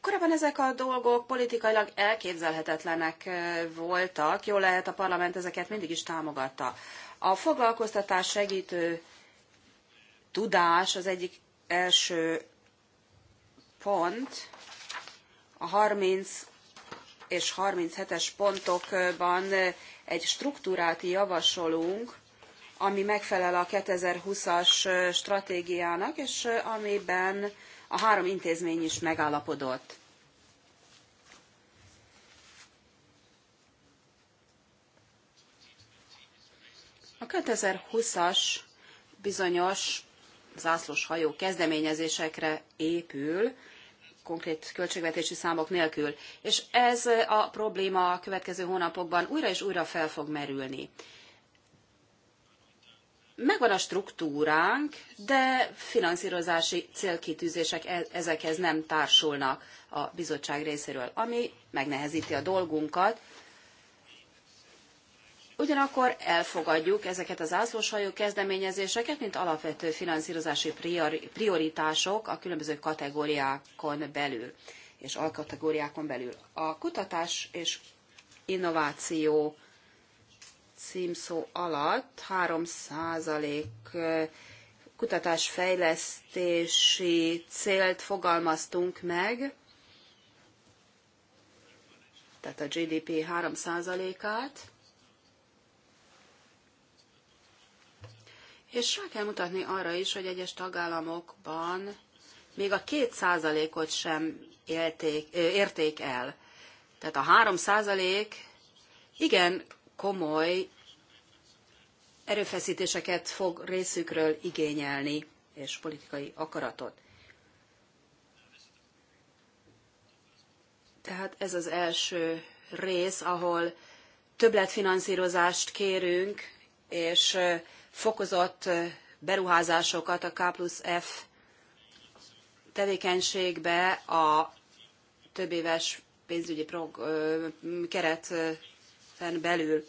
Korábban ezek a dolgok politikailag elképzelhetetlenek eh, voltak, jó lehet a parlament ezeket mindig is támogatta. A foglalkoztatás segítő tudás az egyik első pont, a 30 és 37-es pontokban eh, egy struktúrát javasolunk, ami megfelel a 2020-as stratégiának, és amiben a három intézmény is megállapodott. A 2020-as bizonyos zászlós hajó kezdeményezésekre épül, konkrét költségvetési számok nélkül. És ez a probléma a következő hónapokban újra és újra fel fog merülni. Megvan a struktúránk, de finanszírozási célkitűzések e- ezekhez nem társulnak a bizottság részéről, ami megnehezíti a dolgunkat, Ugyanakkor elfogadjuk ezeket az zászlóshajó kezdeményezéseket, mint alapvető finanszírozási prioritások a különböző kategóriákon belül és alkategóriákon belül. A kutatás és innováció címszó alatt 3% kutatásfejlesztési célt fogalmaztunk meg, tehát a GDP 3%-át, és rá kell mutatni arra is, hogy egyes tagállamokban még a két százalékot sem élték, érték el. Tehát a három százalék igen komoly erőfeszítéseket fog részükről igényelni, és politikai akaratot. Tehát ez az első rész, ahol többletfinanszírozást kérünk, és fokozott beruházásokat a K plusz F tevékenységbe a több éves pénzügyi prog- kereten belül.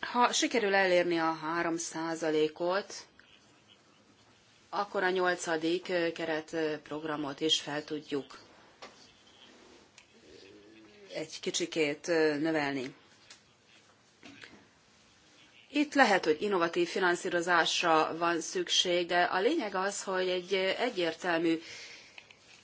Ha sikerül elérni a 3%-ot, akkor a nyolcadik keretprogramot is fel tudjuk egy kicsikét növelni. Itt lehet, hogy innovatív finanszírozásra van szükség, de a lényeg az, hogy egy egyértelmű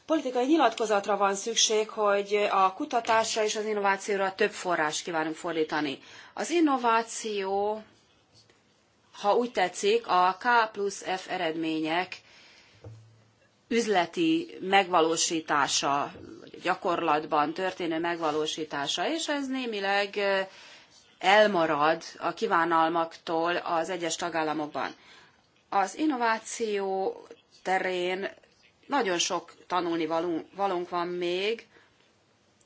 politikai nyilatkozatra van szükség, hogy a kutatásra és az innovációra több forrás kívánunk fordítani. Az innováció, ha úgy tetszik, a K plusz F eredmények üzleti megvalósítása, gyakorlatban történő megvalósítása, és ez némileg elmarad a kívánalmaktól az egyes tagállamokban. Az innováció terén nagyon sok tanulni valunk van még,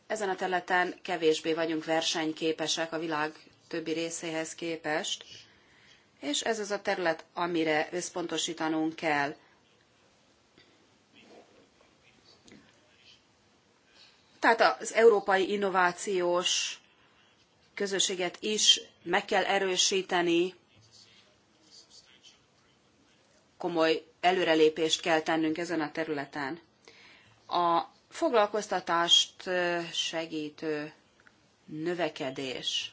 ezen a területen kevésbé vagyunk versenyképesek a világ többi részéhez képest, és ez az a terület, amire összpontosítanunk kell. Tehát az európai innovációs közösséget is meg kell erősíteni, komoly előrelépést kell tennünk ezen a területen. A foglalkoztatást segítő növekedés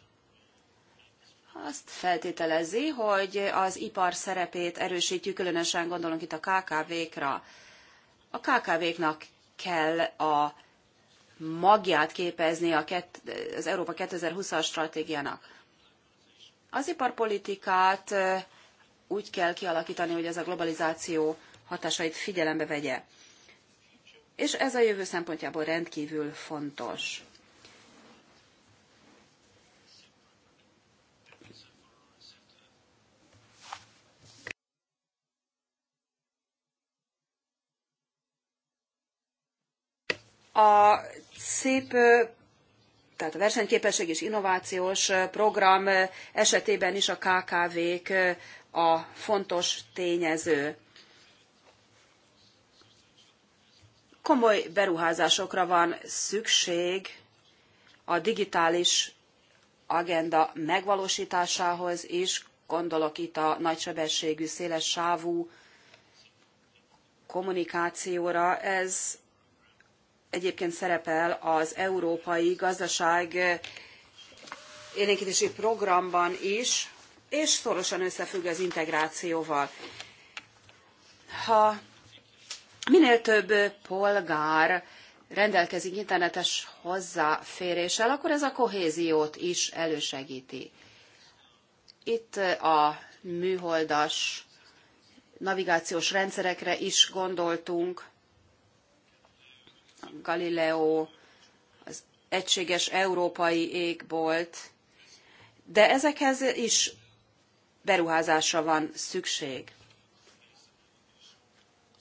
azt feltételezi, hogy az ipar szerepét erősítjük, különösen gondolunk itt a KKV-kra. A KKV-knak kell a magját képezni a az Európa 2020-as stratégiának. Az iparpolitikát úgy kell kialakítani, hogy ez a globalizáció hatásait figyelembe vegye. És ez a jövő szempontjából rendkívül fontos. A szép tehát a versenyképesség és innovációs program esetében is a KKV-k a fontos tényező. Komoly beruházásokra van szükség a digitális agenda megvalósításához is, gondolok itt a nagysebességű, széles sávú kommunikációra. Ez egyébként szerepel az Európai Gazdaság eh, élénkítési programban is, és szorosan összefügg az integrációval. Ha minél több polgár rendelkezik internetes hozzáféréssel, akkor ez a kohéziót is elősegíti. Itt eh, a műholdas navigációs rendszerekre is gondoltunk, Galileo, az egységes európai égbolt, de ezekhez is beruházásra van szükség.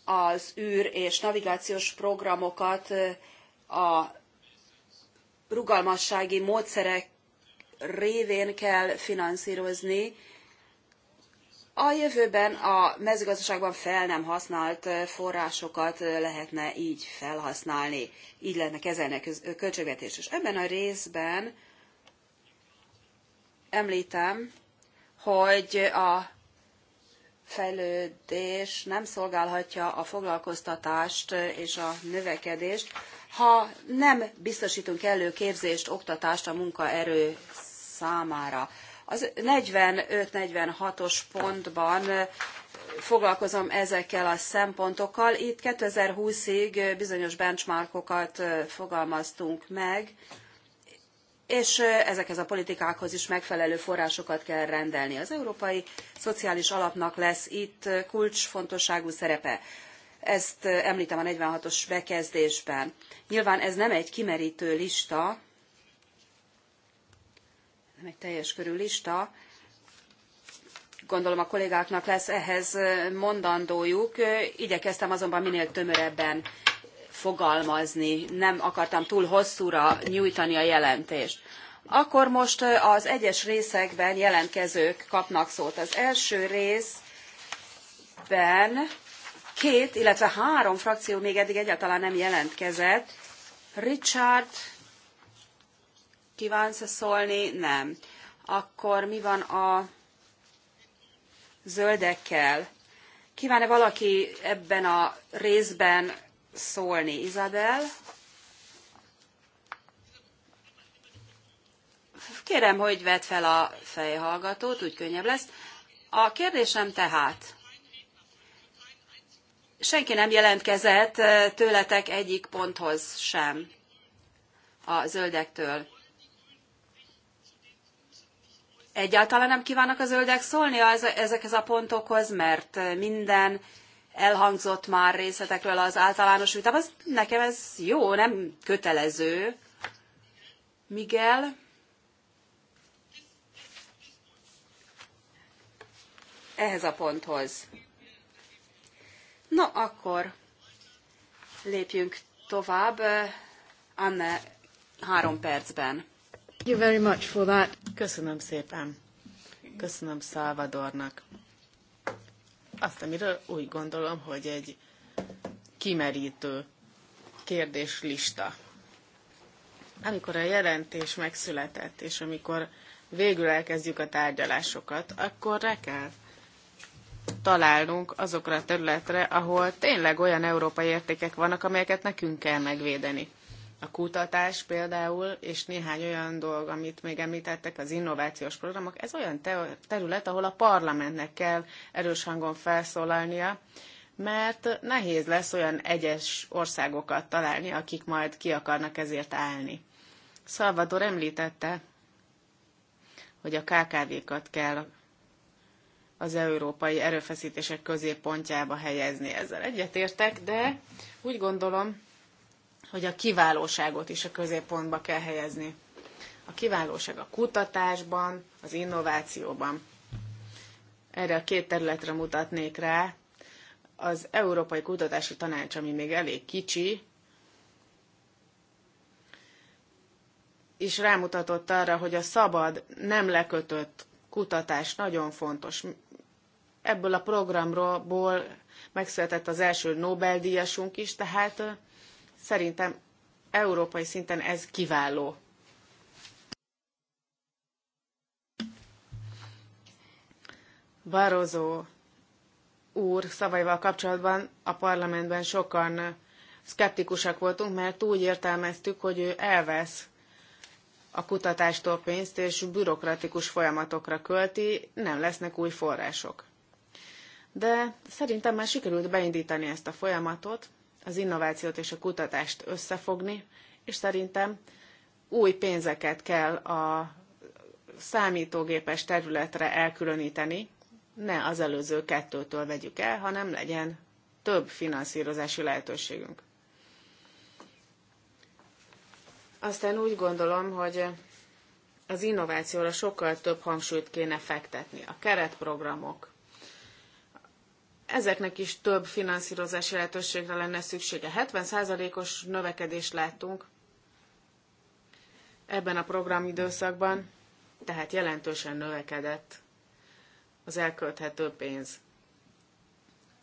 Az űr és navigációs programokat a rugalmassági módszerek révén kell finanszírozni, a jövőben a mezőgazdaságban fel nem használt forrásokat lehetne így felhasználni, így lehetne kezelni a költségvetés. És ebben a részben említem, hogy a fejlődés nem szolgálhatja a foglalkoztatást és a növekedést, ha nem biztosítunk elő képzést, oktatást a munkaerő számára. Az 45-46-os pontban foglalkozom ezekkel a szempontokkal. Itt 2020-ig bizonyos benchmarkokat fogalmaztunk meg, és ezekhez a politikákhoz is megfelelő forrásokat kell rendelni. Az Európai Szociális Alapnak lesz itt kulcsfontosságú szerepe. Ezt említem a 46-os bekezdésben. Nyilván ez nem egy kimerítő lista, egy teljes körű lista. Gondolom a kollégáknak lesz ehhez mondandójuk. Igyekeztem azonban minél tömörebben fogalmazni, nem akartam túl hosszúra nyújtani a jelentést. Akkor most az egyes részekben jelentkezők kapnak szót. Az első részben két, illetve három frakció még eddig egyáltalán nem jelentkezett. Richard Kívánsz szólni? Nem. Akkor mi van a zöldekkel? Kíván-e valaki ebben a részben szólni? Izabel? Kérem, hogy vedd fel a fejhallgatót, úgy könnyebb lesz. A kérdésem tehát, senki nem jelentkezett eh, tőletek egyik ponthoz sem a zöldektől egyáltalán nem kívánnak a zöldek szólni ezekhez a pontokhoz, mert minden elhangzott már részletekről az általános vitában. Az, nekem ez jó, nem kötelező. Miguel? Ehhez a ponthoz. No, akkor lépjünk tovább. Eh, Anne, három percben. Thank you very much for that. Köszönöm szépen. Köszönöm Szálvadornak. Azt, amiről úgy gondolom, hogy egy kimerítő kérdéslista. Amikor a jelentés megszületett, és amikor végül elkezdjük a tárgyalásokat, akkor rá kell találnunk azokra a területre, ahol tényleg olyan európai értékek vannak, amelyeket nekünk kell megvédeni a kutatás például, és néhány olyan dolog, amit még említettek, az innovációs programok, ez olyan terület, ahol a parlamentnek kell erős hangon felszólalnia, mert nehéz lesz olyan egyes országokat találni, akik majd ki akarnak ezért állni. Salvador említette, hogy a KKV-kat kell az európai erőfeszítések középpontjába helyezni. Ezzel egyetértek, de úgy gondolom, hogy a kiválóságot is a középpontba kell helyezni. A kiválóság a kutatásban, az innovációban. Erre a két területre mutatnék rá. Az Európai Kutatási Tanács, ami még elég kicsi, is rámutatott arra, hogy a szabad, nem lekötött kutatás nagyon fontos. Ebből a programról megszületett az első Nobel-díjasunk is, tehát Szerintem európai szinten ez kiváló. Barozó úr szavaival kapcsolatban a parlamentben sokan szkeptikusak voltunk, mert úgy értelmeztük, hogy ő elvesz a kutatástól pénzt, és bürokratikus folyamatokra költi, nem lesznek új források. De szerintem már sikerült beindítani ezt a folyamatot, az innovációt és a kutatást összefogni, és szerintem új pénzeket kell a számítógépes területre elkülöníteni, ne az előző kettőtől vegyük el, hanem legyen több finanszírozási lehetőségünk. Aztán úgy gondolom, hogy az innovációra sokkal több hangsúlyt kéne fektetni. A keretprogramok ezeknek is több finanszírozási lehetőségre lenne szüksége. 70%-os növekedést láttunk ebben a programidőszakban, tehát jelentősen növekedett az elkölthető pénz.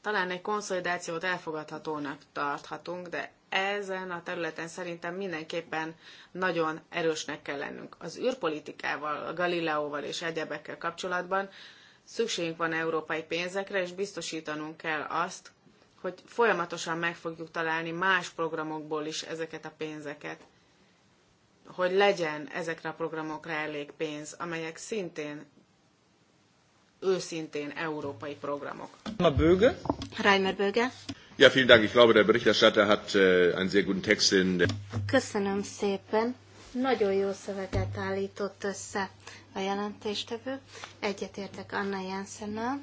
Talán egy konszolidációt elfogadhatónak tarthatunk, de ezen a területen szerintem mindenképpen nagyon erősnek kell lennünk. Az űrpolitikával, a Galileóval és egyebekkel kapcsolatban Szükségünk van európai pénzekre, és biztosítanunk kell azt, hogy folyamatosan meg fogjuk találni más programokból is ezeket a pénzeket, hogy legyen ezekre a programokra elég pénz, amelyek szintén őszintén európai programok. Ma Böge? Reimer Böge. Ja, vielen Dank. Ich glaube, der Berichterstatter hat äh, einen sehr guten Text in Köszönöm szépen. Nagyon jó szöveget állított össze a jelentéstevő. Egyetértek Anna Jensennel,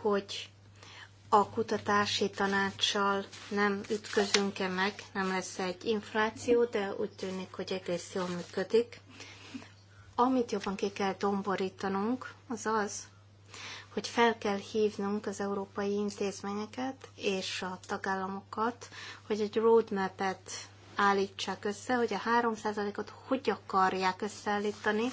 hogy a kutatási tanácssal nem ütközünk-e meg, nem lesz egy infláció, de úgy tűnik, hogy egész jól működik. Amit jobban ki kell domborítanunk, az az, hogy fel kell hívnunk az európai intézményeket és a tagállamokat, hogy egy roadmap-et állítsák össze, hogy a 3%-ot hogy akarják összeállítani,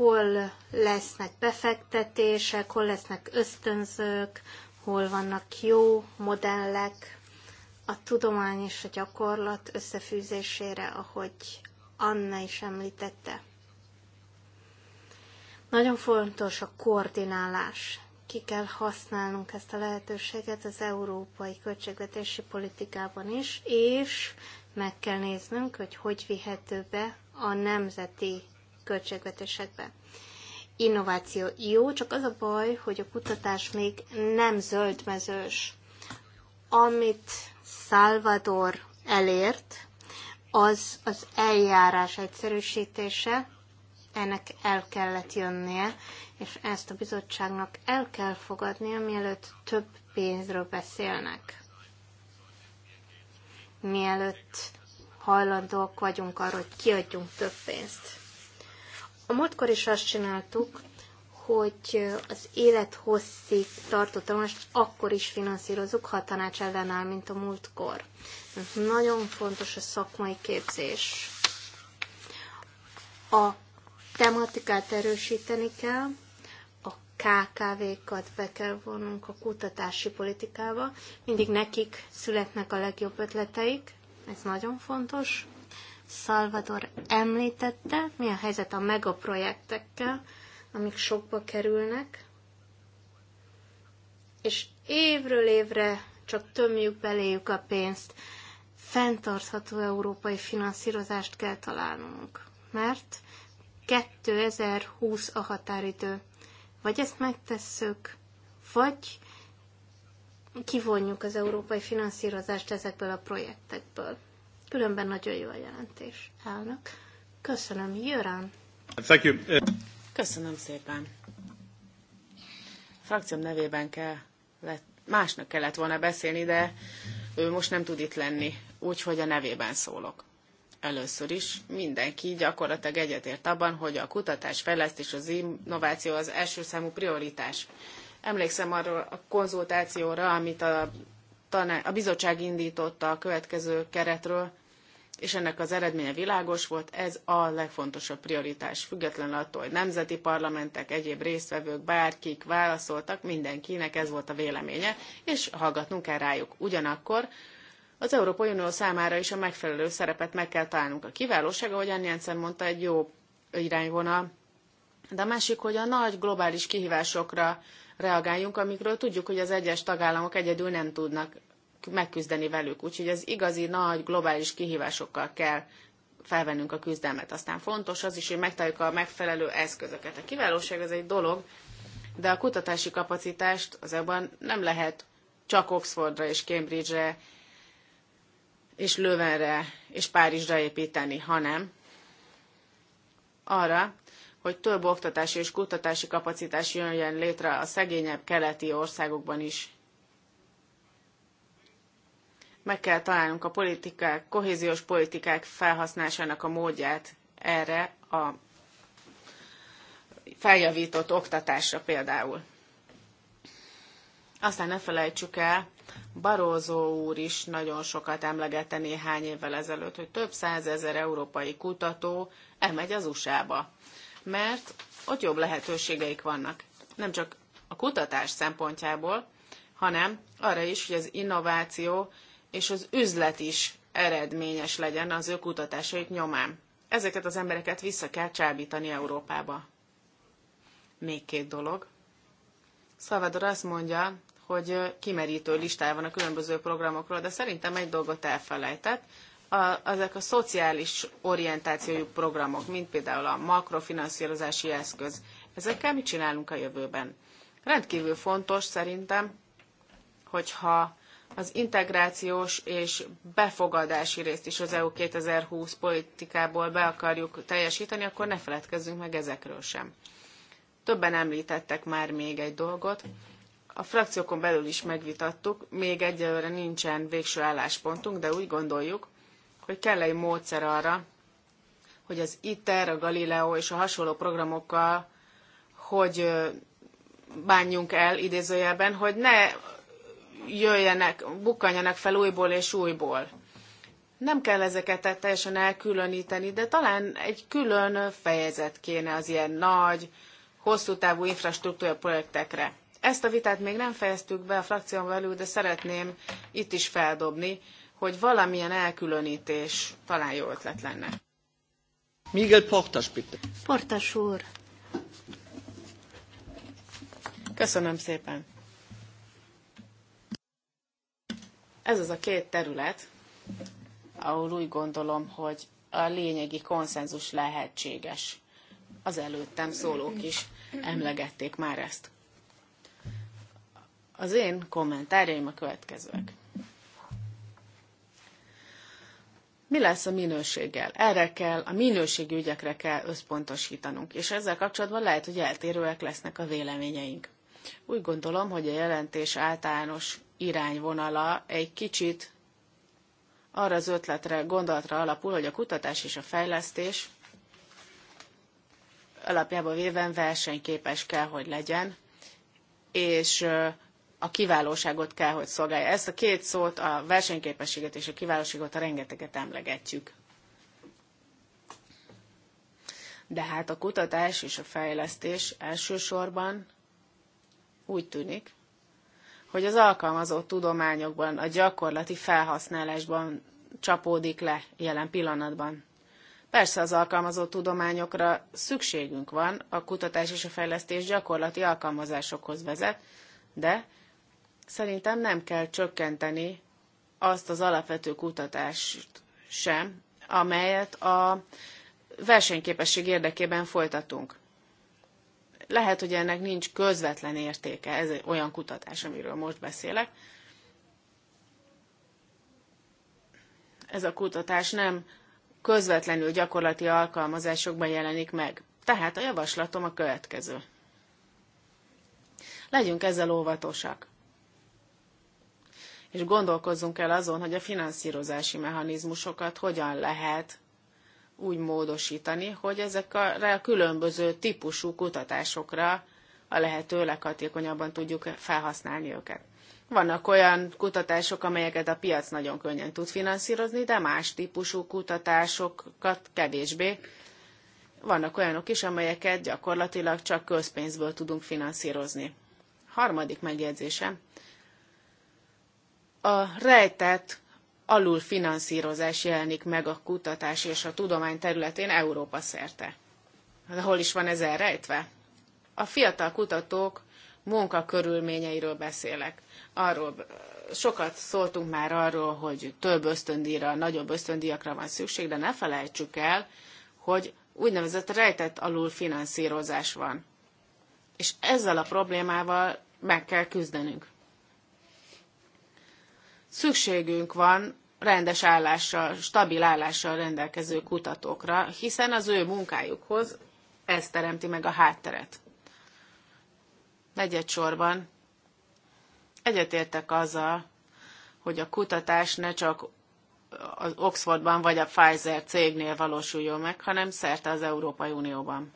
hol lesznek befektetések, hol lesznek ösztönzők, hol vannak jó modellek a tudomány és a gyakorlat összefűzésére, ahogy Anna is említette. Nagyon fontos a koordinálás. Ki kell használnunk ezt a lehetőséget az európai költségvetési politikában is, és meg kell néznünk, hogy hogy vihető be a nemzeti költségvetésekbe. Innováció jó, csak az a baj, hogy a kutatás még nem zöldmezős. Amit Salvador elért, az az eljárás egyszerűsítése, ennek el kellett jönnie, és ezt a bizottságnak el kell fogadnia, mielőtt több pénzről beszélnek. Mielőtt hajlandók vagyunk arra, hogy kiadjunk több pénzt. A múltkor is azt csináltuk, hogy az élethosszig tartó tanulást akkor is finanszírozunk, ha a tanács ellenáll, mint a múltkor. Nagyon fontos a szakmai képzés. A tematikát erősíteni kell, a KKV-kat be kell vonnunk a kutatási politikába, mindig nekik születnek a legjobb ötleteik, ez nagyon fontos. Salvador említette, mi a helyzet a megaprojektekkel, amik sokba kerülnek, és évről évre csak tömjük beléjük a pénzt. Fentartható európai finanszírozást kell találnunk, mert 2020 a határidő. Vagy ezt megtesszük, vagy kivonjuk az európai finanszírozást ezekből a projektekből. Különben nagyon jó a jelentés, elnök. Köszönöm, Jörán. Thank you. Köszönöm szépen. A frakcióm nevében kell, másnak kellett volna beszélni, de ő most nem tud itt lenni, úgyhogy a nevében szólok. Először is mindenki gyakorlatilag egyetért abban, hogy a kutatás, fejlesztés, az innováció az első számú prioritás. Emlékszem arról a konzultációra, amit a, taná- a bizottság indította a következő keretről, és ennek az eredménye világos volt, ez a legfontosabb prioritás, függetlenül attól, hogy nemzeti parlamentek, egyéb résztvevők, bárkik válaszoltak, mindenkinek ez volt a véleménye, és hallgatnunk kell rájuk. Ugyanakkor az Európai Unió számára is a megfelelő szerepet meg kell találnunk. A kiválóság, ahogy Ann Jensen mondta, egy jó irányvonal, de a másik, hogy a nagy globális kihívásokra reagáljunk, amikről tudjuk, hogy az egyes tagállamok egyedül nem tudnak megküzdeni velük. Úgyhogy az igazi nagy globális kihívásokkal kell felvennünk a küzdelmet. Aztán fontos az is, hogy megtaláljuk a megfelelő eszközöket. A kiválóság az egy dolog, de a kutatási kapacitást az ebben nem lehet csak Oxfordra és Cambridge-re és Lövenre és Párizsra építeni, hanem arra, hogy több oktatási és kutatási kapacitás jöjjön létre a szegényebb keleti országokban is. Meg kell találnunk a politikák, kohéziós politikák felhasználásának a módját erre a feljavított oktatásra például. Aztán ne felejtsük el, Barózó úr is nagyon sokat emlegette néhány évvel ezelőtt, hogy több százezer európai kutató elmegy az USA-ba, mert ott jobb lehetőségeik vannak. Nem csak a kutatás szempontjából, hanem arra is, hogy az innováció és az üzlet is eredményes legyen az ő kutatásaik nyomán. Ezeket az embereket vissza kell csábítani Európába. Még két dolog. Szavador azt mondja, hogy kimerítő listája van a különböző programokról, de szerintem egy dolgot elfelejtett. A, ezek a szociális orientációjú programok, mint például a makrofinanszírozási eszköz, ezekkel mit csinálunk a jövőben? Rendkívül fontos szerintem, hogyha az integrációs és befogadási részt is az EU 2020 politikából be akarjuk teljesíteni, akkor ne feledkezzünk meg ezekről sem. Többen említettek már még egy dolgot. A frakciókon belül is megvitattuk, még egyelőre nincsen végső álláspontunk, de úgy gondoljuk, hogy kell egy módszer arra, hogy az ITER, a Galileo és a hasonló programokkal hogy bánjunk el idézőjelben, hogy ne jöjjenek, bukkanjanak fel újból és újból. Nem kell ezeket teljesen elkülöníteni, de talán egy külön fejezet kéne az ilyen nagy, hosszú távú infrastruktúra projektekre. Ezt a vitát még nem fejeztük be a frakción belül, de szeretném itt is feldobni, hogy valamilyen elkülönítés talán jó ötlet lenne. Miguel Portas, bitte. Portas úr. Köszönöm szépen. Ez az a két terület, ahol úgy gondolom, hogy a lényegi konszenzus lehetséges. Az előttem szólók is emlegették már ezt. Az én kommentárjaim a következőek. Mi lesz a minőséggel? Erre kell, a minőségi ügyekre kell összpontosítanunk, és ezzel kapcsolatban lehet, hogy eltérőek lesznek a véleményeink. Úgy gondolom, hogy a jelentés általános irányvonala egy kicsit arra az ötletre, gondolatra alapul, hogy a kutatás és a fejlesztés alapjába véven versenyképes kell, hogy legyen, és a kiválóságot kell, hogy szolgálja. Ezt a két szót, a versenyképességet és a kiválóságot a rengeteget emlegetjük. De hát a kutatás és a fejlesztés elsősorban úgy tűnik, hogy az alkalmazott tudományokban, a gyakorlati felhasználásban csapódik le jelen pillanatban. Persze az alkalmazott tudományokra szükségünk van, a kutatás és a fejlesztés gyakorlati alkalmazásokhoz vezet, de szerintem nem kell csökkenteni azt az alapvető kutatást sem, amelyet a versenyképesség érdekében folytatunk. Lehet, hogy ennek nincs közvetlen értéke, ez egy olyan kutatás, amiről most beszélek. Ez a kutatás nem közvetlenül gyakorlati alkalmazásokban jelenik meg. Tehát a javaslatom a következő. Legyünk ezzel óvatosak és gondolkozzunk el azon, hogy a finanszírozási mechanizmusokat hogyan lehet úgy módosítani, hogy ezekre a különböző típusú kutatásokra a lehető leghatékonyabban tudjuk felhasználni őket. Vannak olyan kutatások, amelyeket a piac nagyon könnyen tud finanszírozni, de más típusú kutatásokat kevésbé. Vannak olyanok is, amelyeket gyakorlatilag csak közpénzből tudunk finanszírozni. Harmadik megjegyzésem. A rejtett alulfinanszírozás jelenik meg a kutatás és a tudomány területén Európa szerte. De hol is van ez elrejtve? A fiatal kutatók munkakörülményeiről beszélek. Arról sokat szóltunk már arról, hogy több ösztöndíjra, nagyobb ösztöndíjakra van szükség, de ne felejtsük el, hogy úgynevezett rejtett alulfinanszírozás van. És ezzel a problémával meg kell küzdenünk. Szükségünk van rendes állással, stabil állással rendelkező kutatókra, hiszen az ő munkájukhoz ez teremti meg a hátteret. sorban egyetértek azzal, hogy a kutatás ne csak az Oxfordban vagy a Pfizer cégnél valósuljon meg, hanem szerte az Európai Unióban.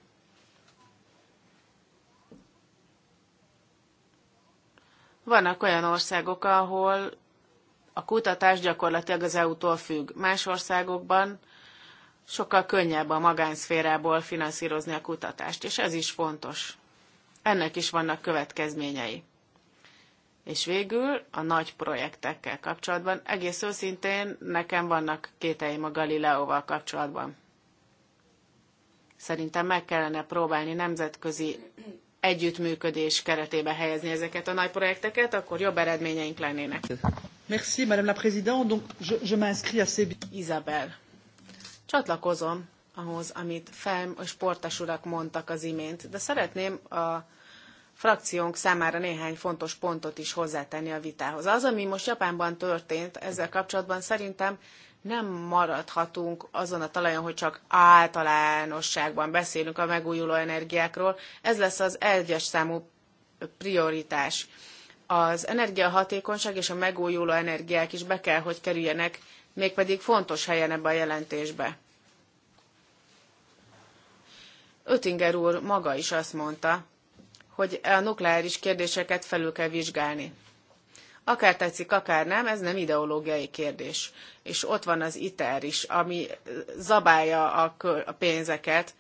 Vannak olyan országok, ahol a kutatás gyakorlatilag az EU-tól függ. Más országokban sokkal könnyebb a magánszférából finanszírozni a kutatást, és ez is fontos. Ennek is vannak következményei. És végül a nagy projektekkel kapcsolatban egész őszintén nekem vannak kételjeim a Galileóval kapcsolatban. Szerintem meg kellene próbálni nemzetközi együttműködés keretébe helyezni ezeket a nagy projekteket, akkor jobb eredményeink lennének. Merci, Madame la Présidente. Donc, je, je m'inscris assez... Isabel, csatlakozom ahhoz, amit Fem, a sportas urak mondtak az imént, de szeretném a frakciónk számára néhány fontos pontot is hozzátenni a vitához. Az, ami most Japánban történt ezzel kapcsolatban, szerintem nem maradhatunk azon a talajon, hogy csak általánosságban beszélünk a megújuló energiákról. Ez lesz az egyes számú prioritás az energiahatékonyság és a megújuló energiák is be kell, hogy kerüljenek, mégpedig fontos helyen ebbe a jelentésbe. Ötinger úr maga is azt mondta, hogy a nukleáris kérdéseket felül kell vizsgálni. Akár tetszik, akár nem, ez nem ideológiai kérdés. És ott van az ITER is, ami zabálja a pénzeket,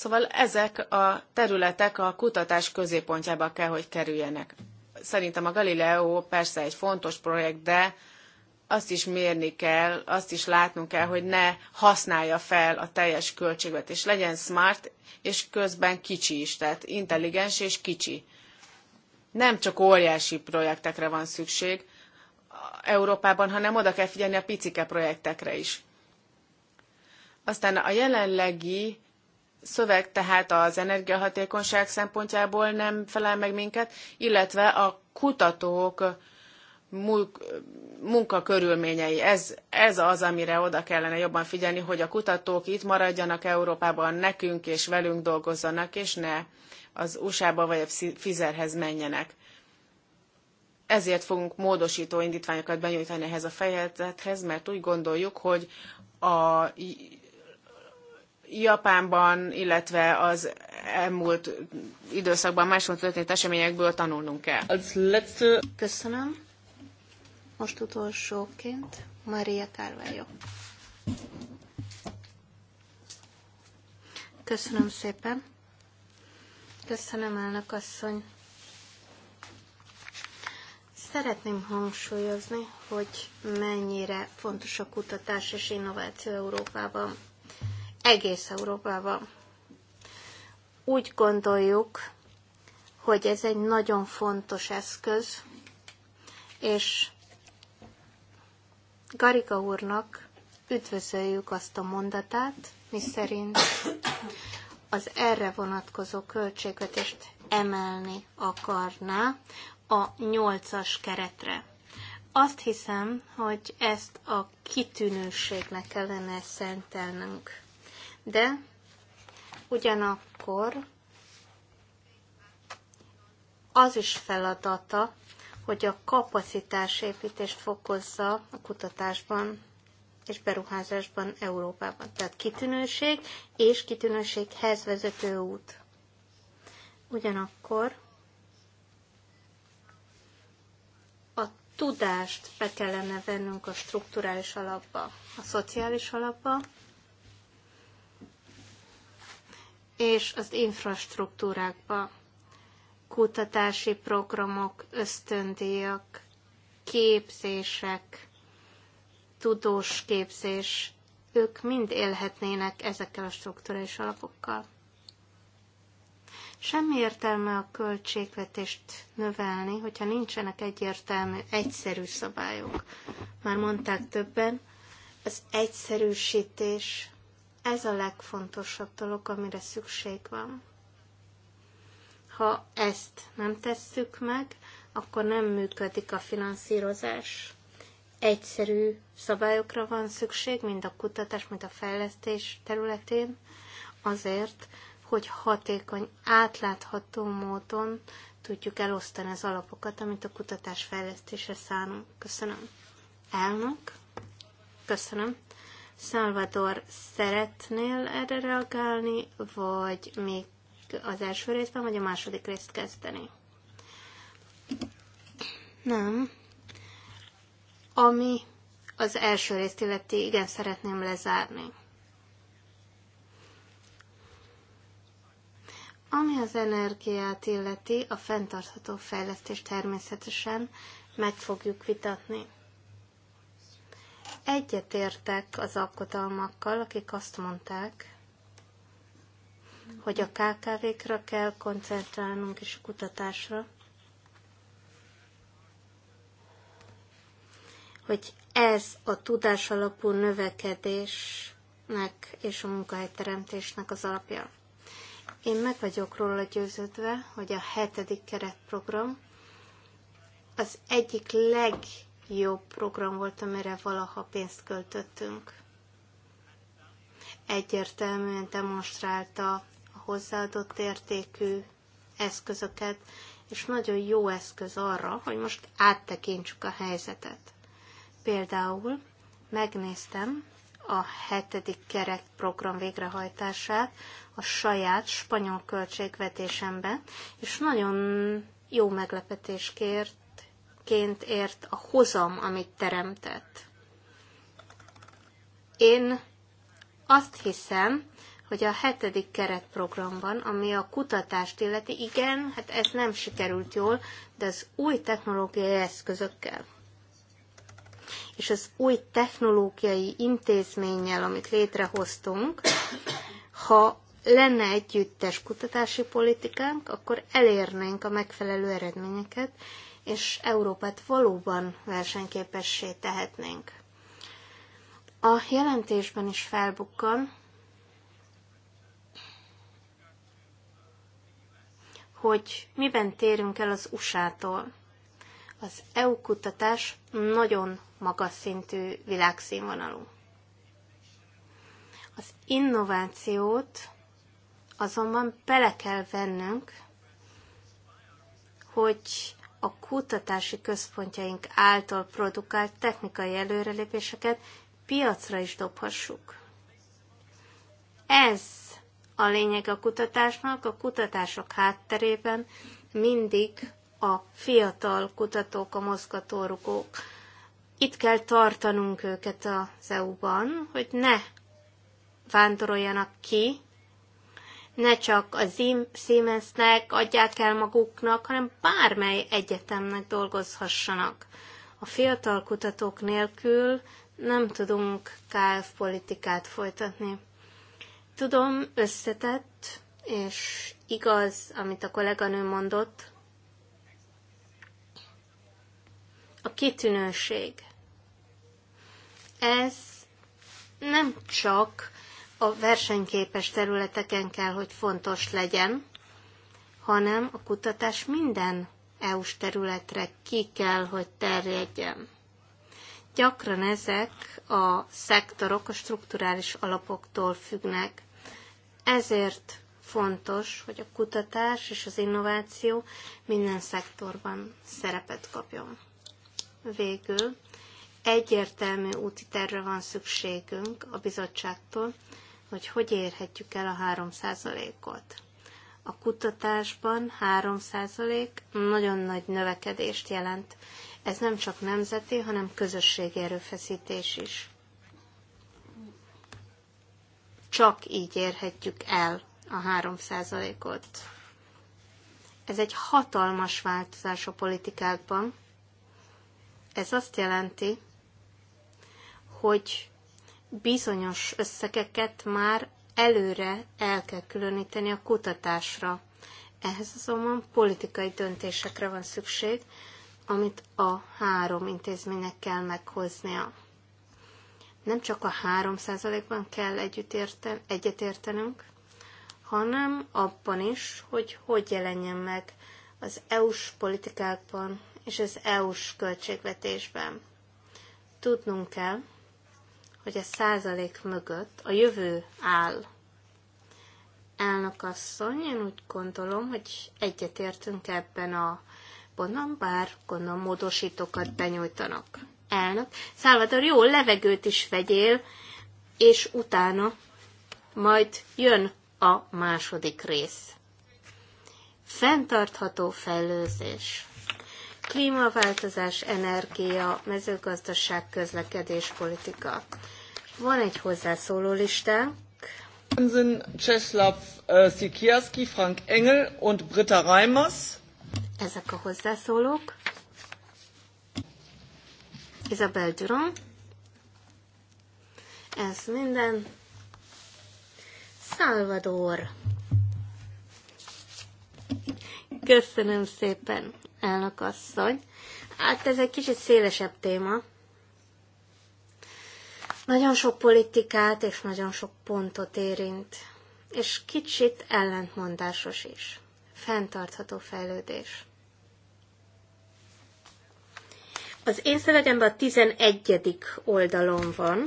Szóval ezek a területek a kutatás középpontjába kell, hogy kerüljenek. Szerintem a Galileo persze egy fontos projekt, de azt is mérni kell, azt is látnunk kell, hogy ne használja fel a teljes és Legyen smart, és közben kicsi is, tehát intelligens és kicsi. Nem csak óriási projektekre van szükség Európában, hanem oda kell figyelni a picike projektekre is. Aztán a jelenlegi szöveg tehát az energiahatékonyság szempontjából nem felel meg minket, illetve a kutatók munkakörülményei. Ez, ez az, amire oda kellene jobban figyelni, hogy a kutatók itt maradjanak Európában, nekünk és velünk dolgozzanak, és ne az USA-ba vagy a Fizerhez menjenek. Ezért fogunk módosító indítványokat benyújtani ehhez a fejezethez, mert úgy gondoljuk, hogy a Japánban, illetve az elmúlt időszakban máshol történt eseményekből tanulnunk kell. Köszönöm. Most utolsóként Maria Carvalho. Köszönöm szépen. Köszönöm, elnök asszony. Szeretném hangsúlyozni, hogy mennyire fontos a kutatás és innováció Európában egész Európában. Úgy gondoljuk, hogy ez egy nagyon fontos eszköz, és Garika úrnak üdvözöljük azt a mondatát, miszerint az erre vonatkozó költségvetést emelni akarná a nyolcas keretre. Azt hiszem, hogy ezt a kitűnőségnek kellene szentelnünk de ugyanakkor az is feladata, hogy a kapacitásépítést fokozza a kutatásban és beruházásban Európában. Tehát kitűnőség és kitűnőséghez vezető út. Ugyanakkor a tudást be kellene vennünk a strukturális alapba, a szociális alapba, és az infrastruktúrákba. Kutatási programok, ösztöndíjak, képzések, tudós képzés, ők mind élhetnének ezekkel a struktúrális alapokkal. Semmi értelme a költségvetést növelni, hogyha nincsenek egyértelmű, egyszerű szabályok. Már mondták többen, az egyszerűsítés ez a legfontosabb dolog, amire szükség van. Ha ezt nem tesszük meg, akkor nem működik a finanszírozás. Egyszerű szabályokra van szükség, mind a kutatás, mind a fejlesztés területén, azért, hogy hatékony, átlátható módon tudjuk elosztani az alapokat, amit a kutatás fejlesztésre szánunk. Köszönöm. Elnök, köszönöm. Salvador, szeretnél erre reagálni, vagy még az első részben, vagy a második részt kezdeni? Nem. Ami az első részt illeti, igen, szeretném lezárni. Ami az energiát illeti, a fenntartható fejlesztést természetesen meg fogjuk vitatni. Egyetértek az alkotalmakkal, akik azt mondták, hogy a KKV-kra kell koncentrálnunk és a kutatásra, hogy ez a tudás alapú növekedésnek és a munkahelyteremtésnek az alapja. Én meg vagyok róla győződve, hogy a hetedik keretprogram az egyik leg legjobb program volt, amire valaha pénzt költöttünk. Egyértelműen demonstrálta a hozzáadott értékű eszközöket, és nagyon jó eszköz arra, hogy most áttekintsük a helyzetet. Például megnéztem a hetedik kerek program végrehajtását a saját spanyol költségvetésemben, és nagyon jó meglepetés kért, ként ért a hozam, amit teremtett. Én azt hiszem, hogy a hetedik keretprogramban, ami a kutatást illeti, igen, hát ez nem sikerült jól, de az új technológiai eszközökkel és az új technológiai intézménnyel, amit létrehoztunk, ha lenne együttes kutatási politikánk, akkor elérnénk a megfelelő eredményeket, és Európát valóban versenyképessé tehetnénk. A jelentésben is felbukkan, hogy miben térünk el az USA-tól. Az EU kutatás nagyon magas szintű világszínvonalú. Az innovációt azonban bele kell vennünk, hogy a kutatási központjaink által produkált technikai előrelépéseket piacra is dobhassuk. Ez a lényeg a kutatásnak, a kutatások hátterében mindig a fiatal kutatók, a mozgatórugók. Itt kell tartanunk őket az EU-ban, hogy ne vándoroljanak ki ne csak a Siemensnek adják el maguknak, hanem bármely egyetemnek dolgozhassanak. A fiatal kutatók nélkül nem tudunk KF politikát folytatni. Tudom, összetett, és igaz, amit a kolléganő mondott, a kitűnőség. Ez nem csak a versenyképes területeken kell, hogy fontos legyen, hanem a kutatás minden EU-s területre ki kell, hogy terjedjen. Gyakran ezek a szektorok a strukturális alapoktól függnek. Ezért fontos, hogy a kutatás és az innováció minden szektorban szerepet kapjon. Végül egyértelmű úti tervre van szükségünk a bizottságtól, hogy hogy érhetjük el a 3%-ot. A kutatásban 3% nagyon nagy növekedést jelent. Ez nem csak nemzeti, hanem közösségi erőfeszítés is. Csak így érhetjük el a 3%-ot. Ez egy hatalmas változás a politikákban. Ez azt jelenti, hogy bizonyos összegeket már előre el kell különíteni a kutatásra. Ehhez azonban politikai döntésekre van szükség, amit a három intézménynek kell meghoznia. Nem csak a három százalékban kell együttérten, egyetértenünk, hanem abban is, hogy hogy jelenjen meg az EU-s politikákban és az EU-s költségvetésben. Tudnunk kell, hogy a százalék mögött a jövő áll. Elnök asszony, én úgy gondolom, hogy egyetértünk ebben a pontban, bár gondolom módosítókat benyújtanak. Elnök, Szálvador, jó levegőt is vegyél, és utána majd jön a második rész. Fentartható fejlőzés. Klímaváltozás, energia, mezőgazdaság, közlekedés, politika. Van egy hozzászóló listánk. Hansen, Czeslaw Sikierski, Frank Engel und Britta Reimers. Ezek a hozzászólók. Isabel Durand. Ez minden. Salvador. Köszönöm szépen elnökasszony. Hát ez egy kicsit szélesebb téma. Nagyon sok politikát és nagyon sok pontot érint, és kicsit ellentmondásos is. Fenntartható fejlődés. Az én szövegemben a 11. oldalon van,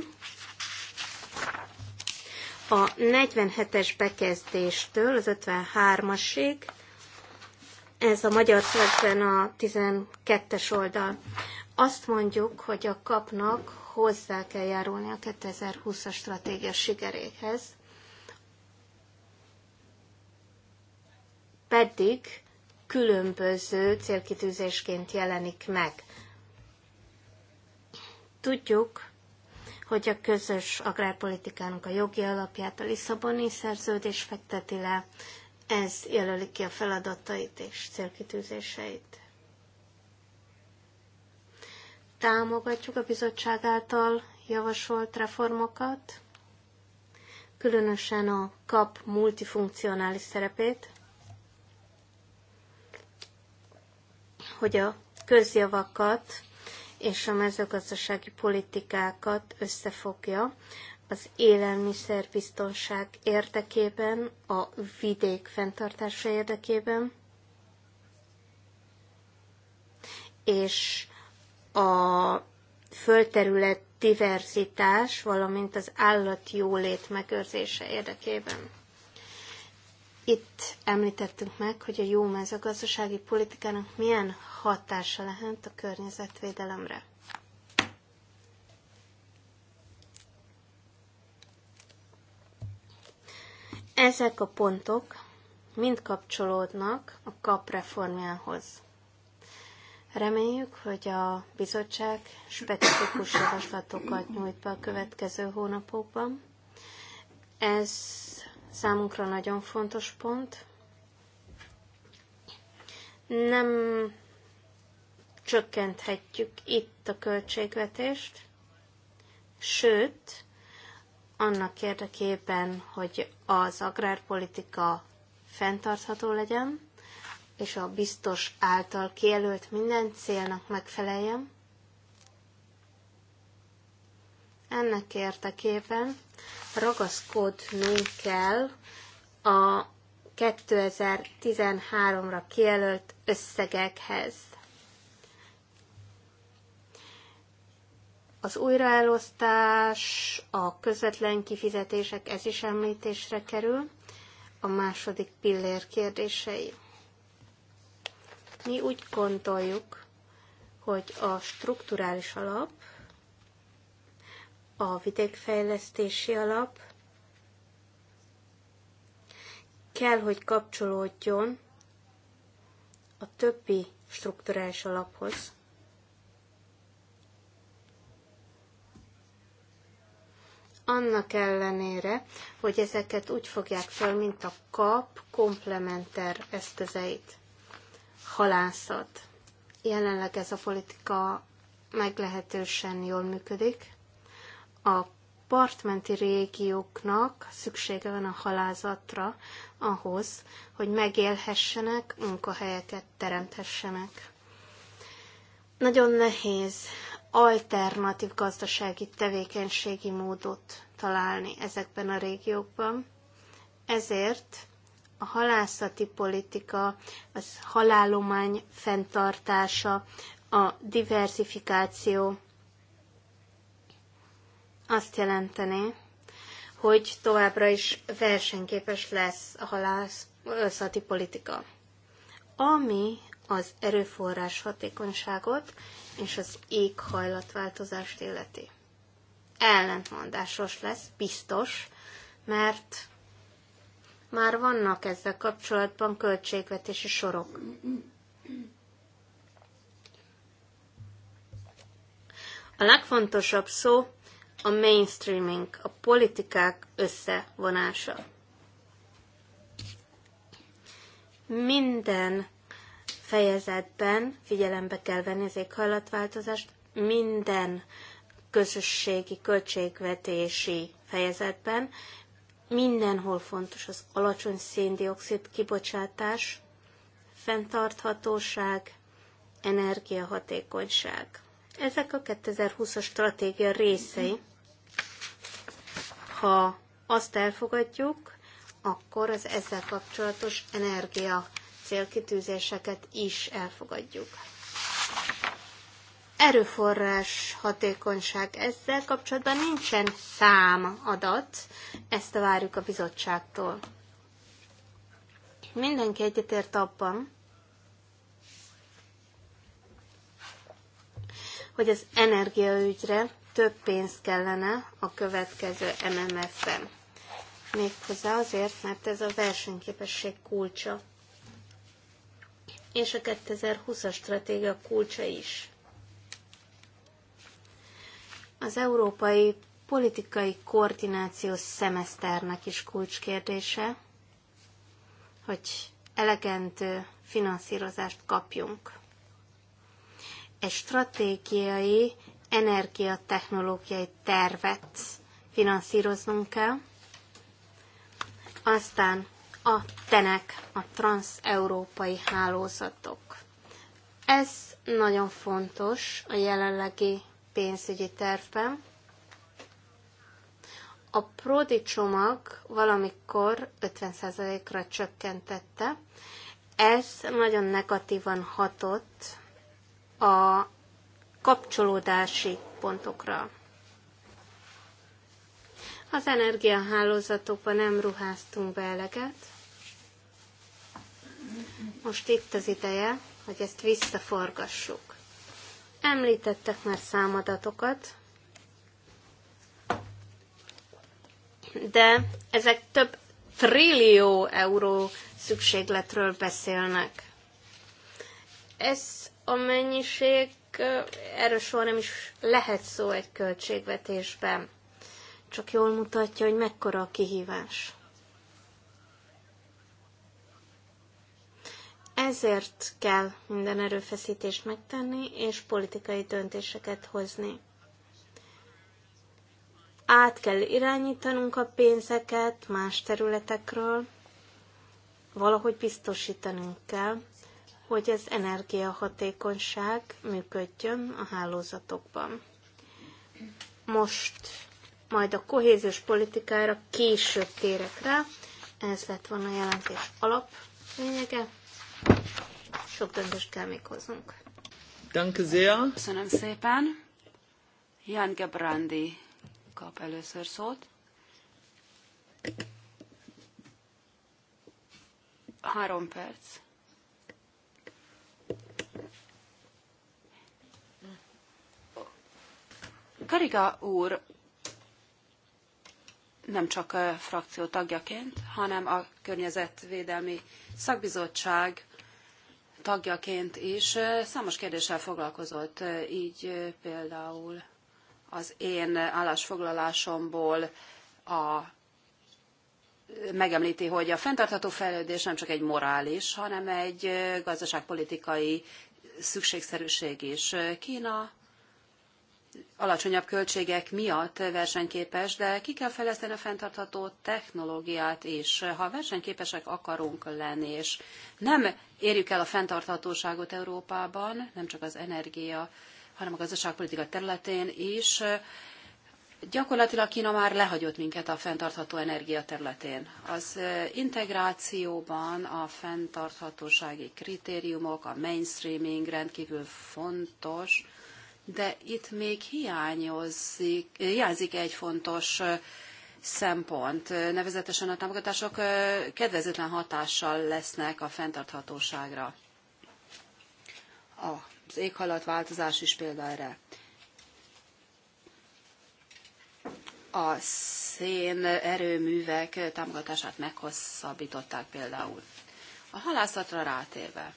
a 47-es bekezdéstől az 53-asig ez a magyar szövegben a 12-es oldal. Azt mondjuk, hogy a kapnak hozzá kell járulni a 2020-as stratégia sikeréhez, pedig különböző célkitűzésként jelenik meg. Tudjuk, hogy a közös agrárpolitikának a jogi alapját a Lisszaboni szerződés fekteti le, ez jelöli ki a feladatait és célkitűzéseit. Támogatjuk a bizottság által javasolt reformokat, különösen a kap multifunkcionális szerepét, hogy a közjavakat és a mezőgazdasági politikákat összefogja az élelmiszerbiztonság érdekében, a vidék fenntartása érdekében, és a földterület diverzitás, valamint az állat jólét megőrzése érdekében. Itt említettünk meg, hogy a jó mezőgazdasági politikának milyen hatása lehet a környezetvédelemre. Ezek a pontok mind kapcsolódnak a KAP reformjához. Reméljük, hogy a bizottság specifikus javaslatokat nyújt be a következő hónapokban. Ez számunkra nagyon fontos pont. Nem csökkenthetjük itt a költségvetést, sőt, annak érdekében, hogy az agrárpolitika fenntartható legyen, és a biztos által kijelölt minden célnak megfeleljen. Ennek érdekében ragaszkodnunk kell a 2013-ra kijelölt összegekhez. Az újraelosztás, a közvetlen kifizetések, ez is említésre kerül. A második pillér kérdései. Mi úgy gondoljuk, hogy a strukturális alap, a vidékfejlesztési alap kell, hogy kapcsolódjon a többi strukturális alaphoz. annak ellenére, hogy ezeket úgy fogják fel, mint a kap komplementer eszközeit. Halászat. Jelenleg ez a politika meglehetősen jól működik. A partmenti régióknak szüksége van a halázatra ahhoz, hogy megélhessenek, munkahelyeket teremthessenek. Nagyon nehéz alternatív gazdasági tevékenységi módot találni ezekben a régiókban. Ezért a halászati politika, az halálomány fenntartása, a diversifikáció azt jelenteni, hogy továbbra is versenyképes lesz a halászati politika. Ami az erőforrás hatékonyságot és az éghajlatváltozást illeti. Ellentmondásos lesz, biztos, mert már vannak ezzel kapcsolatban költségvetési sorok. A legfontosabb szó a mainstreaming, a politikák összevonása. Minden fejezetben figyelembe kell venni az éghajlatváltozást minden közösségi költségvetési fejezetben. Mindenhol fontos az alacsony széndiokszid kibocsátás, fenntarthatóság, energiahatékonyság. Ezek a 2020-as stratégia részei. Ha azt elfogadjuk, akkor az ezzel kapcsolatos energia célkitűzéseket is elfogadjuk. Erőforrás hatékonyság. Ezzel kapcsolatban nincsen számadat, ezt várjuk a bizottságtól. Mindenki egyetért abban, hogy az energiaügyre több pénzt kellene a következő mmf en Méghozzá azért, mert ez a versenyképesség kulcsa és a 2020-as stratégia kulcsa is. Az európai politikai koordinációs szemeszternek is kulcskérdése, hogy elegendő finanszírozást kapjunk. Egy stratégiai energiatechnológiai tervet finanszíroznunk kell, aztán a TENEK, a transeurópai hálózatok. Ez nagyon fontos a jelenlegi pénzügyi tervben. A Prodi csomag valamikor 50%-ra csökkentette. Ez nagyon negatívan hatott a kapcsolódási pontokra. Az energiahálózatokba nem ruháztunk be eleget, most itt az ideje, hogy ezt visszaforgassuk. Említettek már számadatokat, de ezek több trillió euró szükségletről beszélnek. Ez a mennyiség, erről soha nem is lehet szó egy költségvetésben. Csak jól mutatja, hogy mekkora a kihívás. Ezért kell minden erőfeszítést megtenni, és politikai döntéseket hozni. Át kell irányítanunk a pénzeket más területekről, valahogy biztosítanunk kell, hogy az energiahatékonyság működjön a hálózatokban. Most majd a kohéziós politikára később térek rá, ez lett volna a jelentés alap lényege. Sok döntést kell még hoznunk. Danke sehr. Köszönöm szépen. Jan Gebrandi kap először szót. Három perc. Kariga úr nem csak a frakció tagjaként, hanem a Környezetvédelmi Szakbizottság tagjaként is számos kérdéssel foglalkozott, így például az én állásfoglalásomból a megemlíti, hogy a fenntartható fejlődés nem csak egy morális, hanem egy gazdaságpolitikai szükségszerűség is. Kína alacsonyabb költségek miatt versenyképes, de ki kell fejleszteni a fenntartható technológiát is. Ha versenyképesek akarunk lenni, és nem érjük el a fenntarthatóságot Európában, nem csak az energia, hanem a gazdaságpolitika területén is, gyakorlatilag Kína már lehagyott minket a fenntartható energia területén. Az integrációban a fenntarthatósági kritériumok, a mainstreaming rendkívül fontos, de itt még hiányozik, hiányzik egy fontos szempont, nevezetesen a támogatások kedvezőtlen hatással lesznek a fenntarthatóságra. Az változás is példa erre. A szén erőművek támogatását meghosszabbították például. A halászatra rátérve.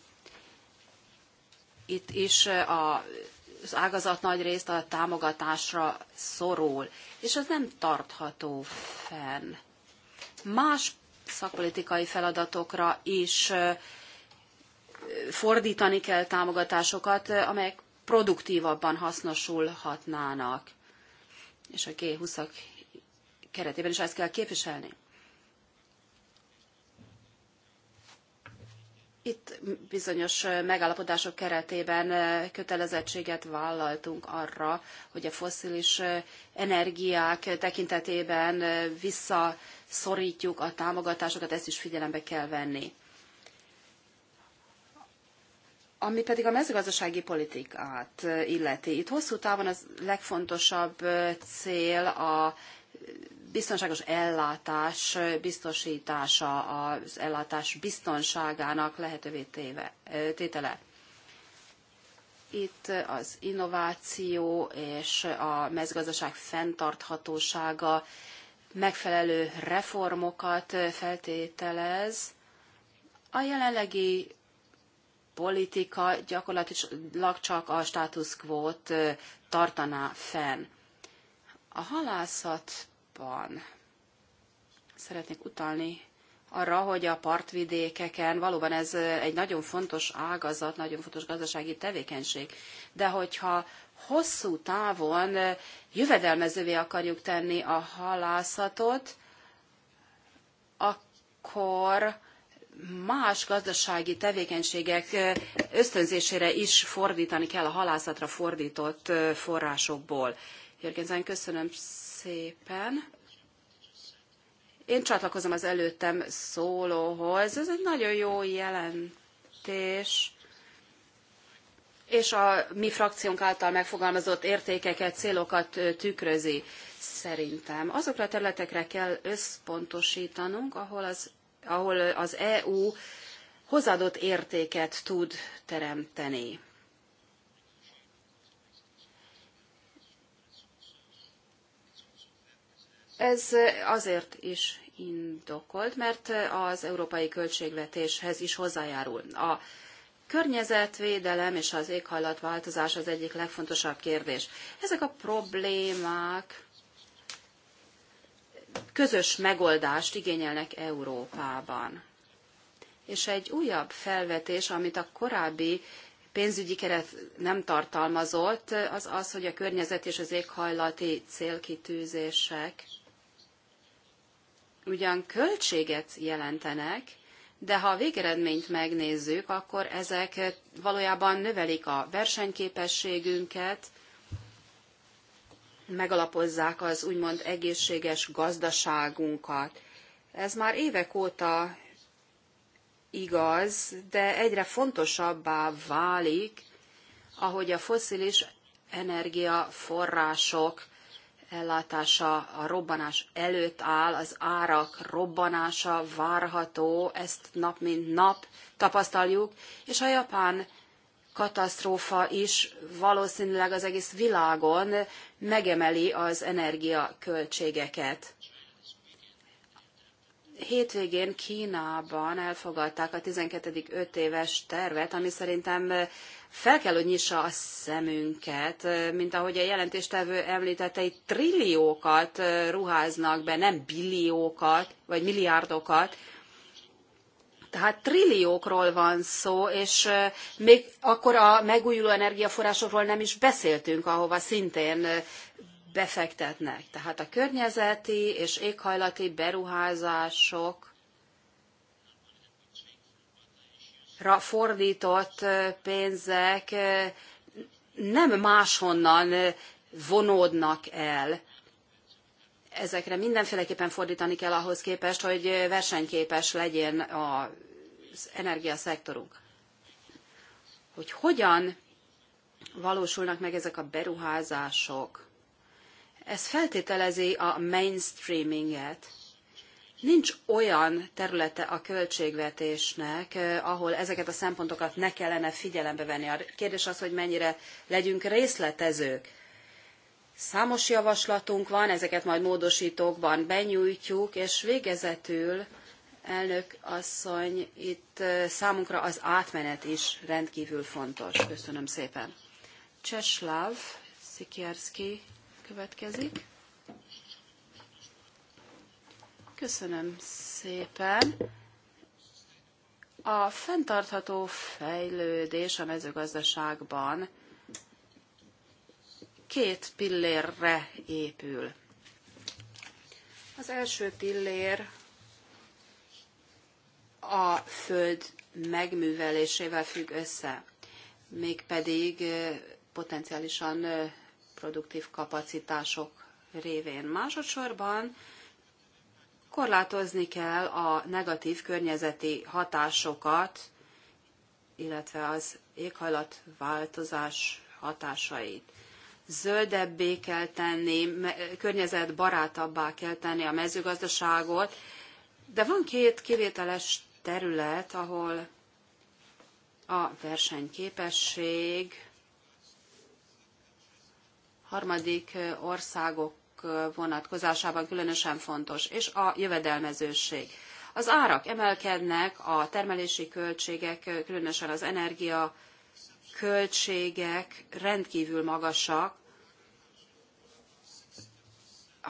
Itt is a az ágazat nagy részt a támogatásra szorul, és ez nem tartható fenn. Más szakpolitikai feladatokra is fordítani kell támogatásokat, amelyek produktívabban hasznosulhatnának. És a G20-ak keretében is ezt kell képviselni. Itt bizonyos megállapodások keretében kötelezettséget vállaltunk arra, hogy a fosszilis energiák tekintetében visszaszorítjuk a támogatásokat, ezt is figyelembe kell venni. Ami pedig a mezőgazdasági politikát illeti. Itt hosszú távon az legfontosabb cél a biztonságos ellátás biztosítása, az ellátás biztonságának lehetővé téve, tétele. Itt az innováció és a mezgazdaság fenntarthatósága megfelelő reformokat feltételez. A jelenlegi politika gyakorlatilag csak a status quo tartaná fenn. A halászat Európában. Szeretnék utalni arra, hogy a partvidékeken valóban ez egy nagyon fontos ágazat, nagyon fontos gazdasági tevékenység. De hogyha hosszú távon jövedelmezővé akarjuk tenni a halászatot, akkor más gazdasági tevékenységek ösztönzésére is fordítani kell a halászatra fordított forrásokból. Jörgenzen, köszönöm szépen. Én csatlakozom az előttem szólóhoz. Ez egy nagyon jó jelentés és a mi frakciónk által megfogalmazott értékeket, célokat tükrözi szerintem. Azokra a területekre kell összpontosítanunk, ahol az, ahol az EU hozadott értéket tud teremteni. Ez azért is indokolt, mert az európai költségvetéshez is hozzájárul. A környezetvédelem és az éghajlatváltozás az egyik legfontosabb kérdés. Ezek a problémák közös megoldást igényelnek Európában. És egy újabb felvetés, amit a korábbi pénzügyi keret nem tartalmazott, az az, hogy a környezet és az éghajlati célkitűzések ugyan költséget jelentenek, de ha a végeredményt megnézzük, akkor ezek valójában növelik a versenyképességünket, megalapozzák az úgymond egészséges gazdaságunkat. Ez már évek óta igaz, de egyre fontosabbá válik, ahogy a foszilis energiaforrások ellátása a robbanás előtt áll, az árak robbanása várható, ezt nap mint nap tapasztaljuk, és a japán katasztrófa is valószínűleg az egész világon megemeli az energiaköltségeket hétvégén Kínában elfogadták a 12. öt éves tervet, ami szerintem fel kell, hogy nyissa a szemünket, mint ahogy a jelentéstevő említette, egy trilliókat ruháznak be, nem billiókat, vagy milliárdokat, tehát trilliókról van szó, és még akkor a megújuló energiaforrásokról nem is beszéltünk, ahova szintén befektetnek. Tehát a környezeti és éghajlati beruházások fordított pénzek nem máshonnan vonódnak el. Ezekre mindenféleképpen fordítani kell ahhoz képest, hogy versenyképes legyen az energiaszektorunk. Hogy hogyan valósulnak meg ezek a beruházások? Ez feltételezi a mainstreaminget. Nincs olyan területe a költségvetésnek, eh, ahol ezeket a szempontokat ne kellene figyelembe venni. A kérdés az, hogy mennyire legyünk részletezők. Számos javaslatunk van, ezeket majd módosítókban benyújtjuk, és végezetül, elnök asszony, itt eh, számunkra az átmenet is rendkívül fontos. Köszönöm szépen. Cseslav Szikierszki következik. Köszönöm szépen. A fenntartható fejlődés a mezőgazdaságban két pillérre épül. Az első pillér a föld megművelésével függ össze, mégpedig eh, potenciálisan eh, produktív kapacitások révén. Másodszorban korlátozni kell a negatív környezeti hatásokat, illetve az éghajlatváltozás hatásait. Zöldebbé kell tenni, környezetbarátabbá kell tenni a mezőgazdaságot, de van két kivételes terület, ahol a versenyképesség harmadik országok vonatkozásában különösen fontos, és a jövedelmezőség. Az árak emelkednek, a termelési költségek, különösen az energia költségek rendkívül magasak.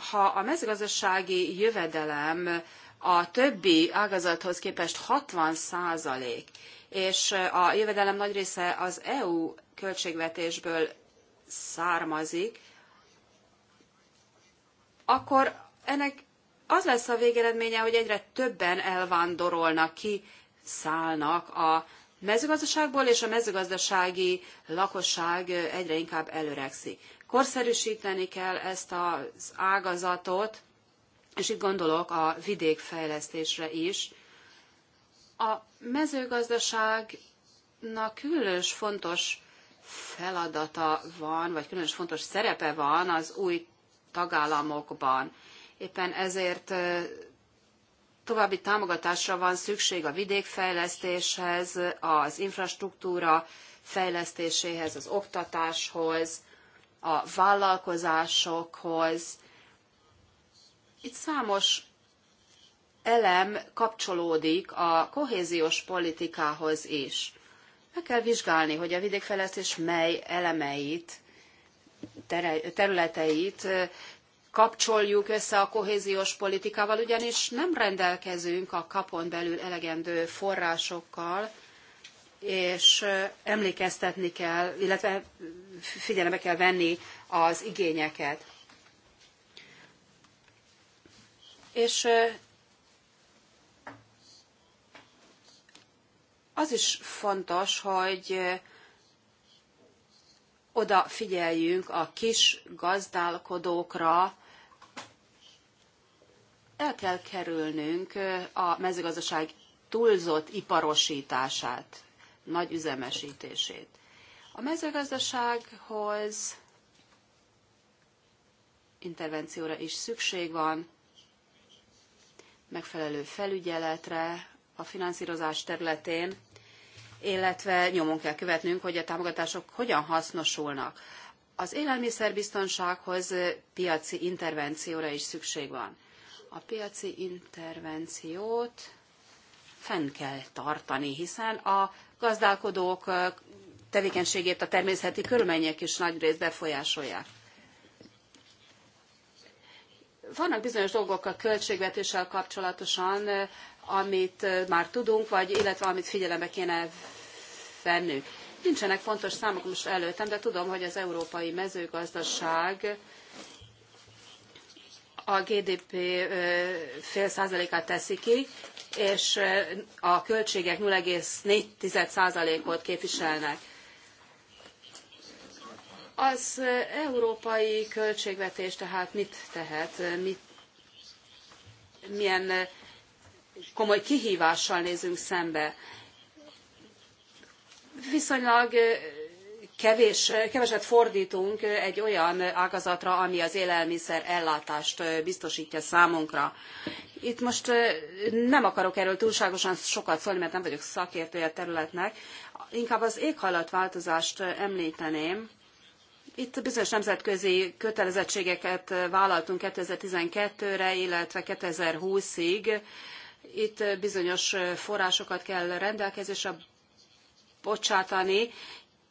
Ha a mezőgazdasági jövedelem a többi ágazathoz képest 60 százalék, és a jövedelem nagy része az EU költségvetésből származik, akkor ennek az lesz a végeredménye, hogy egyre többen elvándorolnak ki, szállnak a mezőgazdaságból, és a mezőgazdasági lakosság egyre inkább előregszik. Korszerűsíteni kell ezt az ágazatot, és itt gondolok a vidékfejlesztésre is. A mezőgazdaságnak különös fontos feladata van, vagy különös fontos szerepe van az új tagállamokban. Éppen ezért további támogatásra van szükség a vidékfejlesztéshez, az infrastruktúra fejlesztéséhez, az oktatáshoz, a vállalkozásokhoz. Itt számos elem kapcsolódik a kohéziós politikához is meg kell vizsgálni, hogy a vidékfejlesztés mely elemeit, területeit kapcsoljuk össze a kohéziós politikával, ugyanis nem rendelkezünk a kapon belül elegendő forrásokkal, és emlékeztetni kell, illetve figyelembe kell venni az igényeket. És Az is fontos, hogy oda figyeljünk a kis gazdálkodókra, el kell kerülnünk a mezőgazdaság túlzott iparosítását, nagy üzemesítését. A mezőgazdasághoz intervencióra is szükség van, megfelelő felügyeletre a finanszírozás területén, illetve nyomon kell követnünk, hogy a támogatások hogyan hasznosulnak. Az élelmiszerbiztonsághoz piaci intervencióra is szükség van. A piaci intervenciót fenn kell tartani, hiszen a gazdálkodók tevékenységét a természeti körülmények is nagy részt befolyásolják. Vannak bizonyos dolgok a költségvetéssel kapcsolatosan, amit már tudunk, vagy illetve amit figyelembe kéne vennünk. Nincsenek fontos számok most előttem, de tudom, hogy az európai mezőgazdaság a GDP fél százalékát teszi ki, és a költségek 0,4 százalékot képviselnek. Az európai költségvetés tehát mit tehet, mit, milyen komoly kihívással nézünk szembe. Viszonylag kevés, keveset fordítunk egy olyan ágazatra, ami az élelmiszer ellátást biztosítja számunkra. Itt most nem akarok erről túlságosan sokat szólni, mert nem vagyok szakértője a területnek. Inkább az éghajlatváltozást említeném. Itt bizonyos nemzetközi kötelezettségeket vállaltunk 2012-re, illetve 2020-ig itt eh, bizonyos eh, forrásokat kell rendelkezésre bocsátani.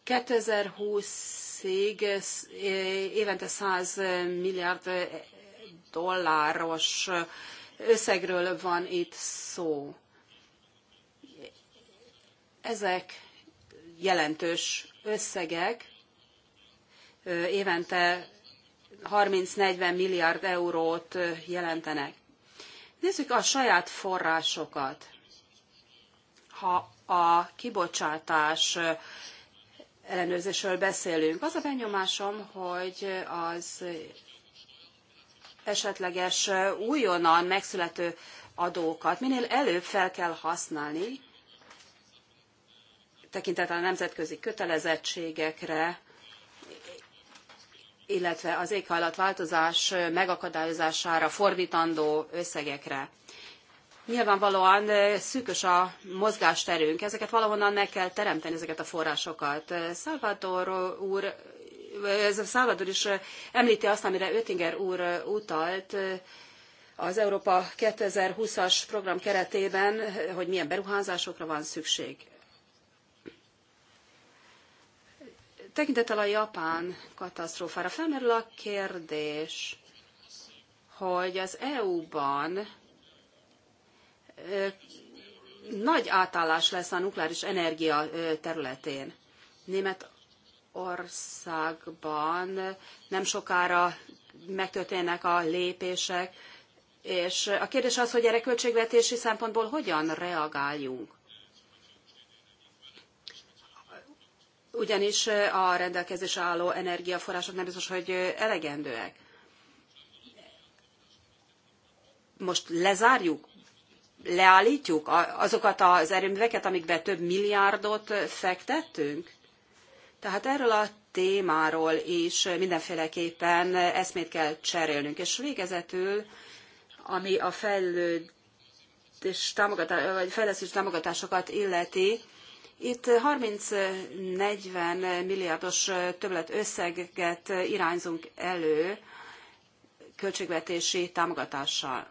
2020-ig eh, évente 100 milliárd dolláros összegről van itt szó. Ezek jelentős összegek, évente 30-40 milliárd eurót jelentenek. Nézzük a saját forrásokat. Ha a kibocsátás ellenőrzésről beszélünk, az a benyomásom, hogy az esetleges újonnan megszülető adókat minél előbb fel kell használni, tekintettel a nemzetközi kötelezettségekre, illetve az éghajlatváltozás megakadályozására fordítandó összegekre. Nyilvánvalóan szűkös a mozgásterünk, ezeket valahonnan meg kell teremteni, ezeket a forrásokat. Salvador úr, Salvador is említi azt, amire Oettinger úr utalt, az Európa 2020-as program keretében, hogy milyen beruházásokra van szükség. Tekintettel a japán katasztrófára felmerül a kérdés, hogy az EU-ban nagy átállás lesz a nukleáris energia területén. Németországban nem sokára megtörténnek a lépések, és a kérdés az, hogy erre költségvetési szempontból hogyan reagáljunk. ugyanis a rendelkezésre álló energiaforrások nem biztos, hogy elegendőek. Most lezárjuk, leállítjuk azokat az erőműveket, amikbe több milliárdot fektettünk? Tehát erről a témáról is mindenféleképpen eszmét kell cserélnünk. És végezetül, ami a fejlődés támogatás, vagy fejlesztés támogatásokat illeti, itt 30-40 milliárdos többlet összeget irányzunk elő költségvetési támogatással.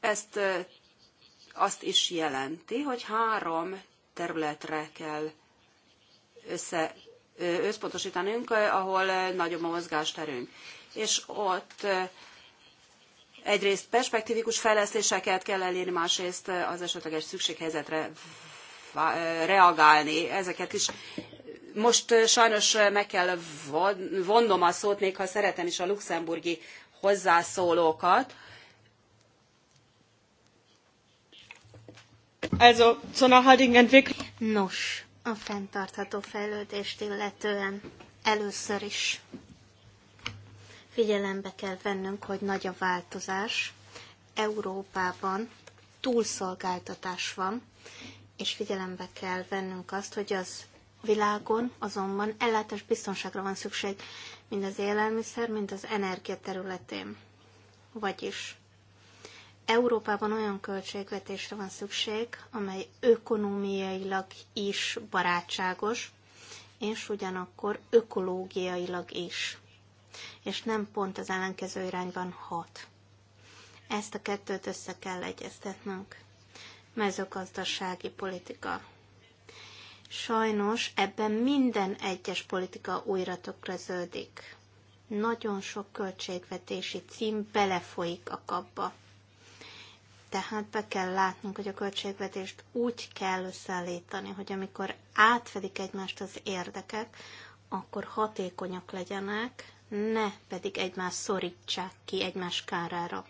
Ezt azt is jelenti, hogy három területre kell össze, összpontosítanunk, ahol nagyobb a mozgásterünk. És ott egyrészt perspektívikus fejlesztéseket kell elérni, másrészt az esetleges szükséghelyzetre reagálni. Ezeket is most sajnos meg kell vonnom a szót, még ha szeretem is a luxemburgi hozzászólókat. Also, zu nachhaltigen Entwicklung. Nos, a fenntartható fejlődést illetően először is Figyelembe kell vennünk, hogy nagy a változás. Európában túlszolgáltatás van, és figyelembe kell vennünk azt, hogy az világon azonban ellátás biztonságra van szükség, mind az élelmiszer, mind az energia területén. Vagyis Európában olyan költségvetésre van szükség, amely ökonomiailag is barátságos, és ugyanakkor ökológiailag is és nem pont az ellenkező irányban hat. Ezt a kettőt össze kell egyeztetnünk. Mezőgazdasági politika. Sajnos ebben minden egyes politika újra tökröződik. Nagyon sok költségvetési cím belefolyik a kapba. Tehát be kell látnunk, hogy a költségvetést úgy kell összeállítani, hogy amikor átfedik egymást az érdekek, akkor hatékonyak legyenek, ne pedig egymás szorítsák ki egymás kárára.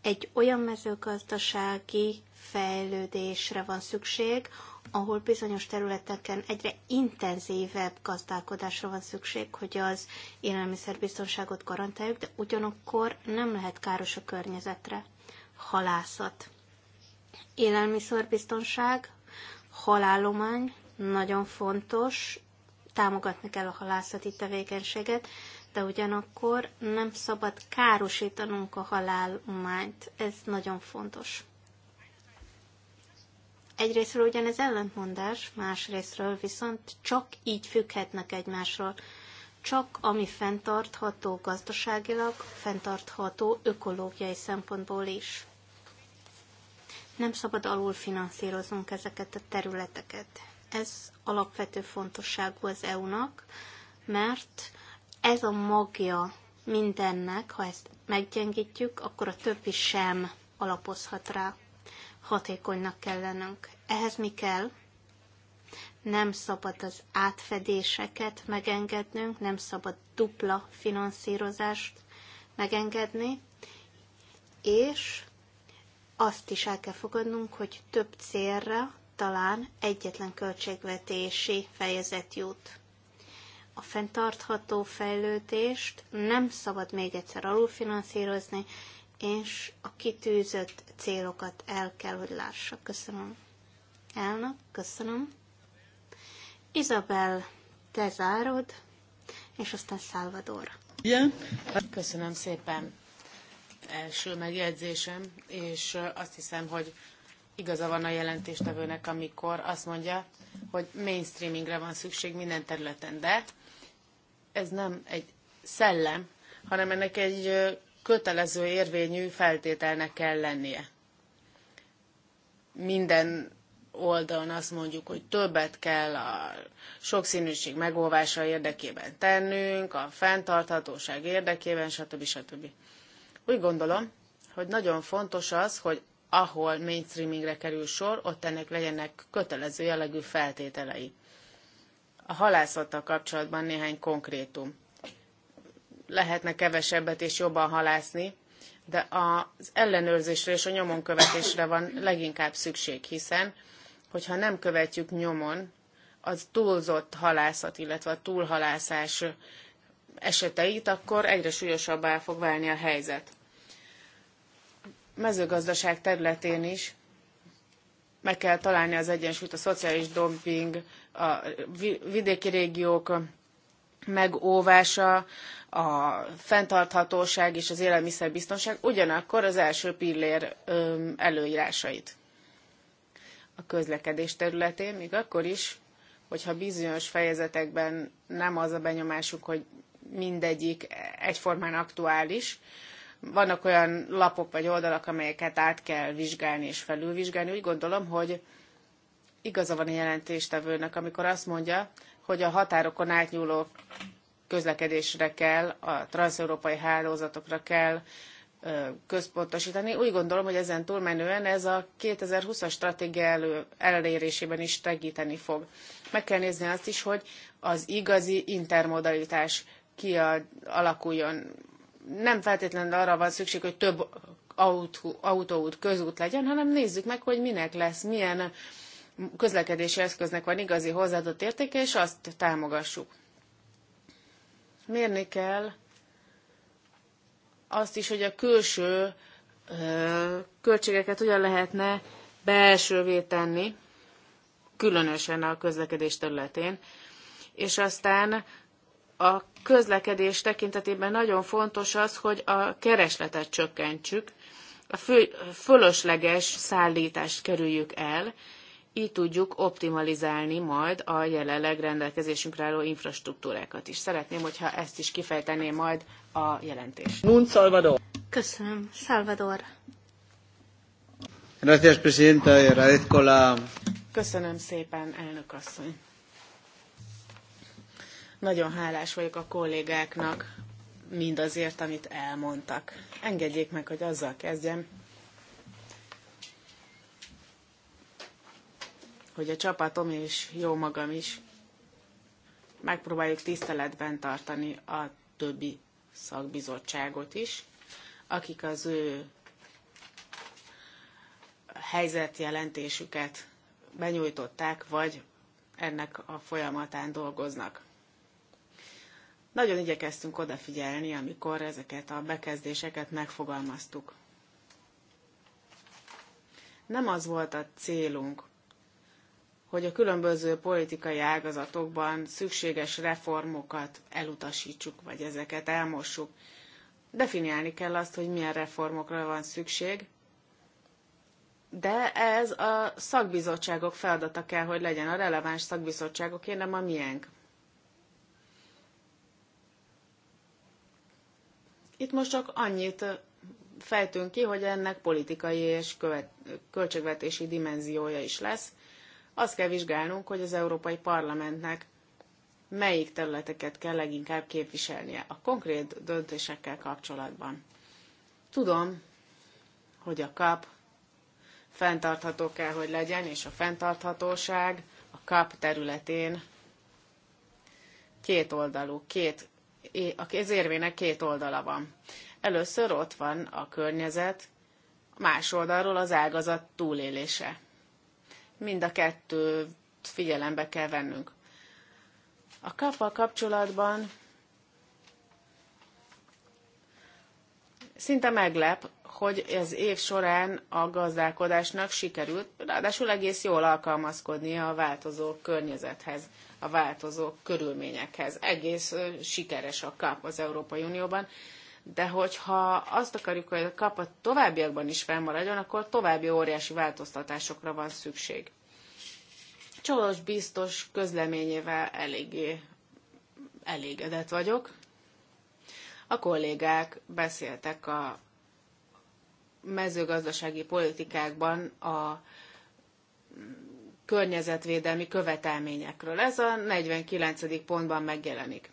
Egy olyan mezőgazdasági fejlődésre van szükség, ahol bizonyos területeken egyre intenzívebb gazdálkodásra van szükség, hogy az élelmiszerbiztonságot garantáljuk, de ugyanakkor nem lehet káros a környezetre. Halászat. Élelmiszerbiztonság, halállomány, nagyon fontos támogatni kell a halászati tevékenységet, de ugyanakkor nem szabad károsítanunk a halálmányt. Ez nagyon fontos. Egyrésztről ugyan ez ellentmondás, másrésztről viszont csak így függhetnek egymásról. Csak ami fenntartható gazdaságilag, fenntartható ökológiai szempontból is. Nem szabad finanszíroznunk ezeket a területeket ez alapvető fontosságú az EU-nak, mert ez a magja mindennek, ha ezt meggyengítjük, akkor a többi sem alapozhat rá. Hatékonynak kell lennünk. Ehhez mi kell? Nem szabad az átfedéseket megengednünk, nem szabad dupla finanszírozást megengedni, és azt is el kell fogadnunk, hogy több célra talán egyetlen költségvetési fejezet jut. A fenntartható fejlődést nem szabad még egyszer alulfinanszírozni, és a kitűzött célokat el kell, hogy lássa. Köszönöm. Elnök, köszönöm. Izabel, te zárod, és aztán Salvador. Igen. Köszönöm szépen. Első megjegyzésem, és azt hiszem, hogy Igaza van a jelentéstevőnek, amikor azt mondja, hogy mainstreamingre van szükség minden területen, de ez nem egy szellem, hanem ennek egy kötelező érvényű feltételnek kell lennie. Minden oldalon azt mondjuk, hogy többet kell a sokszínűség megolvása érdekében tennünk, a fenntarthatóság érdekében, stb. stb. Úgy gondolom, hogy nagyon fontos az, hogy ahol mainstreamingre kerül sor, ott ennek legyenek kötelező jellegű feltételei. A halászattal kapcsolatban néhány konkrétum. Lehetne kevesebbet és jobban halászni, de az ellenőrzésre és a nyomon követésre van leginkább szükség, hiszen hogyha nem követjük nyomon az túlzott halászat, illetve a túlhalászás eseteit, akkor egyre súlyosabbá fog válni a helyzet mezőgazdaság területén is meg kell találni az egyensúlyt a szociális dobbing, a vidéki régiók megóvása, a fenntarthatóság és az élelmiszerbiztonság, ugyanakkor az első pillér előírásait a közlekedés területén, még akkor is, hogyha bizonyos fejezetekben nem az a benyomásuk, hogy mindegyik egyformán aktuális, vannak olyan lapok vagy oldalak, amelyeket át kell vizsgálni és felülvizsgálni. Úgy gondolom, hogy igaza van a jelentéstevőnek, amikor azt mondja, hogy a határokon átnyúló közlekedésre kell, a transeurópai hálózatokra kell központosítani. Úgy gondolom, hogy ezen túlmenően ez a 2020-as stratégia elő, elérésében is segíteni fog. Meg kell nézni azt is, hogy az igazi intermodalitás ki alakuljon nem feltétlenül arra van szükség, hogy több autó, autóút, közút legyen, hanem nézzük meg, hogy minek lesz, milyen közlekedési eszköznek van igazi hozzáadott értéke, és azt támogassuk. Mérni kell azt is, hogy a külső költségeket hogyan lehetne belsővé tenni, különösen a közlekedés területén, és aztán a közlekedés tekintetében nagyon fontos az, hogy a keresletet csökkentsük, a fő, fölösleges szállítást kerüljük el, így tudjuk optimalizálni majd a jelenleg rendelkezésünkre álló infrastruktúrákat is. Szeretném, hogyha ezt is kifejtené majd a jelentés. Nun Salvador. Köszönöm. Salvador. Gracias, Presidenta. Agradezco la... Köszönöm szépen, elnök asszony. Nagyon hálás vagyok a kollégáknak mindazért, amit elmondtak. Engedjék meg, hogy azzal kezdjem, hogy a csapatom és jó magam is megpróbáljuk tiszteletben tartani a többi szakbizottságot is, akik az ő helyzetjelentésüket benyújtották, vagy ennek a folyamatán dolgoznak. Nagyon igyekeztünk odafigyelni, amikor ezeket a bekezdéseket megfogalmaztuk. Nem az volt a célunk, hogy a különböző politikai ágazatokban szükséges reformokat elutasítsuk, vagy ezeket elmossuk. Definiálni kell azt, hogy milyen reformokra van szükség, de ez a szakbizottságok feladata kell, hogy legyen a releváns szakbizottságok, én nem a miénk. Itt most csak annyit fejtünk ki, hogy ennek politikai és követ, költségvetési dimenziója is lesz. Azt kell vizsgálnunk, hogy az Európai Parlamentnek melyik területeket kell leginkább képviselnie a konkrét döntésekkel kapcsolatban. Tudom, hogy a kap fenntartható kell, hogy legyen, és a fenntarthatóság a kap területén két oldalú, két a kézérvének két oldala van. Először ott van a környezet, más oldalról az ágazat túlélése. Mind a kettőt figyelembe kell vennünk. A kapa kapcsolatban szinte meglep, hogy az év során a gazdálkodásnak sikerült, ráadásul egész jól alkalmazkodnia a változó környezethez a változó körülményekhez. Egész sikeres a kap az Európai Unióban, de hogyha azt akarjuk, hogy a kap a továbbiakban is felmaradjon, akkor további óriási változtatásokra van szükség. Csolos biztos közleményével eléggé elégedett vagyok. A kollégák beszéltek a mezőgazdasági politikákban a környezetvédelmi követelményekről. Ez a 49. pontban megjelenik.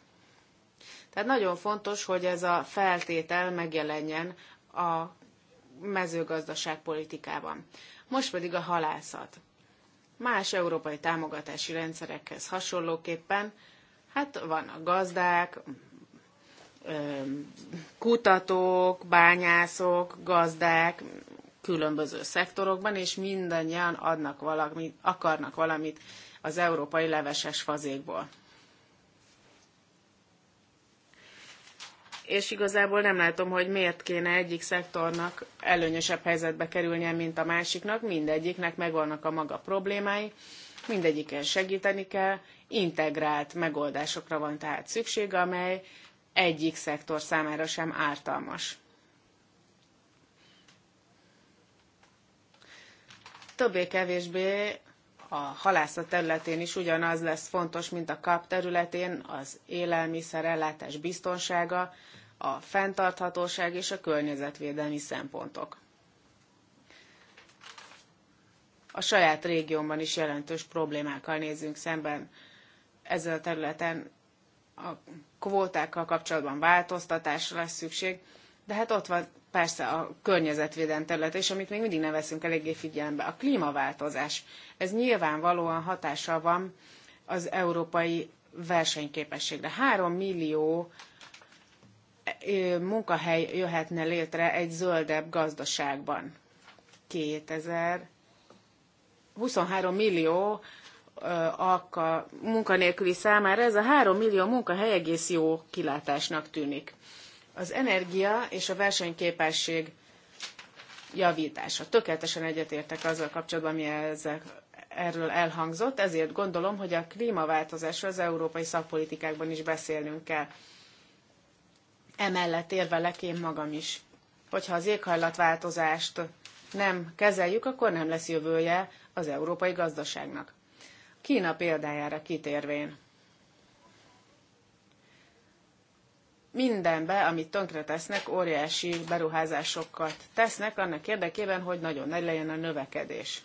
Tehát nagyon fontos, hogy ez a feltétel megjelenjen a mezőgazdaságpolitikában. Most pedig a halászat. Más európai támogatási rendszerekhez hasonlóképpen, hát vannak gazdák, kutatók, bányászok, gazdák, különböző szektorokban, és mindannyian adnak valamit, akarnak valamit az európai leveses fazékból. És igazából nem látom, hogy miért kéne egyik szektornak előnyösebb helyzetbe kerülnie, mint a másiknak. Mindegyiknek megvannak a maga problémái, mindegyiken segíteni kell, integrált megoldásokra van tehát szükség, amely egyik szektor számára sem ártalmas. többé-kevésbé a halászat területén is ugyanaz lesz fontos, mint a kap területén, az élelmiszerellátás biztonsága, a fenntarthatóság és a környezetvédelmi szempontok. A saját régiómban is jelentős problémákkal nézünk szemben. Ezen a területen a kvótákkal kapcsolatban változtatásra lesz szükség, de hát ott van persze a környezetvédelem területe is, amit még mindig nem veszünk eléggé figyelembe. A klímaváltozás. Ez nyilvánvalóan hatással van az európai versenyképességre. Három millió munkahely jöhetne létre egy zöldebb gazdaságban. 2000 23 millió a munkanélküli számára ez a 3 millió munkahely egész jó kilátásnak tűnik. Az energia és a versenyképesség javítása. Tökéletesen egyetértek azzal kapcsolatban, ami ezek, erről elhangzott, ezért gondolom, hogy a klímaváltozásról az európai szakpolitikákban is beszélnünk kell. Emellett érvelek én magam is, hogyha az éghajlatváltozást nem kezeljük, akkor nem lesz jövője az európai gazdaságnak. Kína példájára kitérvén. mindenbe, amit tönkre tesznek, óriási beruházásokat tesznek annak érdekében, hogy nagyon nagy legyen a növekedés.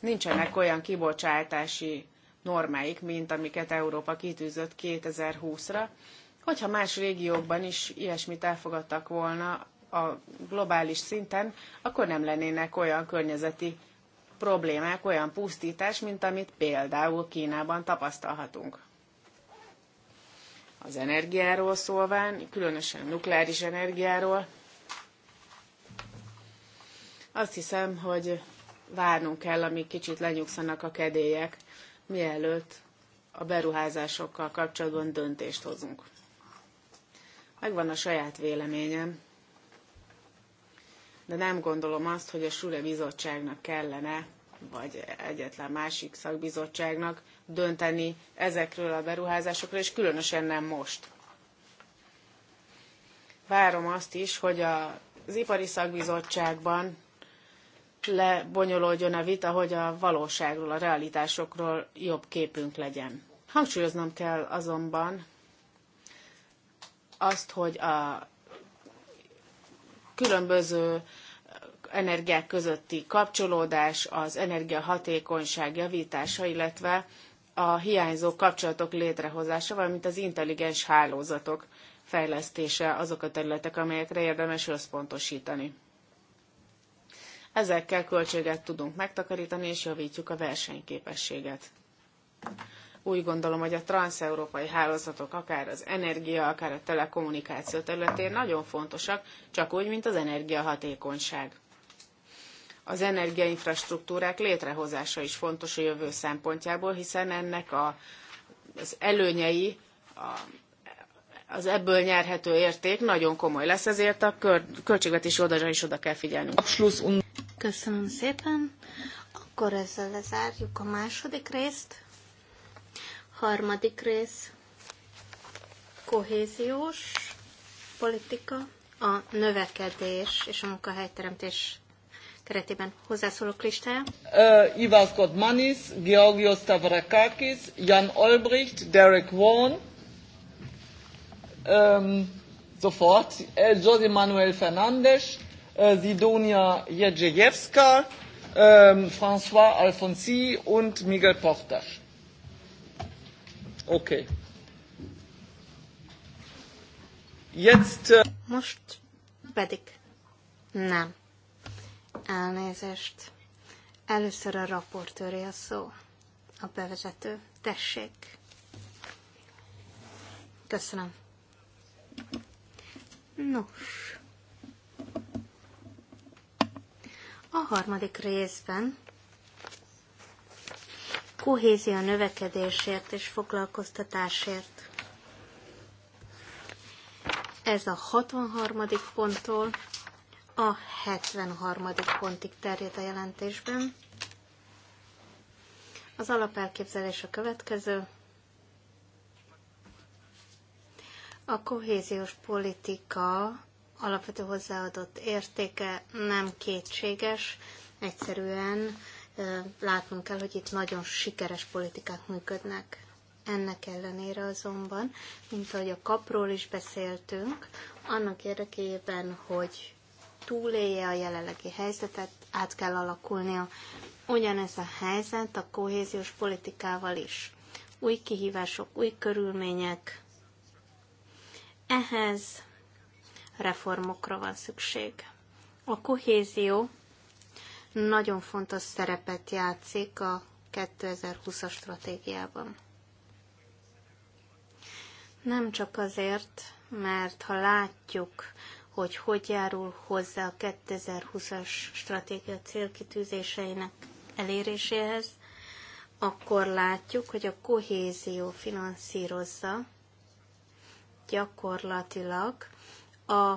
Nincsenek olyan kibocsátási normáik, mint amiket Európa kitűzött 2020-ra. Hogyha más régiókban is ilyesmit elfogadtak volna a globális szinten, akkor nem lennének olyan környezeti problémák, olyan pusztítás, mint amit például Kínában tapasztalhatunk az energiáról szólván, különösen a nukleáris energiáról. Azt hiszem, hogy várnunk kell, amíg kicsit lenyugszanak a kedélyek, mielőtt a beruházásokkal kapcsolatban döntést hozunk. Megvan a saját véleményem, de nem gondolom azt, hogy a Sure Bizottságnak kellene vagy egyetlen másik szakbizottságnak dönteni ezekről a beruházásokról, és különösen nem most. Várom azt is, hogy az ipari szakbizottságban lebonyolódjon a vita, hogy a valóságról, a realitásokról jobb képünk legyen. Hangsúlyoznom kell azonban azt, hogy a különböző energiák közötti kapcsolódás, az energiahatékonyság javítása, illetve a hiányzó kapcsolatok létrehozása, valamint az intelligens hálózatok fejlesztése azok a területek, amelyekre érdemes összpontosítani. Ezekkel költséget tudunk megtakarítani, és javítjuk a versenyképességet. Úgy gondolom, hogy a transeurópai hálózatok akár az energia, akár a telekommunikáció területén nagyon fontosak, csak úgy, mint az energiahatékonyság. Az energiainfrastruktúrák létrehozása is fontos a jövő szempontjából, hiszen ennek a, az előnyei, a, az ebből nyerhető érték nagyon komoly lesz, ezért a kör, költségvetési oldalra is oda kell figyelnünk. Köszönöm szépen. Akkor ezzel lezárjuk a második részt. Harmadik rész kohéziós politika, a növekedés és a munkahelyteremtés keretében hozzászólók listája. Uh, Ivas Manis, Georgios Tavrakakis, Jan Olbricht, Derek Vaughan, um, sofort, uh, José Manuel Fernández, uh, Sidonia Jedzejewska, um, François Alfonsi und Miguel Portas. Okay. Jetzt. Uh... Most pedig nem. Elnézést. Először a raportőré a szó. A bevezető. Tessék. Köszönöm. Nos. A harmadik részben kohézia növekedésért és foglalkoztatásért. Ez a 63. ponttól a 73. pontig terjed a jelentésben. Az alapelképzelés a következő. A kohéziós politika alapvető hozzáadott értéke nem kétséges, egyszerűen látnunk kell, hogy itt nagyon sikeres politikák működnek. Ennek ellenére azonban, mint ahogy a kapról is beszéltünk, annak érdekében, hogy túlélje a jelenlegi helyzetet, át kell alakulnia. Ugyanez a helyzet a kohéziós politikával is. Új kihívások, új körülmények. Ehhez reformokra van szükség. A kohézió nagyon fontos szerepet játszik a 2020-as stratégiában. Nem csak azért, mert ha látjuk, hogy hogy járul hozzá a 2020-as stratégia célkitűzéseinek eléréséhez, akkor látjuk, hogy a kohézió finanszírozza gyakorlatilag a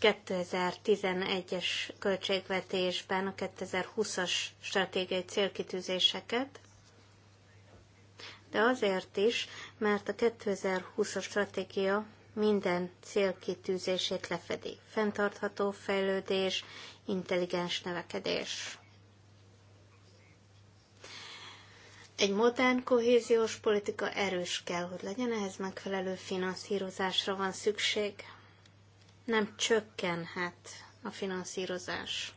2011-es költségvetésben a 2020-as stratégiai célkitűzéseket, de azért is, mert a 2020-as stratégia minden célkitűzését lefedi. Fentartható fejlődés, intelligens növekedés. Egy modern kohéziós politika erős kell, hogy legyen, ehhez megfelelő finanszírozásra van szükség. Nem csökkenhet a finanszírozás.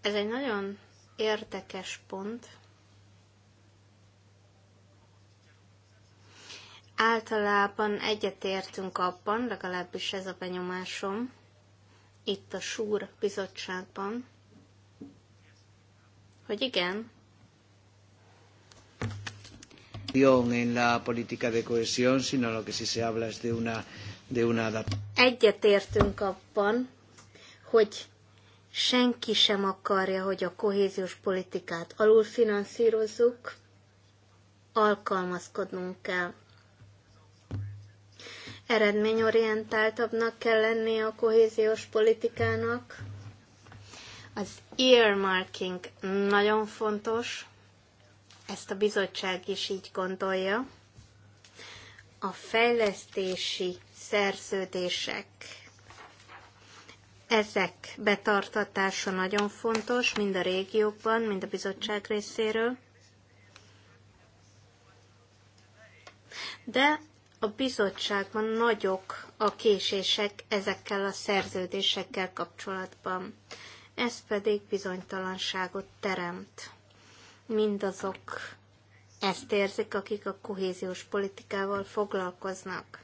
Ez egy nagyon érdekes pont, Általában egyetértünk abban, legalábbis ez a benyomásom, itt a súr bizottságban, hogy igen, en la política de cohesión, sino lo que sí se habla es de una, de una Egyetértünk abban, hogy senki sem akarja, hogy a kohéziós politikát alulfinanszírozzuk, alkalmazkodnunk kell eredményorientáltabbnak kell lenni a kohéziós politikának. Az earmarking nagyon fontos, ezt a bizottság is így gondolja. A fejlesztési szerződések, ezek betartatása nagyon fontos, mind a régiókban, mind a bizottság részéről. De a bizottságban nagyok a késések ezekkel a szerződésekkel kapcsolatban. Ez pedig bizonytalanságot teremt. Mindazok ezt érzik, akik a kohéziós politikával foglalkoznak.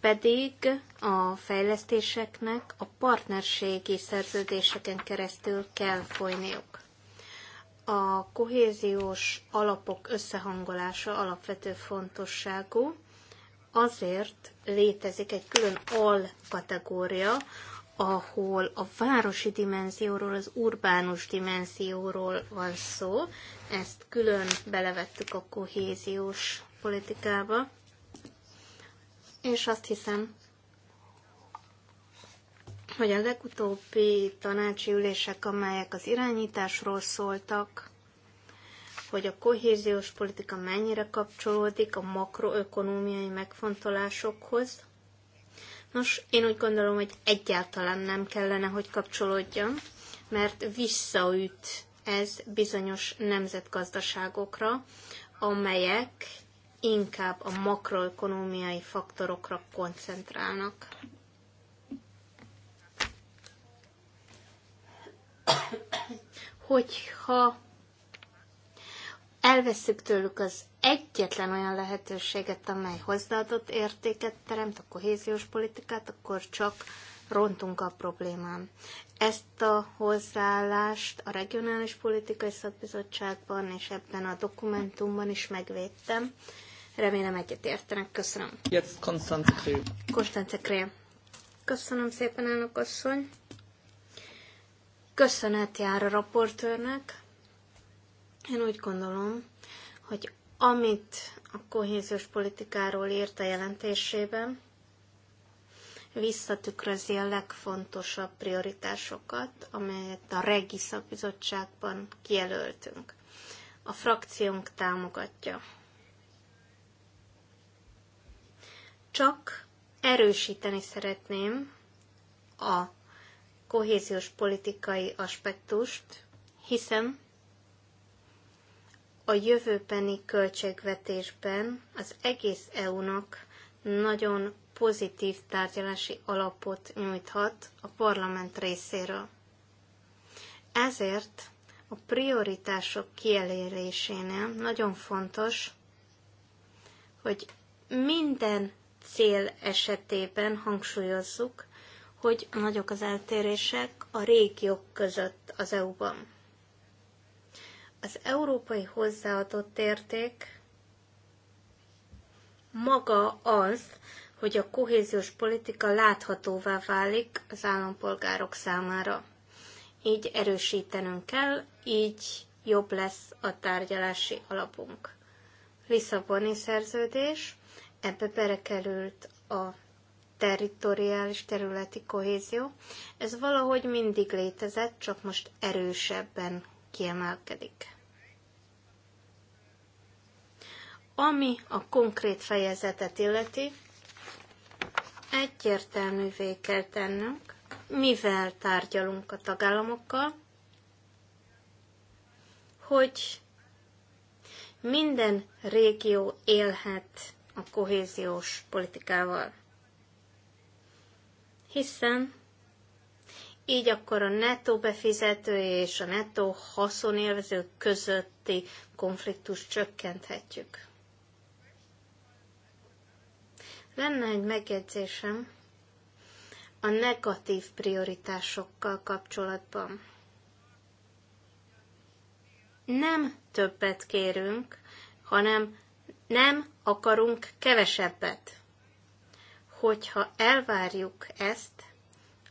Pedig a fejlesztéseknek a partnerségi szerződéseken keresztül kell folyniuk. A kohéziós alapok összehangolása alapvető fontosságú, azért létezik egy külön al kategória, ahol a városi dimenzióról, az urbánus dimenzióról van szó. Ezt külön belevettük a kohéziós politikába. És azt hiszem, hogy a legutóbbi tanácsi ülések, amelyek az irányításról szóltak, hogy a kohéziós politika mennyire kapcsolódik a makroökonómiai megfontolásokhoz. Nos, én úgy gondolom, hogy egyáltalán nem kellene, hogy kapcsolódjon, mert visszaüt ez bizonyos nemzetgazdaságokra, amelyek inkább a makroökonómiai faktorokra koncentrálnak. Hogyha elveszük tőlük az egyetlen olyan lehetőséget, amely hozzáadott értéket teremt, a kohéziós politikát, akkor csak rontunk a problémán. Ezt a hozzáállást a regionális politikai szakbizottságban és ebben a dokumentumban is megvédtem. Remélem egyet értenek. Köszönöm. Yes, Konstanze Kré. Kré. Köszönöm szépen, elnök asszony. Köszönet jár a raportőrnek én úgy gondolom, hogy amit a kohéziós politikáról írt a jelentésében, visszatükrözi a legfontosabb prioritásokat, amelyet a Regi Szakbizottságban kijelöltünk. A frakciónk támogatja. Csak erősíteni szeretném a kohéziós politikai aspektust, hiszen a jövőbeni költségvetésben az egész EU-nak nagyon pozitív tárgyalási alapot nyújthat a parlament részéről. Ezért a prioritások kielérésénél nagyon fontos, hogy minden cél esetében hangsúlyozzuk, hogy nagyok az eltérések a régiók között az EU-ban. Az európai hozzáadott érték maga az, hogy a kohéziós politika láthatóvá válik az állampolgárok számára. Így erősítenünk kell, így jobb lesz a tárgyalási alapunk. Lisszaboni szerződés, ebbe berekerült a territoriális területi kohézió. Ez valahogy mindig létezett, csak most erősebben kiemelkedik. Ami a konkrét fejezetet illeti, egyértelművé kell tennünk, mivel tárgyalunk a tagállamokkal, hogy minden régió élhet a kohéziós politikával. Hiszen így akkor a nettó befizető és a nettó haszonélvező közötti konfliktus csökkenthetjük. Lenne egy megjegyzésem a negatív prioritásokkal kapcsolatban. Nem többet kérünk, hanem nem akarunk kevesebbet. Hogyha elvárjuk ezt,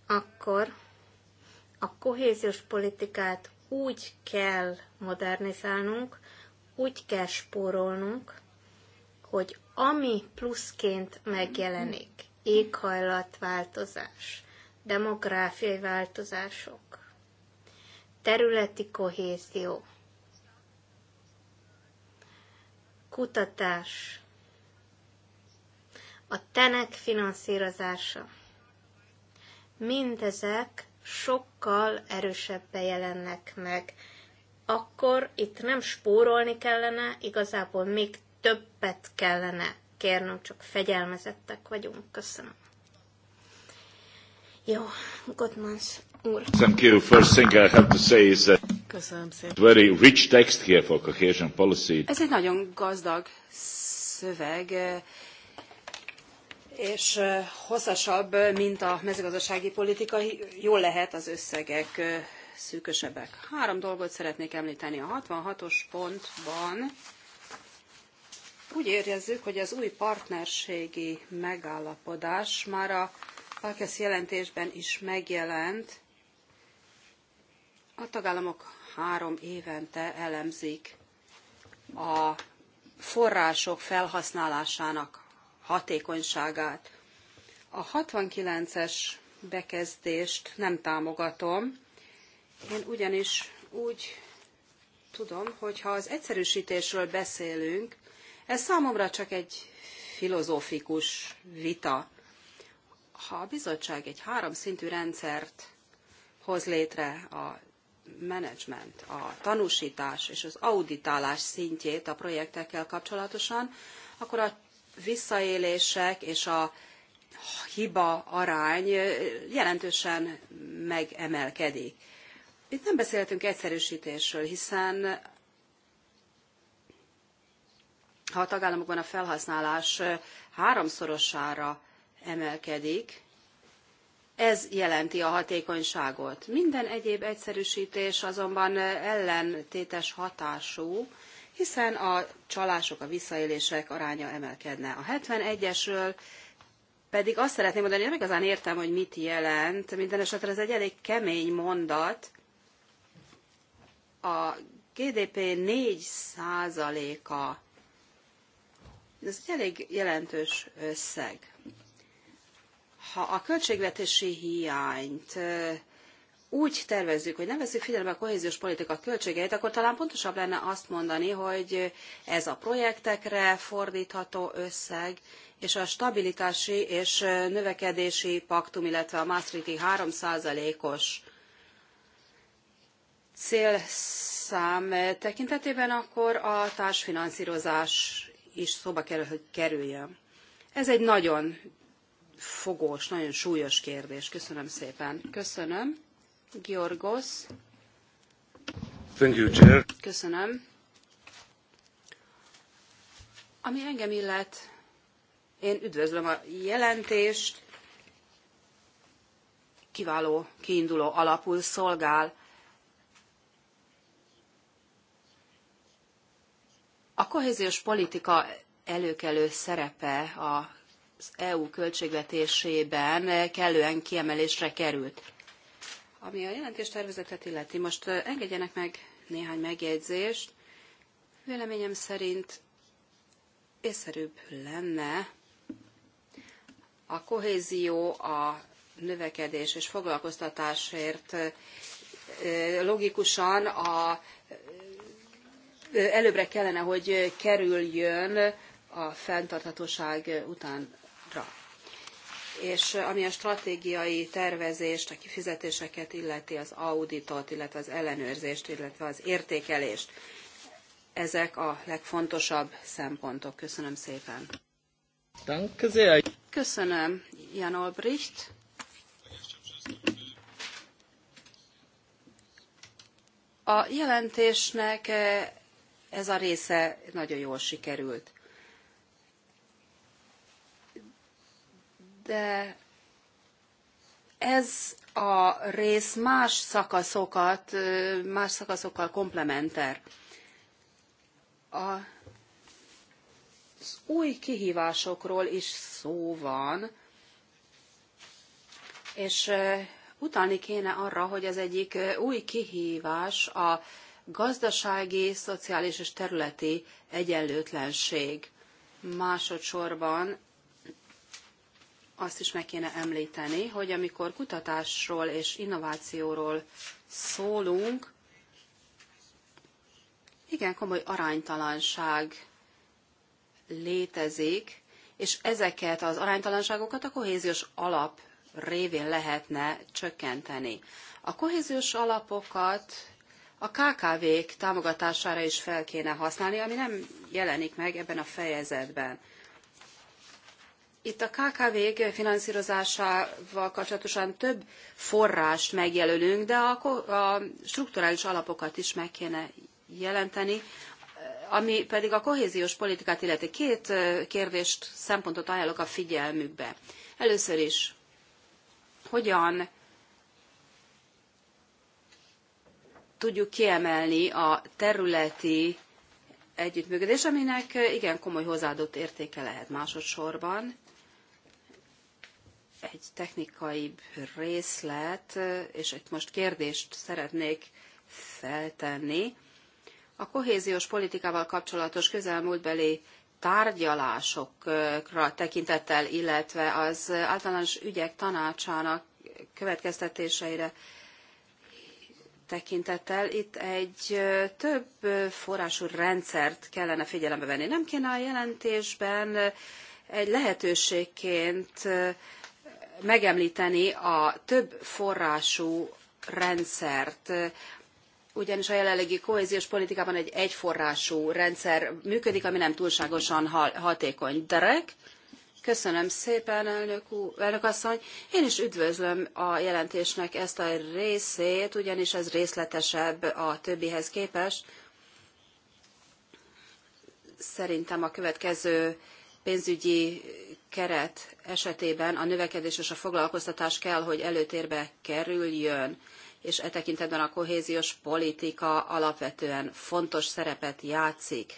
akkor a kohéziós politikát úgy kell modernizálnunk, úgy kell spórolnunk, hogy ami pluszként megjelenik, éghajlatváltozás, demográfiai változások, területi kohézió, kutatás, a tenek finanszírozása. Mindezek sokkal erősebben jelennek meg. Akkor itt nem spórolni kellene, igazából még többet kellene kérnem, csak fegyelmezettek vagyunk. Köszönöm. Jó, Gottmans úr. Thank you. First thing I have to say is that Köszönöm szépen. Very rich text here for cohesion policy. Ez egy nagyon gazdag szöveg és hosszasabb, mint a mezőgazdasági politika, jól lehet az összegek szűkösebbek. Három dolgot szeretnék említeni. A 66-os pontban úgy érezzük, hogy az új partnerségi megállapodás már a Palkesz jelentésben is megjelent. A tagállamok három évente elemzik a források felhasználásának hatékonyságát. A 69-es bekezdést nem támogatom. Én ugyanis úgy tudom, hogy ha az egyszerűsítésről beszélünk, ez számomra csak egy filozófikus vita. Ha a bizottság egy háromszintű rendszert hoz létre a menedzsment, a tanúsítás és az auditálás szintjét a projektekkel kapcsolatosan, akkor a visszaélések és a hiba arány jelentősen megemelkedik. Itt nem beszélhetünk egyszerűsítésről, hiszen ha a tagállamokban a felhasználás háromszorosára emelkedik, ez jelenti a hatékonyságot. Minden egyéb egyszerűsítés azonban ellentétes hatású, hiszen a csalások, a visszaélések aránya emelkedne. A 71-esről pedig azt szeretném mondani, hogy nem igazán értem, hogy mit jelent. Minden esetre ez egy elég kemény mondat. A GDP 4 a Ez egy elég jelentős összeg. Ha a költségvetési hiányt úgy tervezzük, hogy nem veszük figyelembe a kohéziós politika költségeit, akkor talán pontosabb lenne azt mondani, hogy ez a projektekre fordítható összeg, és a stabilitási és növekedési paktum, illetve a Maastrichti 3%-os célszám tekintetében akkor a társfinanszírozás is szóba kerül, hogy kerüljön. Ez egy nagyon fogós, nagyon súlyos kérdés. Köszönöm szépen. Köszönöm. Georgos. Thank you, Chair. Köszönöm. Ami engem illet, én üdvözlöm a jelentést, kiváló kiinduló alapul szolgál. A kohéziós politika előkelő szerepe az EU költségvetésében kellően kiemelésre került. Ami a jelentéstervezetet illeti, most engedjenek meg néhány megjegyzést. Véleményem szerint észszerűbb lenne a kohézió, a növekedés és foglalkoztatásért logikusan a, előbbre kellene, hogy kerüljön a fenntarthatóság utánra és ami a stratégiai tervezést, a kifizetéseket illeti, az auditot, illetve az ellenőrzést, illetve az értékelést. Ezek a legfontosabb szempontok. Köszönöm szépen. Köszönöm, Jan Olbricht. A jelentésnek ez a része nagyon jól sikerült. de ez a rész más szakaszokat, más szakaszokkal komplementer. A az új kihívásokról is szó van, és utalni kéne arra, hogy az egyik új kihívás a gazdasági, szociális és területi egyenlőtlenség. Másodszorban azt is meg kéne említeni, hogy amikor kutatásról és innovációról szólunk, igen komoly aránytalanság létezik, és ezeket az aránytalanságokat a kohéziós alap révén lehetne csökkenteni. A kohéziós alapokat a KKV-k támogatására is fel kéne használni, ami nem jelenik meg ebben a fejezetben. Itt a KKV-k finanszírozásával kapcsolatosan több forrást megjelölünk, de a, a strukturális alapokat is meg kéne jelenteni, ami pedig a kohéziós politikát illeti. Két kérdést, szempontot ajánlok a figyelmükbe. Először is, hogyan tudjuk kiemelni a területi együttműködés, aminek igen komoly hozzáadott értéke lehet másodszorban egy technikai részlet, és itt most kérdést szeretnék feltenni. A kohéziós politikával kapcsolatos közelmúltbeli tárgyalásokra tekintettel, illetve az általános ügyek tanácsának következtetéseire tekintettel itt egy több forrású rendszert kellene figyelembe venni. Nem kéne a jelentésben egy lehetőségként megemlíteni a több forrású rendszert, ugyanis a jelenlegi kohéziós politikában egy egyforrású rendszer működik, ami nem túlságosan hatékony. Derek, köszönöm szépen, elnök, úr, elnök asszony. Én is üdvözlöm a jelentésnek ezt a részét, ugyanis ez részletesebb a többihez képest. Szerintem a következő pénzügyi keret esetében a növekedés és a foglalkoztatás kell, hogy előtérbe kerüljön, és e tekintetben a kohéziós politika alapvetően fontos szerepet játszik.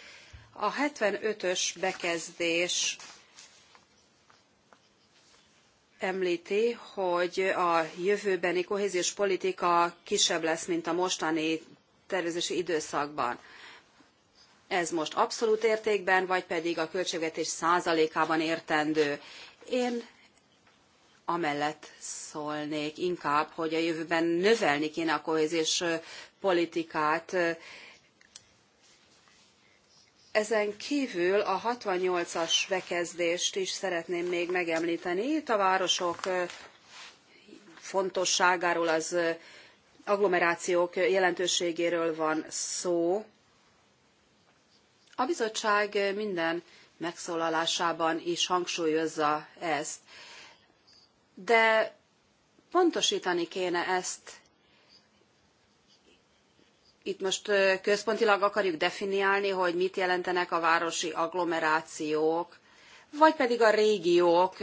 A 75-ös bekezdés említi, hogy a jövőbeni kohéziós politika kisebb lesz, mint a mostani tervezési időszakban ez most abszolút értékben, vagy pedig a költségvetés százalékában értendő. Én amellett szólnék inkább, hogy a jövőben növelni kéne a kohéziós politikát. Ezen kívül a 68-as bekezdést is szeretném még megemlíteni. Itt a városok fontosságáról, az agglomerációk jelentőségéről van szó. A bizottság minden megszólalásában is hangsúlyozza ezt, de pontosítani kéne ezt. Itt most központilag akarjuk definiálni, hogy mit jelentenek a városi agglomerációk, vagy pedig a régiók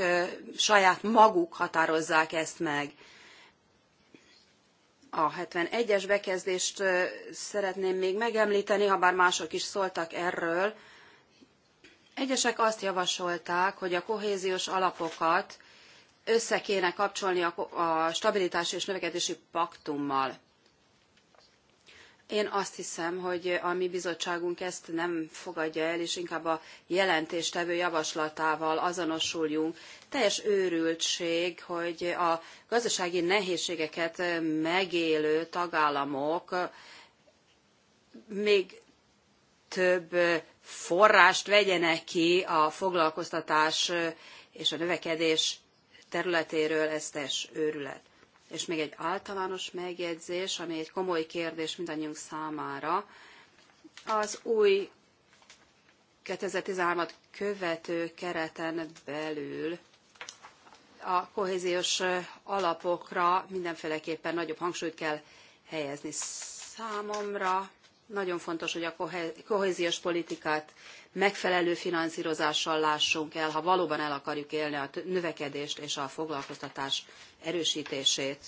saját maguk határozzák ezt meg. A 71-es bekezdést szeretném még megemlíteni, ha bár mások is szóltak erről. Egyesek azt javasolták, hogy a kohéziós alapokat össze kéne kapcsolni a stabilitási és növekedési paktummal. Én azt hiszem, hogy a mi bizottságunk ezt nem fogadja el, és inkább a jelentéstevő javaslatával azonosuljunk. Teljes őrültség, hogy a gazdasági nehézségeket megélő tagállamok még több forrást vegyenek ki a foglalkoztatás és a növekedés területéről, ez teljes őrület. És még egy általános megjegyzés, ami egy komoly kérdés mindannyiunk számára. Az új 2013-at követő kereten belül a kohéziós alapokra mindenféleképpen nagyobb hangsúlyt kell helyezni. Számomra nagyon fontos, hogy a kohéziós politikát megfelelő finanszírozással lássunk el, ha valóban el akarjuk élni a növekedést és a foglalkoztatás erősítését.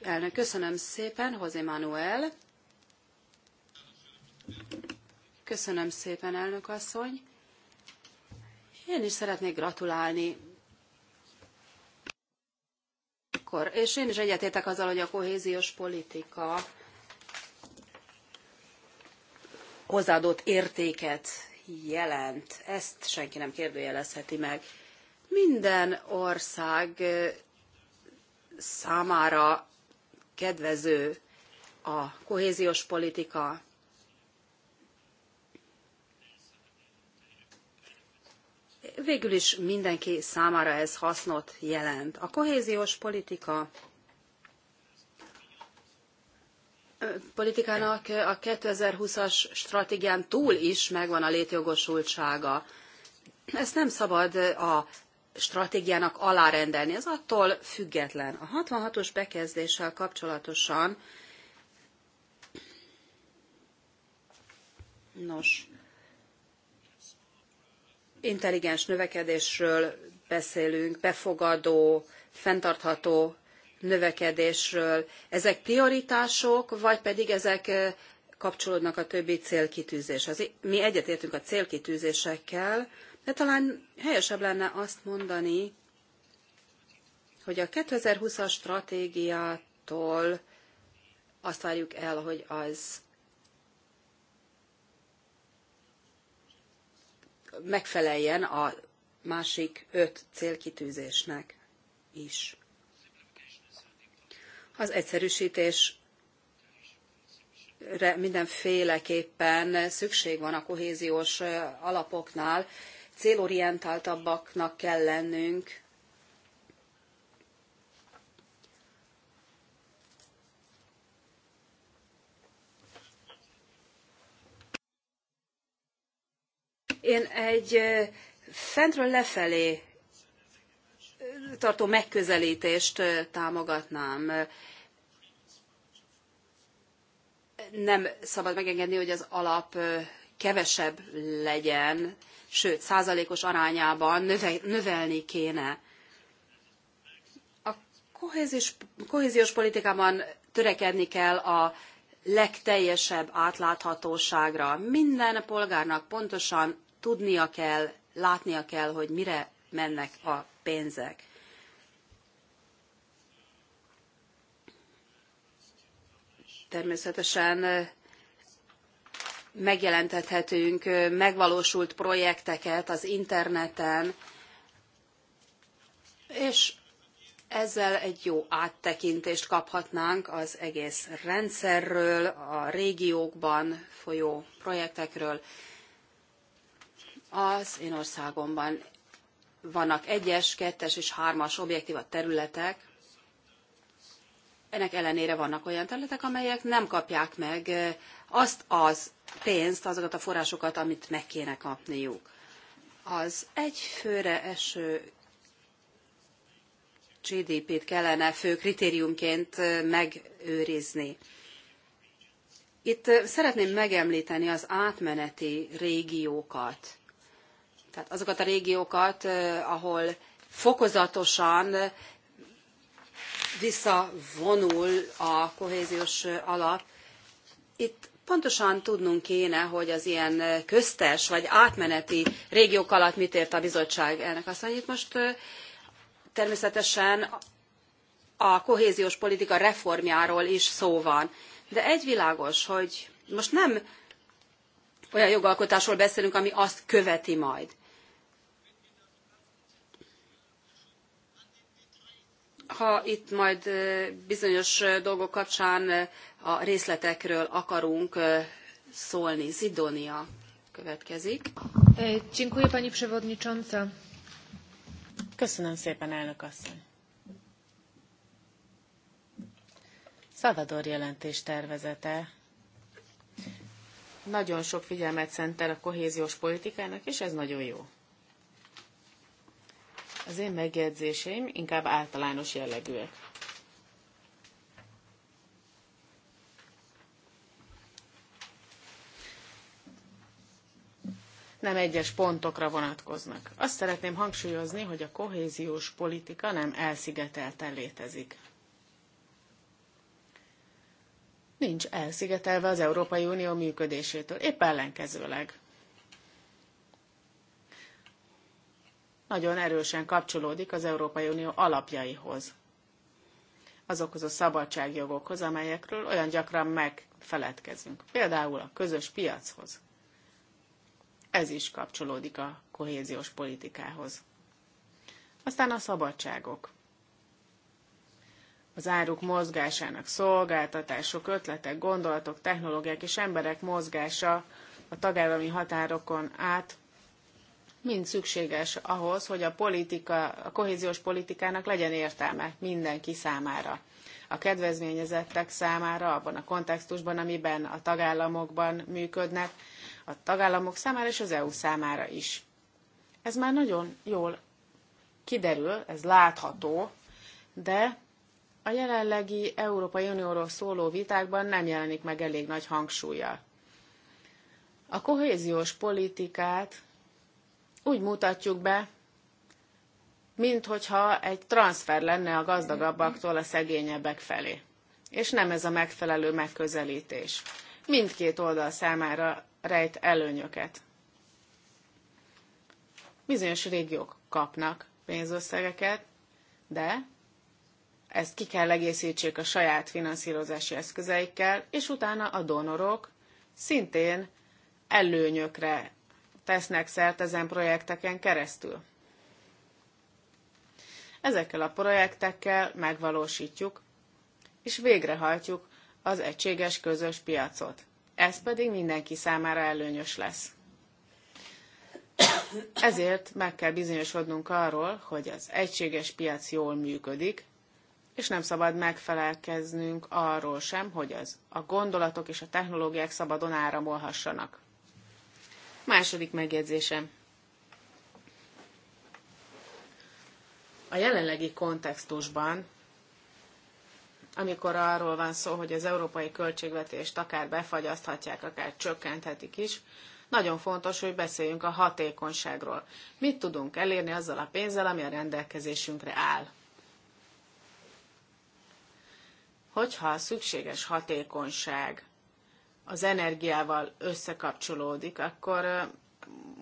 Elnök, köszönöm szépen, José Manuel. Köszönöm szépen, elnök asszony. Én is szeretnék gratulálni. és én is egyetértek azzal, hogy a kohéziós politika hozzáadott értéket jelent. Ezt senki nem kérdőjelezheti meg. Minden ország számára kedvező a kohéziós politika. Végül is mindenki számára ez hasznot jelent. A kohéziós politika politikának a 2020-as stratégián túl is megvan a létjogosultsága. Ezt nem szabad a stratégiának alárendelni, ez attól független. A 66-os bekezdéssel kapcsolatosan Nos, intelligens növekedésről beszélünk, befogadó, fenntartható növekedésről. Ezek prioritások, vagy pedig ezek kapcsolódnak a többi célkitűzéshez. Mi egyetértünk a célkitűzésekkel, de talán helyesebb lenne azt mondani, hogy a 2020-as stratégiától azt várjuk el, hogy az megfeleljen a másik öt célkitűzésnek is az egyszerűsítés mindenféleképpen szükség van a kohéziós alapoknál, célorientáltabbaknak kell lennünk, Én egy fentről lefelé tartó megközelítést támogatnám. Nem szabad megengedni, hogy az alap kevesebb legyen, sőt, százalékos arányában növelni kéne. A kohézis, kohéziós politikában törekedni kell a legteljesebb átláthatóságra. Minden polgárnak pontosan tudnia kell, látnia kell, hogy mire mennek a pénzek. természetesen megjelentethetünk megvalósult projekteket az interneten, és ezzel egy jó áttekintést kaphatnánk az egész rendszerről, a régiókban folyó projektekről. Az én országomban vannak egyes, kettes és hármas a területek, ennek ellenére vannak olyan területek, amelyek nem kapják meg azt az pénzt, azokat a forrásokat, amit meg kéne kapniuk. Az egy főre eső GDP-t kellene fő kritériumként megőrizni. Itt szeretném megemlíteni az átmeneti régiókat. Tehát azokat a régiókat, ahol fokozatosan visszavonul a kohéziós alap. Itt pontosan tudnunk kéne, hogy az ilyen köztes vagy átmeneti régiók alatt mit ért a bizottság ennek. Azt mondja, itt most természetesen a kohéziós politika reformjáról is szó van. De egy világos, hogy most nem olyan jogalkotásról beszélünk, ami azt követi majd. ha itt majd bizonyos dolgok kapcsán a részletekről akarunk szólni. Zidonia következik. E, dziękuję pani przewodnicząca. Köszönöm szépen, elnök asszony. Salvador jelentés tervezete nagyon sok figyelmet szentel a kohéziós politikának, és ez nagyon jó. Az én megjegyzéseim inkább általános jellegűek. nem egyes pontokra vonatkoznak. Azt szeretném hangsúlyozni, hogy a kohéziós politika nem elszigetelten létezik. Nincs elszigetelve az Európai Unió működésétől, épp ellenkezőleg. nagyon erősen kapcsolódik az Európai Unió alapjaihoz, azokhoz a szabadságjogokhoz, amelyekről olyan gyakran megfeledkezünk. Például a közös piachoz. Ez is kapcsolódik a kohéziós politikához. Aztán a szabadságok. Az áruk mozgásának szolgáltatások, ötletek, gondolatok, technológiák és emberek mozgása a tagállami határokon át mind szükséges ahhoz, hogy a politika, a kohéziós politikának legyen értelme mindenki számára. A kedvezményezettek számára, abban a kontextusban, amiben a tagállamokban működnek, a tagállamok számára és az EU számára is. Ez már nagyon jól kiderül, ez látható, de a jelenlegi Európai Unióról szóló vitákban nem jelenik meg elég nagy hangsúlyjal. A kohéziós politikát úgy mutatjuk be, mint hogyha egy transfer lenne a gazdagabbaktól a szegényebbek felé. És nem ez a megfelelő megközelítés. Mindkét oldal számára rejt előnyöket. Bizonyos régiók kapnak pénzösszegeket, de ezt ki kell egészítsék a saját finanszírozási eszközeikkel, és utána a donorok szintén előnyökre tesznek szert ezen projekteken keresztül. Ezekkel a projektekkel megvalósítjuk és végrehajtjuk az egységes közös piacot. Ez pedig mindenki számára előnyös lesz. Ezért meg kell bizonyosodnunk arról, hogy az egységes piac jól működik, és nem szabad megfelelkeznünk arról sem, hogy az a gondolatok és a technológiák szabadon áramolhassanak. Második megjegyzésem. A jelenlegi kontextusban, amikor arról van szó, hogy az európai költségvetést akár befagyaszthatják, akár csökkenthetik is, nagyon fontos, hogy beszéljünk a hatékonyságról. Mit tudunk elérni azzal a pénzzel, ami a rendelkezésünkre áll? Hogyha a szükséges hatékonyság az energiával összekapcsolódik, akkor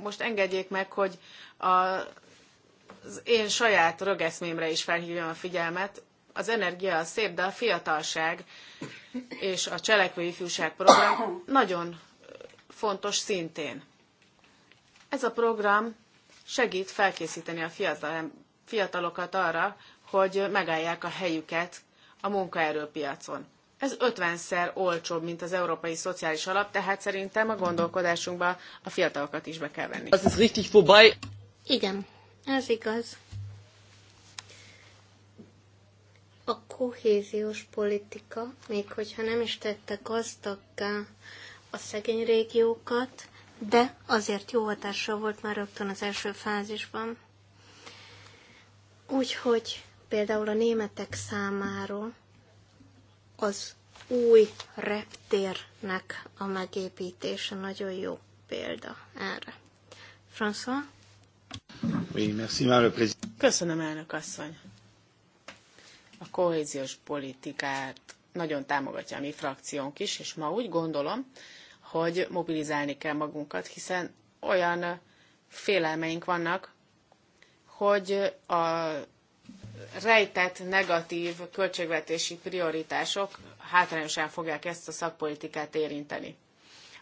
most engedjék meg, hogy a, az én saját rögeszmémre is felhívjam a figyelmet. Az energia a szép, de a fiatalság és a cselekvő ifjúság program nagyon fontos szintén. Ez a program segít felkészíteni a fiatal, fiatalokat arra, hogy megállják a helyüket a munkaerőpiacon. Ez 50-szer olcsóbb, mint az Európai Szociális Alap, tehát szerintem a gondolkodásunkba a fiatalokat is be kell venni. Ez is richtig vorbei. Igen, ez igaz. A kohéziós politika, még hogyha nem is tette gazdaggá a szegény régiókat, de azért jó hatással volt már rögtön az első fázisban. Úgyhogy például a németek számáról az új reptérnek a megépítése nagyon jó példa erre. François? Oui, merci, Köszönöm, elnök asszony. A kohéziós politikát nagyon támogatja a mi frakciónk is, és ma úgy gondolom, hogy mobilizálni kell magunkat, hiszen olyan félelmeink vannak, hogy a rejtett negatív költségvetési prioritások hátrányosan fogják ezt a szakpolitikát érinteni.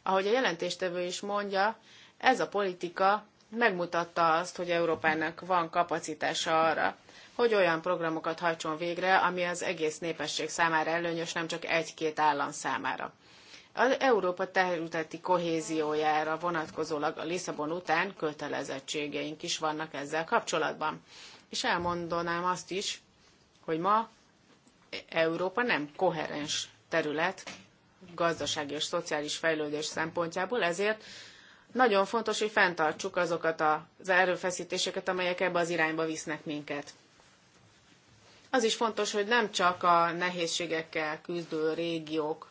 Ahogy a jelentéstevő is mondja, ez a politika megmutatta azt, hogy Európának van kapacitása arra, hogy olyan programokat hajtson végre, ami az egész népesség számára előnyös, nem csak egy-két állam számára. Az Európa területi kohéziójára vonatkozólag a Lisszabon után kötelezettségeink is vannak ezzel kapcsolatban és elmondanám azt is, hogy ma Európa nem koherens terület gazdasági és szociális fejlődés szempontjából, ezért nagyon fontos, hogy fenntartsuk azokat az erőfeszítéseket, amelyek ebbe az irányba visznek minket. Az is fontos, hogy nem csak a nehézségekkel küzdő régiók,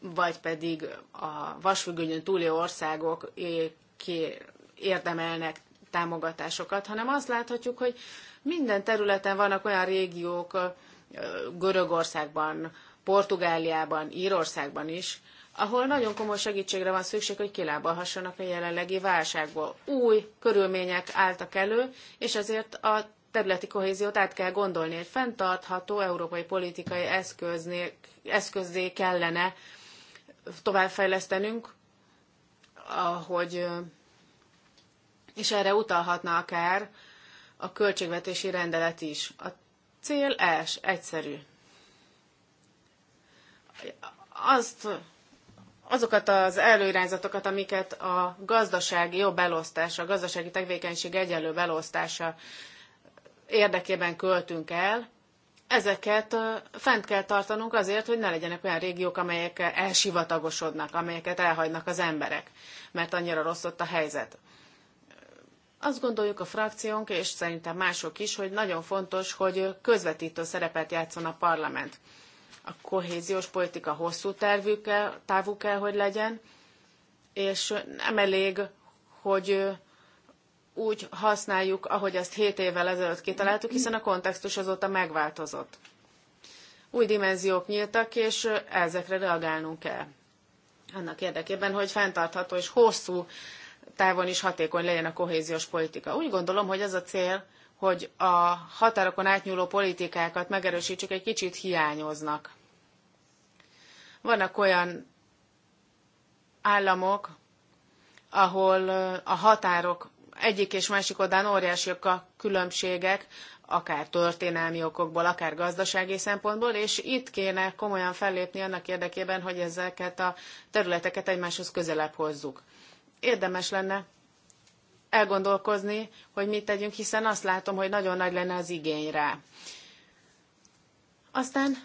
vagy pedig a vasfüggönyön túli országok eh, érdemelnek támogatásokat, hanem azt láthatjuk, hogy minden területen vannak olyan régiók, Görögországban, Portugáliában, Írországban is, ahol nagyon komoly segítségre van szükség, hogy kilábalhassanak a jelenlegi válságból. Új körülmények álltak elő, és ezért a területi kohéziót át kell gondolni. Egy fenntartható európai politikai eszközé kellene továbbfejlesztenünk, ahogy és erre utalhatna akár a költségvetési rendelet is. A cél es, egyszerű. Azt, azokat az előirányzatokat, amiket a gazdasági jobb elosztása, a gazdasági tevékenység egyenlő elosztása érdekében költünk el, ezeket fent kell tartanunk azért, hogy ne legyenek olyan régiók, amelyek elsivatagosodnak, amelyeket elhagynak az emberek, mert annyira rossz ott a helyzet. Azt gondoljuk a frakciónk, és szerintem mások is, hogy nagyon fontos, hogy közvetítő szerepet játszon a parlament. A kohéziós politika hosszú távú kell, hogy legyen, és nem elég, hogy úgy használjuk, ahogy ezt 7 évvel ezelőtt kitaláltuk, hiszen a kontextus azóta megváltozott. Új dimenziók nyíltak, és ezekre reagálnunk kell. Annak érdekében, hogy fenntartható és hosszú távon is hatékony legyen a kohéziós politika. Úgy gondolom, hogy az a cél, hogy a határokon átnyúló politikákat megerősítsük, egy kicsit hiányoznak. Vannak olyan államok, ahol a határok egyik és másik oldalán óriásiak a különbségek, akár történelmi okokból, akár gazdasági szempontból, és itt kéne komolyan fellépni annak érdekében, hogy ezeket a területeket egymáshoz közelebb hozzuk érdemes lenne elgondolkozni, hogy mit tegyünk, hiszen azt látom, hogy nagyon nagy lenne az igény rá. Aztán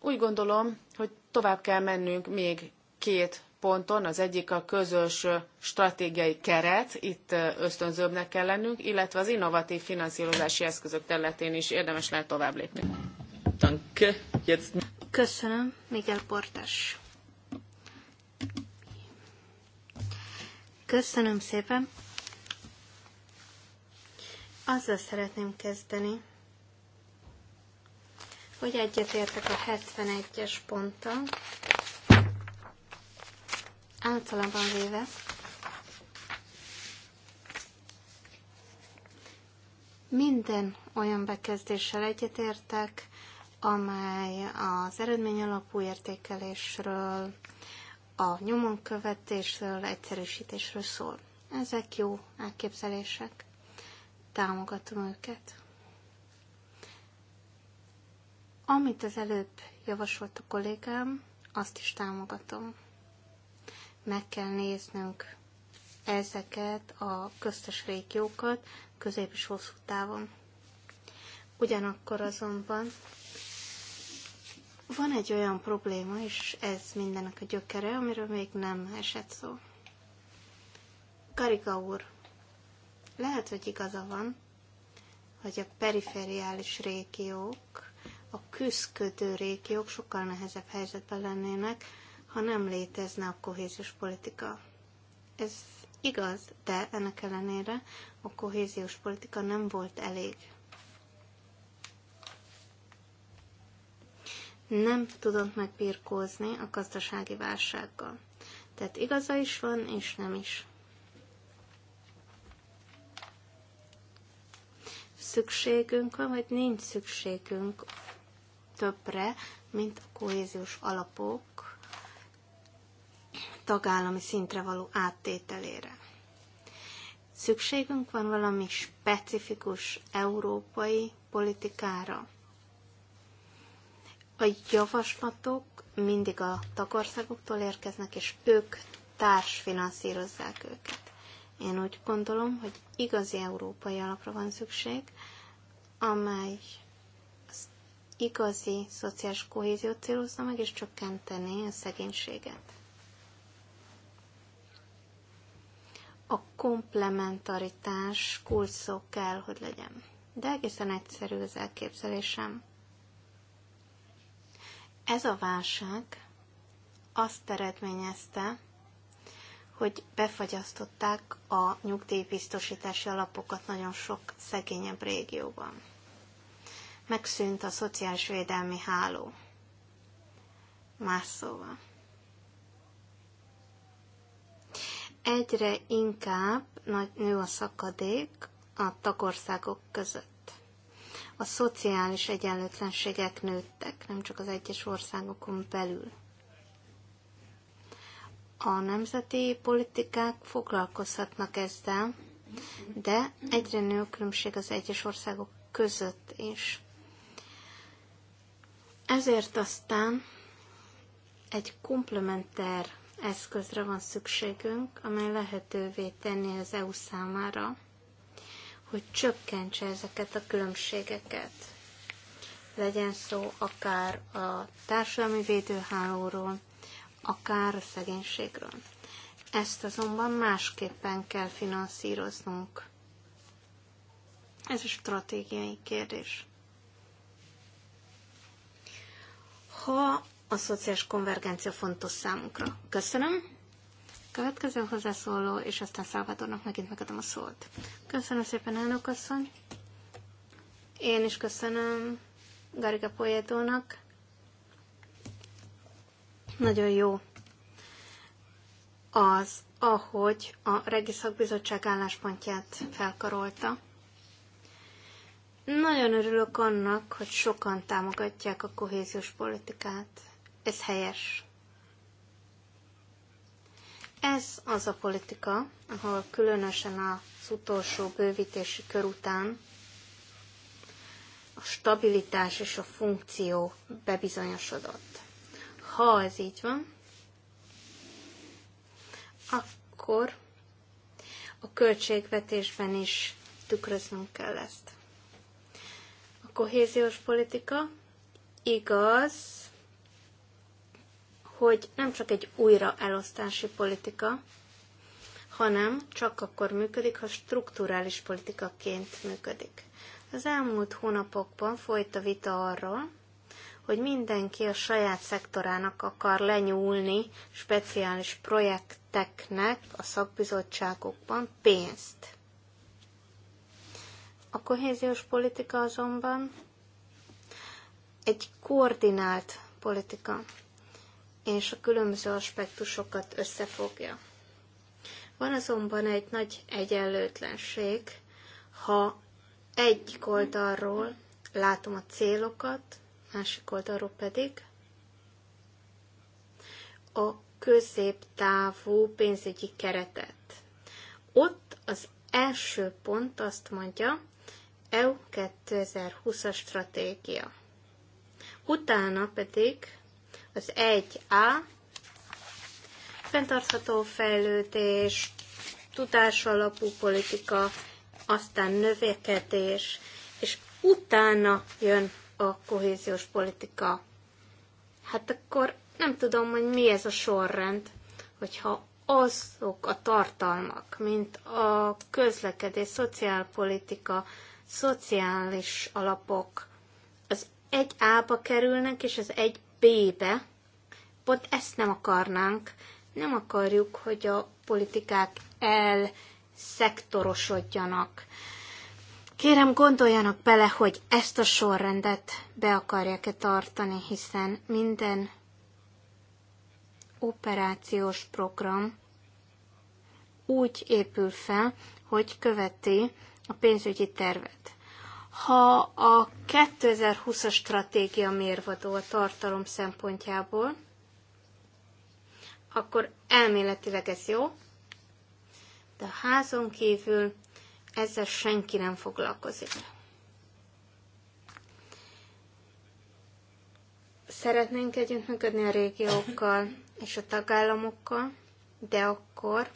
úgy gondolom, hogy tovább kell mennünk még két ponton, az egyik a közös stratégiai keret, itt ösztönzőbbnek kell lennünk, illetve az innovatív finanszírozási eszközök területén is érdemes lehet tovább lépni. Köszönöm, Miguel Portás. Köszönöm szépen. Azzal szeretném kezdeni, hogy egyetértek a 71-es ponttal. Általában véve minden olyan bekezdéssel egyetértek, amely az eredmény alapú értékelésről, a nyomonkövetésről, egyszerűsítésről szól. Ezek jó elképzelések. Támogatom őket. Amit az előbb javasolt a kollégám, azt is támogatom. Meg kell néznünk ezeket a köztes régiókat közép és hosszú távon. Ugyanakkor azonban van egy olyan probléma, és ez mindennek a gyökere, amiről még nem esett szó. Karika úr, lehet, hogy igaza van, hogy a perifériális régiók, a küzdködő régiók sokkal nehezebb helyzetben lennének, ha nem létezne a kohéziós politika. Ez igaz, de ennek ellenére a kohéziós politika nem volt elég. nem tudott megbirkózni a gazdasági válsággal. Tehát igaza is van, és nem is. Szükségünk van, vagy nincs szükségünk többre, mint a kohéziós alapok tagállami szintre való áttételére. Szükségünk van valami specifikus európai politikára. A javaslatok mindig a tagországoktól érkeznek, és ők társfinanszírozzák őket. Én úgy gondolom, hogy igazi európai alapra van szükség, amely az igazi szociális kohéziót célozza meg, és csökkenteni a szegénységet. A komplementaritás kulszó kell, hogy legyen. De egészen egyszerű az elképzelésem. Ez a válság azt eredményezte, hogy befagyasztották a nyugdíjbiztosítási alapokat nagyon sok szegényebb régióban. Megszűnt a szociális védelmi háló. Más szóval. Egyre inkább nagy nő a szakadék a tagországok között a szociális egyenlőtlenségek nőttek, nem csak az egyes országokon belül. A nemzeti politikák foglalkozhatnak ezzel, de egyre nő a különbség az egyes országok között is. Ezért aztán egy komplementer eszközre van szükségünk, amely lehetővé tenni az EU számára, hogy csökkentse ezeket a különbségeket. Legyen szó akár a társadalmi védőhálóról, akár a szegénységről. Ezt azonban másképpen kell finanszíroznunk. Ez egy stratégiai kérdés. Ha a szociális konvergencia fontos számunkra. Köszönöm. Következő hozzászóló, és aztán Szálvadornak megint megadom a szót. Köszönöm szépen, elnök asszony. Én is köszönöm Gariga Poétónak. Nagyon jó az, ahogy a Regi Szakbizottság álláspontját felkarolta. Nagyon örülök annak, hogy sokan támogatják a kohéziós politikát. Ez helyes. Ez az a politika, ahol különösen az utolsó bővítési kör után a stabilitás és a funkció bebizonyosodott. Ha ez így van, akkor a költségvetésben is tükröznünk kell ezt. A kohéziós politika igaz, hogy nem csak egy újraelosztási politika, hanem csak akkor működik, ha strukturális politikaként működik. Az elmúlt hónapokban folyt a vita arról, hogy mindenki a saját szektorának akar lenyúlni speciális projekteknek a szakbizottságokban pénzt. A kohéziós politika azonban egy koordinált politika és a különböző aspektusokat összefogja. Van azonban egy nagy egyenlőtlenség, ha egyik oldalról látom a célokat, másik oldalról pedig a középtávú pénzügyi keretet. Ott az első pont azt mondja, EU 2020-as stratégia. Utána pedig az 1A, fenntartható fejlődés, tudásalapú politika, aztán növekedés, és utána jön a kohéziós politika. Hát akkor nem tudom, hogy mi ez a sorrend, hogyha azok a tartalmak, mint a közlekedés, szociálpolitika, szociális alapok, az egy ába kerülnek, és az egy B-be, pont ezt nem akarnánk. Nem akarjuk, hogy a politikák elszektorosodjanak. Kérem, gondoljanak bele, hogy ezt a sorrendet be akarják-e tartani, hiszen minden operációs program úgy épül fel, hogy követi a pénzügyi tervet. Ha a 2020-as stratégia mérvadó a tartalom szempontjából, akkor elméletileg ez jó, de a házon kívül ezzel senki nem foglalkozik. Szeretnénk együttműködni a régiókkal és a tagállamokkal, de akkor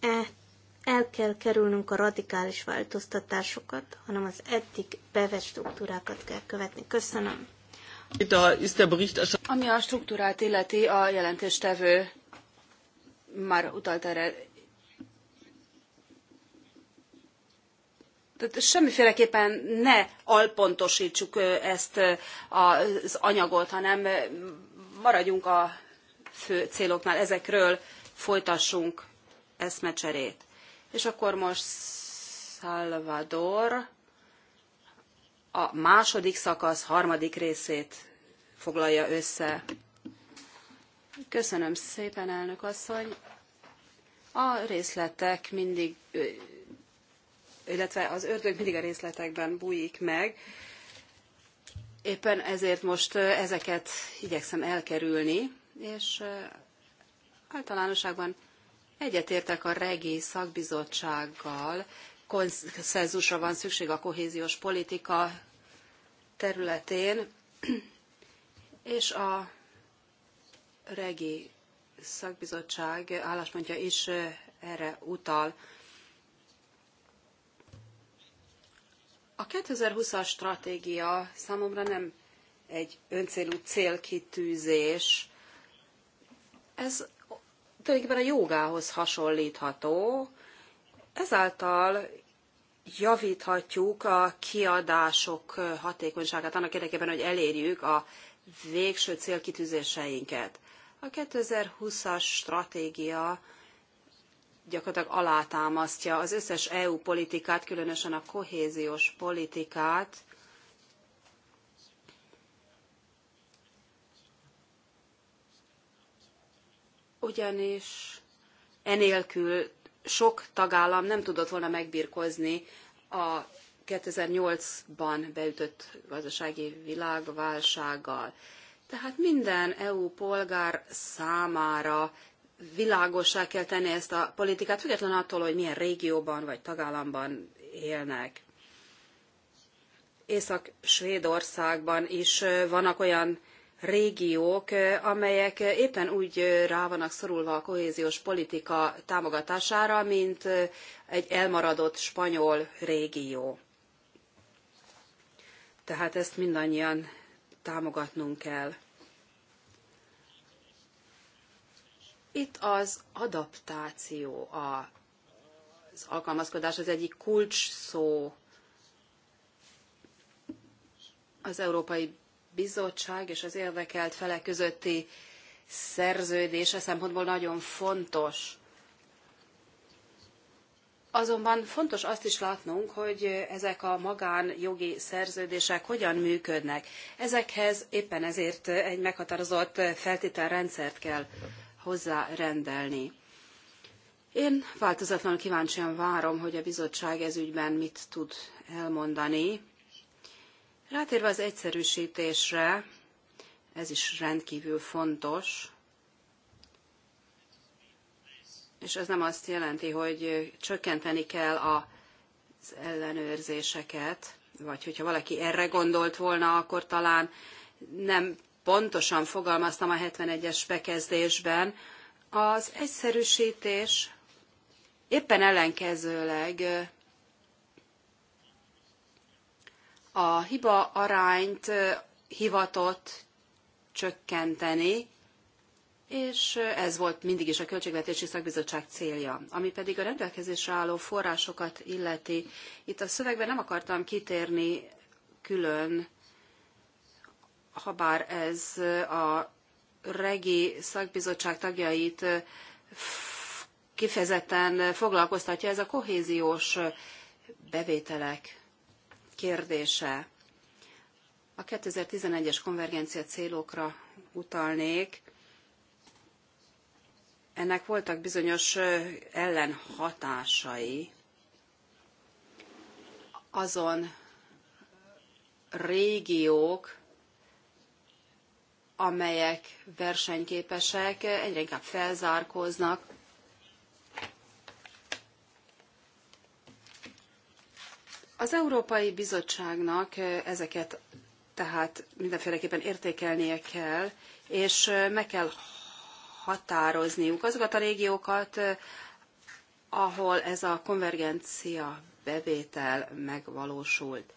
e el kell kerülnünk a radikális változtatásokat, hanem az eddig bevett struktúrákat kell követni. Köszönöm. Ami a struktúrát illeti, a jelentéstevő már utalt erre. Tehát semmiféleképpen ne alpontosítsuk ezt az anyagot, hanem maradjunk a fő céloknál, ezekről folytassunk eszmecserét. És akkor most Salvador a második szakasz harmadik részét foglalja össze. Köszönöm szépen, elnök asszony. A részletek mindig, illetve az ördög mindig a részletekben bújik meg. Éppen ezért most ezeket igyekszem elkerülni, és általánosságban Egyetértek a regi szakbizottsággal, konszenzusra van szükség a kohéziós politika területén, és a regi szakbizottság álláspontja is erre utal. A 2020-as stratégia számomra nem egy öncélú célkitűzés. Ez tulajdonképpen a jogához hasonlítható, ezáltal javíthatjuk a kiadások hatékonyságát annak érdekében, hogy elérjük a végső célkitűzéseinket. A 2020-as stratégia gyakorlatilag alátámasztja az összes EU politikát, különösen a kohéziós politikát, ugyanis enélkül sok tagállam nem tudott volna megbirkozni a 2008-ban beütött gazdasági világválsággal. Tehát minden EU polgár számára világossá kell tenni ezt a politikát, független attól, hogy milyen régióban vagy tagállamban élnek. Észak-Svédországban is vannak olyan régiók, eh, amelyek éppen úgy eh, rá vannak szorulva a kohéziós politika támogatására, mint eh, egy elmaradott spanyol régió. Tehát ezt mindannyian támogatnunk kell. Itt az adaptáció, az alkalmazkodás az egyik kulcs szó az Európai bizottság és az érdekelt felek közötti szerződése szempontból nagyon fontos. Azonban fontos azt is látnunk, hogy ezek a magánjogi szerződések hogyan működnek. Ezekhez éppen ezért egy meghatározott feltételrendszert kell hozzárendelni. Én változatlanul kíváncsian várom, hogy a bizottság ez ügyben mit tud elmondani, Rátérve az egyszerűsítésre, ez is rendkívül fontos, és ez nem azt jelenti, hogy csökkenteni kell az ellenőrzéseket, vagy hogyha valaki erre gondolt volna, akkor talán nem pontosan fogalmaztam a 71-es bekezdésben. Az egyszerűsítés éppen ellenkezőleg a hiba arányt hivatott csökkenteni, és ez volt mindig is a Költségvetési Szakbizottság célja. Ami pedig a rendelkezésre álló forrásokat illeti, itt a szövegben nem akartam kitérni külön, ha bár ez a regi szakbizottság tagjait kifejezetten foglalkoztatja, ez a kohéziós bevételek kérdése. A 2011-es konvergencia célokra utalnék. Ennek voltak bizonyos ellenhatásai azon régiók, amelyek versenyképesek, egyre inkább felzárkóznak Az Európai Bizottságnak ezeket tehát mindenféleképpen értékelnie kell, és meg kell határozniuk azokat a régiókat, ahol ez a konvergencia bevétel megvalósult.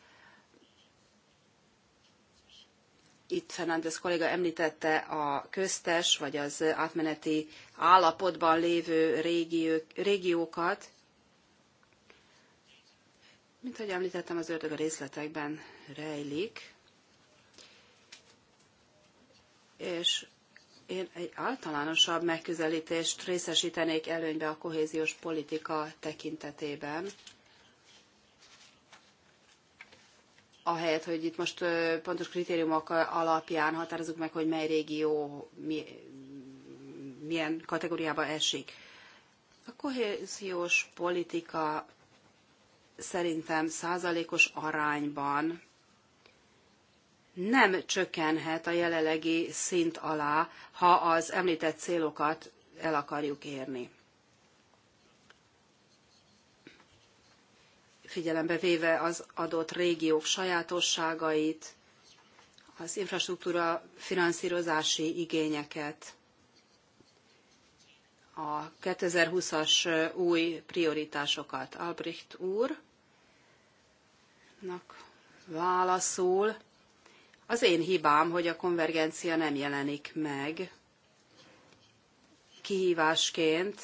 Itt Fernández kolléga említette a köztes, vagy az átmeneti állapotban lévő régiókat, mint ahogy említettem, az ördög a részletekben rejlik, és én egy általánosabb megközelítést részesítenék előnybe a kohéziós politika tekintetében. Ahelyett, hogy itt most pontos kritériumok alapján határozzuk meg, hogy mely régió milyen kategóriába esik. A kohéziós politika szerintem százalékos arányban nem csökkenhet a jelenlegi szint alá, ha az említett célokat el akarjuk érni. Figyelembe véve az adott régiók sajátosságait, az infrastruktúra finanszírozási igényeket, a 2020-as új prioritásokat. Albrecht úr Nak válaszul. Az én hibám, hogy a konvergencia nem jelenik meg kihívásként,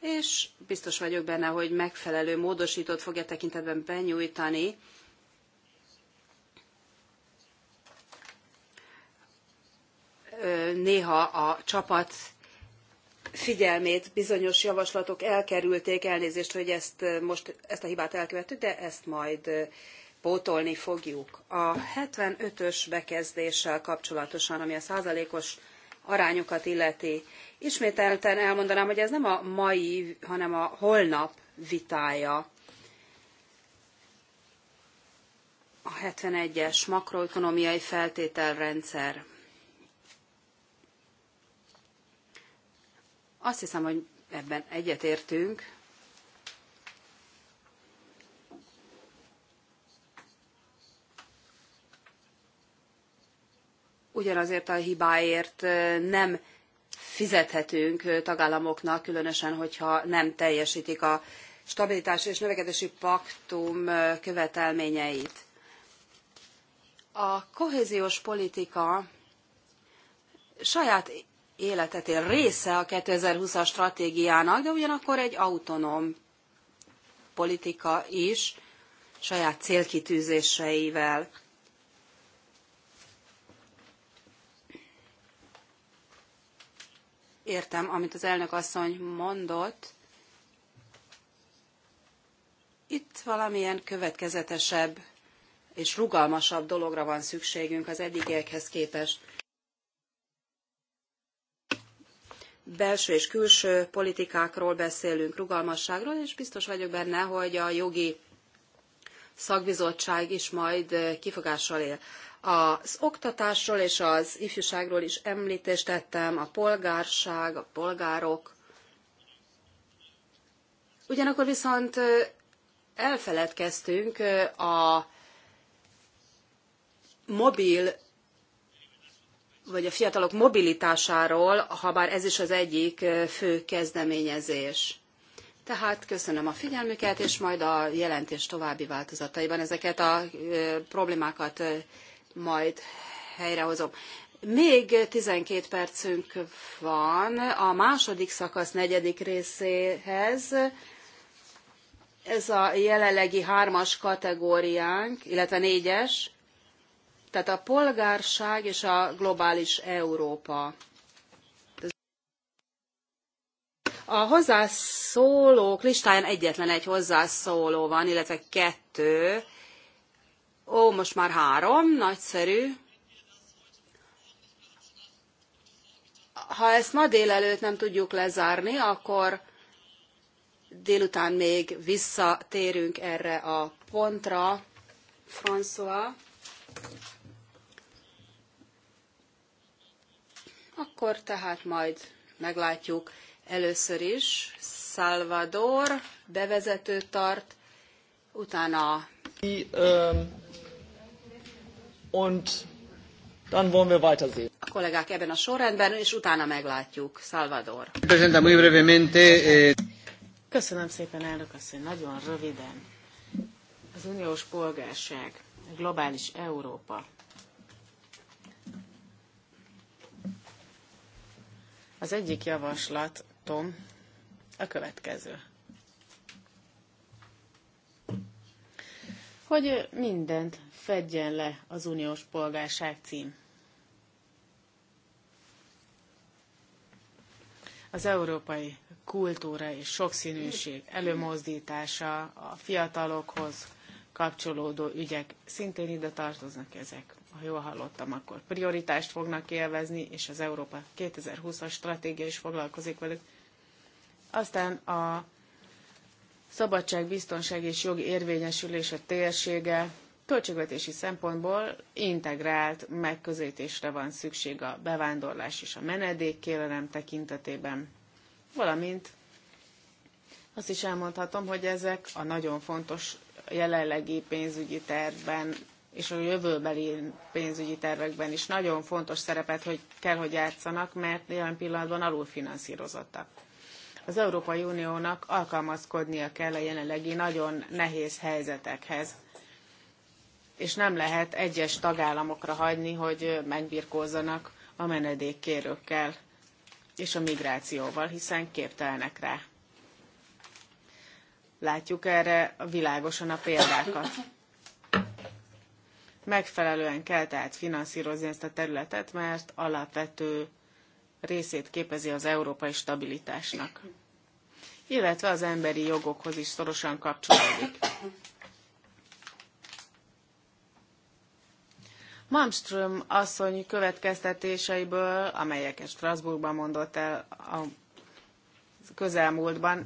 és biztos vagyok benne, hogy megfelelő módosítót fogja tekintetben benyújtani. Néha a csapat figyelmét bizonyos javaslatok elkerülték, elnézést, hogy ezt eh, most ezt a hibát elkövettük, de ezt majd eh, pótolni fogjuk. A 75-ös bekezdéssel kapcsolatosan, ami a százalékos arányokat illeti, ismételten elmondanám, hogy ez nem a mai, hanem a holnap vitája. A 71-es makroökonomiai feltételrendszer Azt hiszem, hogy ebben egyetértünk. Ugyanazért a hibáért nem fizethetünk tagállamoknak, különösen, hogyha nem teljesítik a stabilitás és növekedési paktum követelményeit. A kohéziós politika saját életet él része a 2020-as stratégiának, de ugyanakkor egy autonóm politika is saját célkitűzéseivel. Értem, amit az elnök asszony mondott. Itt valamilyen következetesebb és rugalmasabb dologra van szükségünk az eddigiekhez képest. belső és külső politikákról beszélünk, rugalmasságról, és biztos vagyok benne, hogy a jogi szakbizottság is majd eh, kifogással él. Az oktatásról és az ifjúságról is említést tettem, a polgárság, a polgárok. Ugyanakkor viszont eh, elfeledkeztünk eh, a mobil vagy a fiatalok mobilitásáról, ha bár ez is az egyik fő kezdeményezés. Tehát köszönöm a figyelmüket, és majd a jelentés további változataiban ezeket a problémákat majd helyrehozom. Még 12 percünk van a második szakasz negyedik részéhez. Ez a jelenlegi hármas kategóriánk, illetve négyes. Tehát a polgárság és a globális Európa. A hozzászólók listáján egyetlen egy hozzászóló van, illetve kettő. Ó, most már három, nagyszerű. Ha ezt ma délelőtt nem tudjuk lezárni, akkor délután még visszatérünk erre a pontra. François. Akkor tehát majd meglátjuk először is. Salvador bevezetőt tart, utána... Die, um, und dann wollen wir weitersehen. A kollégák ebben a sorrendben, és utána meglátjuk. Salvador. Eh, Köszönöm szépen, elnök asszony, nagyon röviden. Az uniós polgárság, a globális Európa, Az egyik javaslatom a következő. Hogy mindent fedjen le az uniós polgárság cím. Az európai kultúra és sokszínűség előmozdítása, a fiatalokhoz kapcsolódó ügyek, szintén ide tartoznak ezek ha jól hallottam, akkor prioritást fognak élvezni, és az Európa 2020-as stratégia is foglalkozik velük. Aztán a szabadság, biztonság és jogi érvényesülése térsége költségvetési szempontból integrált megközelítésre van szükség a bevándorlás és a menedék kérelem tekintetében, valamint azt is elmondhatom, hogy ezek a nagyon fontos jelenlegi pénzügyi tervben és a jövőbeli pénzügyi tervekben is nagyon fontos szerepet hogy kell, hogy játszanak, mert jelen pillanatban alulfinanszírozottak. Az Európai Uniónak alkalmazkodnia kell a jelenlegi nagyon nehéz helyzetekhez, és nem lehet egyes tagállamokra hagyni, hogy megbirkózzanak a menedékkérőkkel és a migrációval, hiszen képtelenek rá. Látjuk erre világosan a példákat Megfelelően kell tehát finanszírozni ezt a területet, mert alapvető részét képezi az európai stabilitásnak. Illetve az emberi jogokhoz is szorosan kapcsolódik. Malmström asszony következtetéseiből, amelyeket Strasbourgban mondott el a közelmúltban,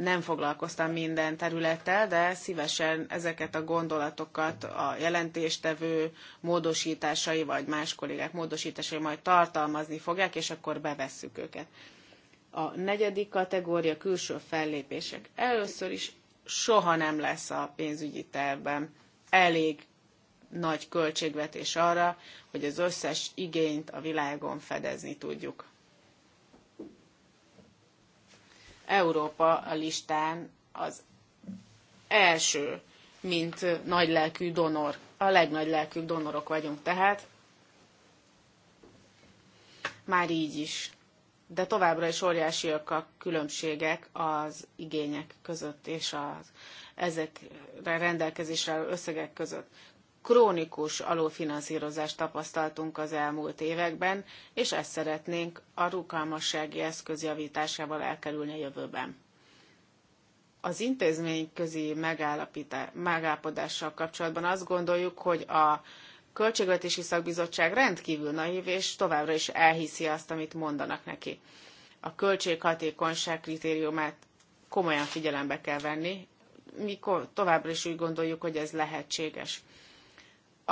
nem foglalkoztam minden területtel, de szívesen ezeket a gondolatokat a jelentéstevő módosításai, vagy más kollégák módosításai majd tartalmazni fogják, és akkor bevesszük őket. A negyedik kategória külső fellépések. Először is soha nem lesz a pénzügyi tervben elég nagy költségvetés arra, hogy az összes igényt a világon fedezni tudjuk. Európa a listán az első, mint nagylelkű donor. A legnagylelkűbb donorok vagyunk tehát. Már így is. De továbbra is óriásiak a különbségek az igények között és az ezekre rendelkezésre összegek között krónikus alulfinanszírozást tapasztaltunk az elmúlt években, és ezt szeretnénk a rugalmassági eszköz javításával elkerülni a jövőben. Az intézményközi megállapodással kapcsolatban azt gondoljuk, hogy a Költségvetési Szakbizottság rendkívül naív, és továbbra is elhiszi azt, amit mondanak neki. A költséghatékonyság kritériumát komolyan figyelembe kell venni, mi továbbra is úgy gondoljuk, hogy ez lehetséges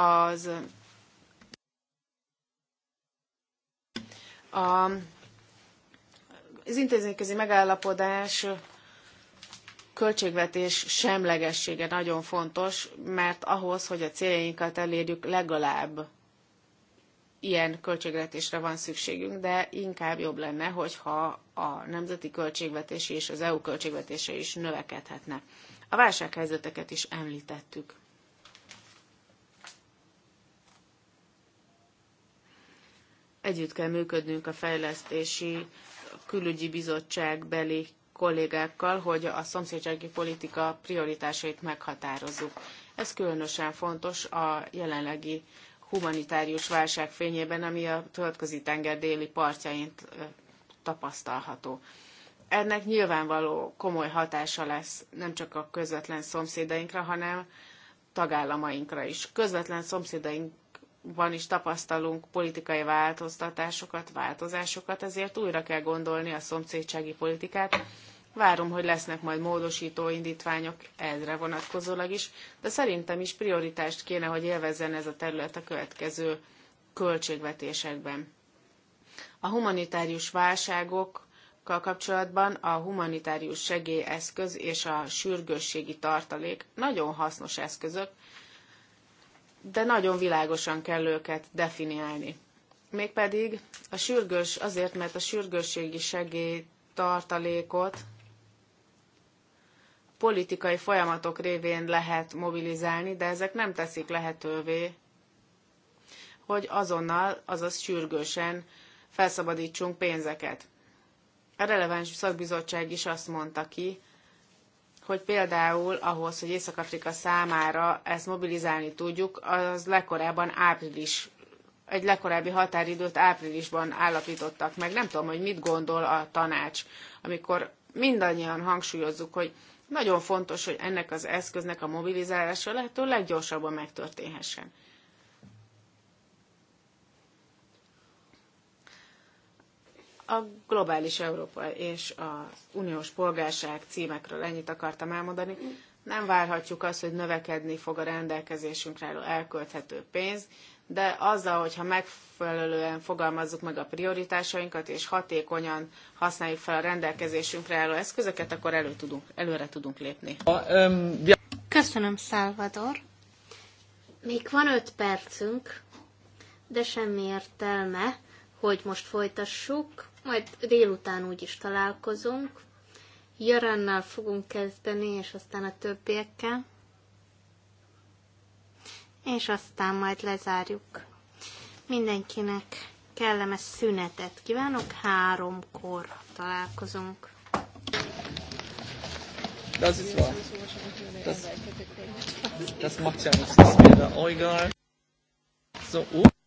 az a, az intézményközi megállapodás költségvetés semlegessége nagyon fontos, mert ahhoz, hogy a céljainkat elérjük, legalább ilyen költségvetésre van szükségünk, de inkább jobb lenne, hogyha a nemzeti költségvetési és az EU költségvetése is növekedhetne. A válsághelyzeteket is említettük. Együtt kell működnünk a fejlesztési külügyi bizottság beli kollégákkal, hogy a szomszédsági politika prioritásait meghatározzuk. Ez különösen fontos a jelenlegi humanitárius válság fényében, ami a földközi tenger déli partjain tapasztalható. Ennek nyilvánvaló komoly hatása lesz nem csak a közvetlen szomszédainkra, hanem tagállamainkra is. Közvetlen szomszédaink van is tapasztalunk politikai változtatásokat, változásokat, ezért újra kell gondolni a szomszédsági politikát. Várom, hogy lesznek majd módosító indítványok ezre vonatkozólag is, de szerintem is prioritást kéne, hogy élvezzen ez a terület a következő költségvetésekben. A humanitárius válságokkal kapcsolatban a humanitárius segélyeszköz és a sürgősségi tartalék nagyon hasznos eszközök, de nagyon világosan kell őket definiálni. Mégpedig a sürgős, azért, mert a sürgősségi tartalékot politikai folyamatok révén lehet mobilizálni, de ezek nem teszik lehetővé, hogy azonnal, azaz sürgősen felszabadítsunk pénzeket. A releváns szakbizottság is azt mondta ki, hogy például ahhoz, hogy Észak-Afrika számára ezt mobilizálni tudjuk, az legkorábban április, egy legkorábbi határidőt áprilisban állapítottak meg. Nem tudom, hogy mit gondol a tanács, amikor mindannyian hangsúlyozzuk, hogy nagyon fontos, hogy ennek az eszköznek a mobilizálása lehető leggyorsabban megtörténhessen. a globális Európa és az uniós polgárság címekről ennyit akartam elmondani. Nem várhatjuk azt, hogy növekedni fog a rendelkezésünkre álló elkölthető pénz, de azzal, hogyha megfelelően fogalmazzuk meg a prioritásainkat, és hatékonyan használjuk fel a rendelkezésünkre álló eszközöket, akkor elő tudunk, előre tudunk lépni. Köszönöm, Szálvador. Még van öt percünk, de semmi értelme, hogy most folytassuk, majd délután úgyis találkozunk. Jarannal fogunk kezdeni, és aztán a többiekkel. És aztán majd lezárjuk. Mindenkinek kellemes szünetet kívánok, háromkor találkozunk. Das ist wahr. Das, das macht ja nichts, dass wir da So, oh.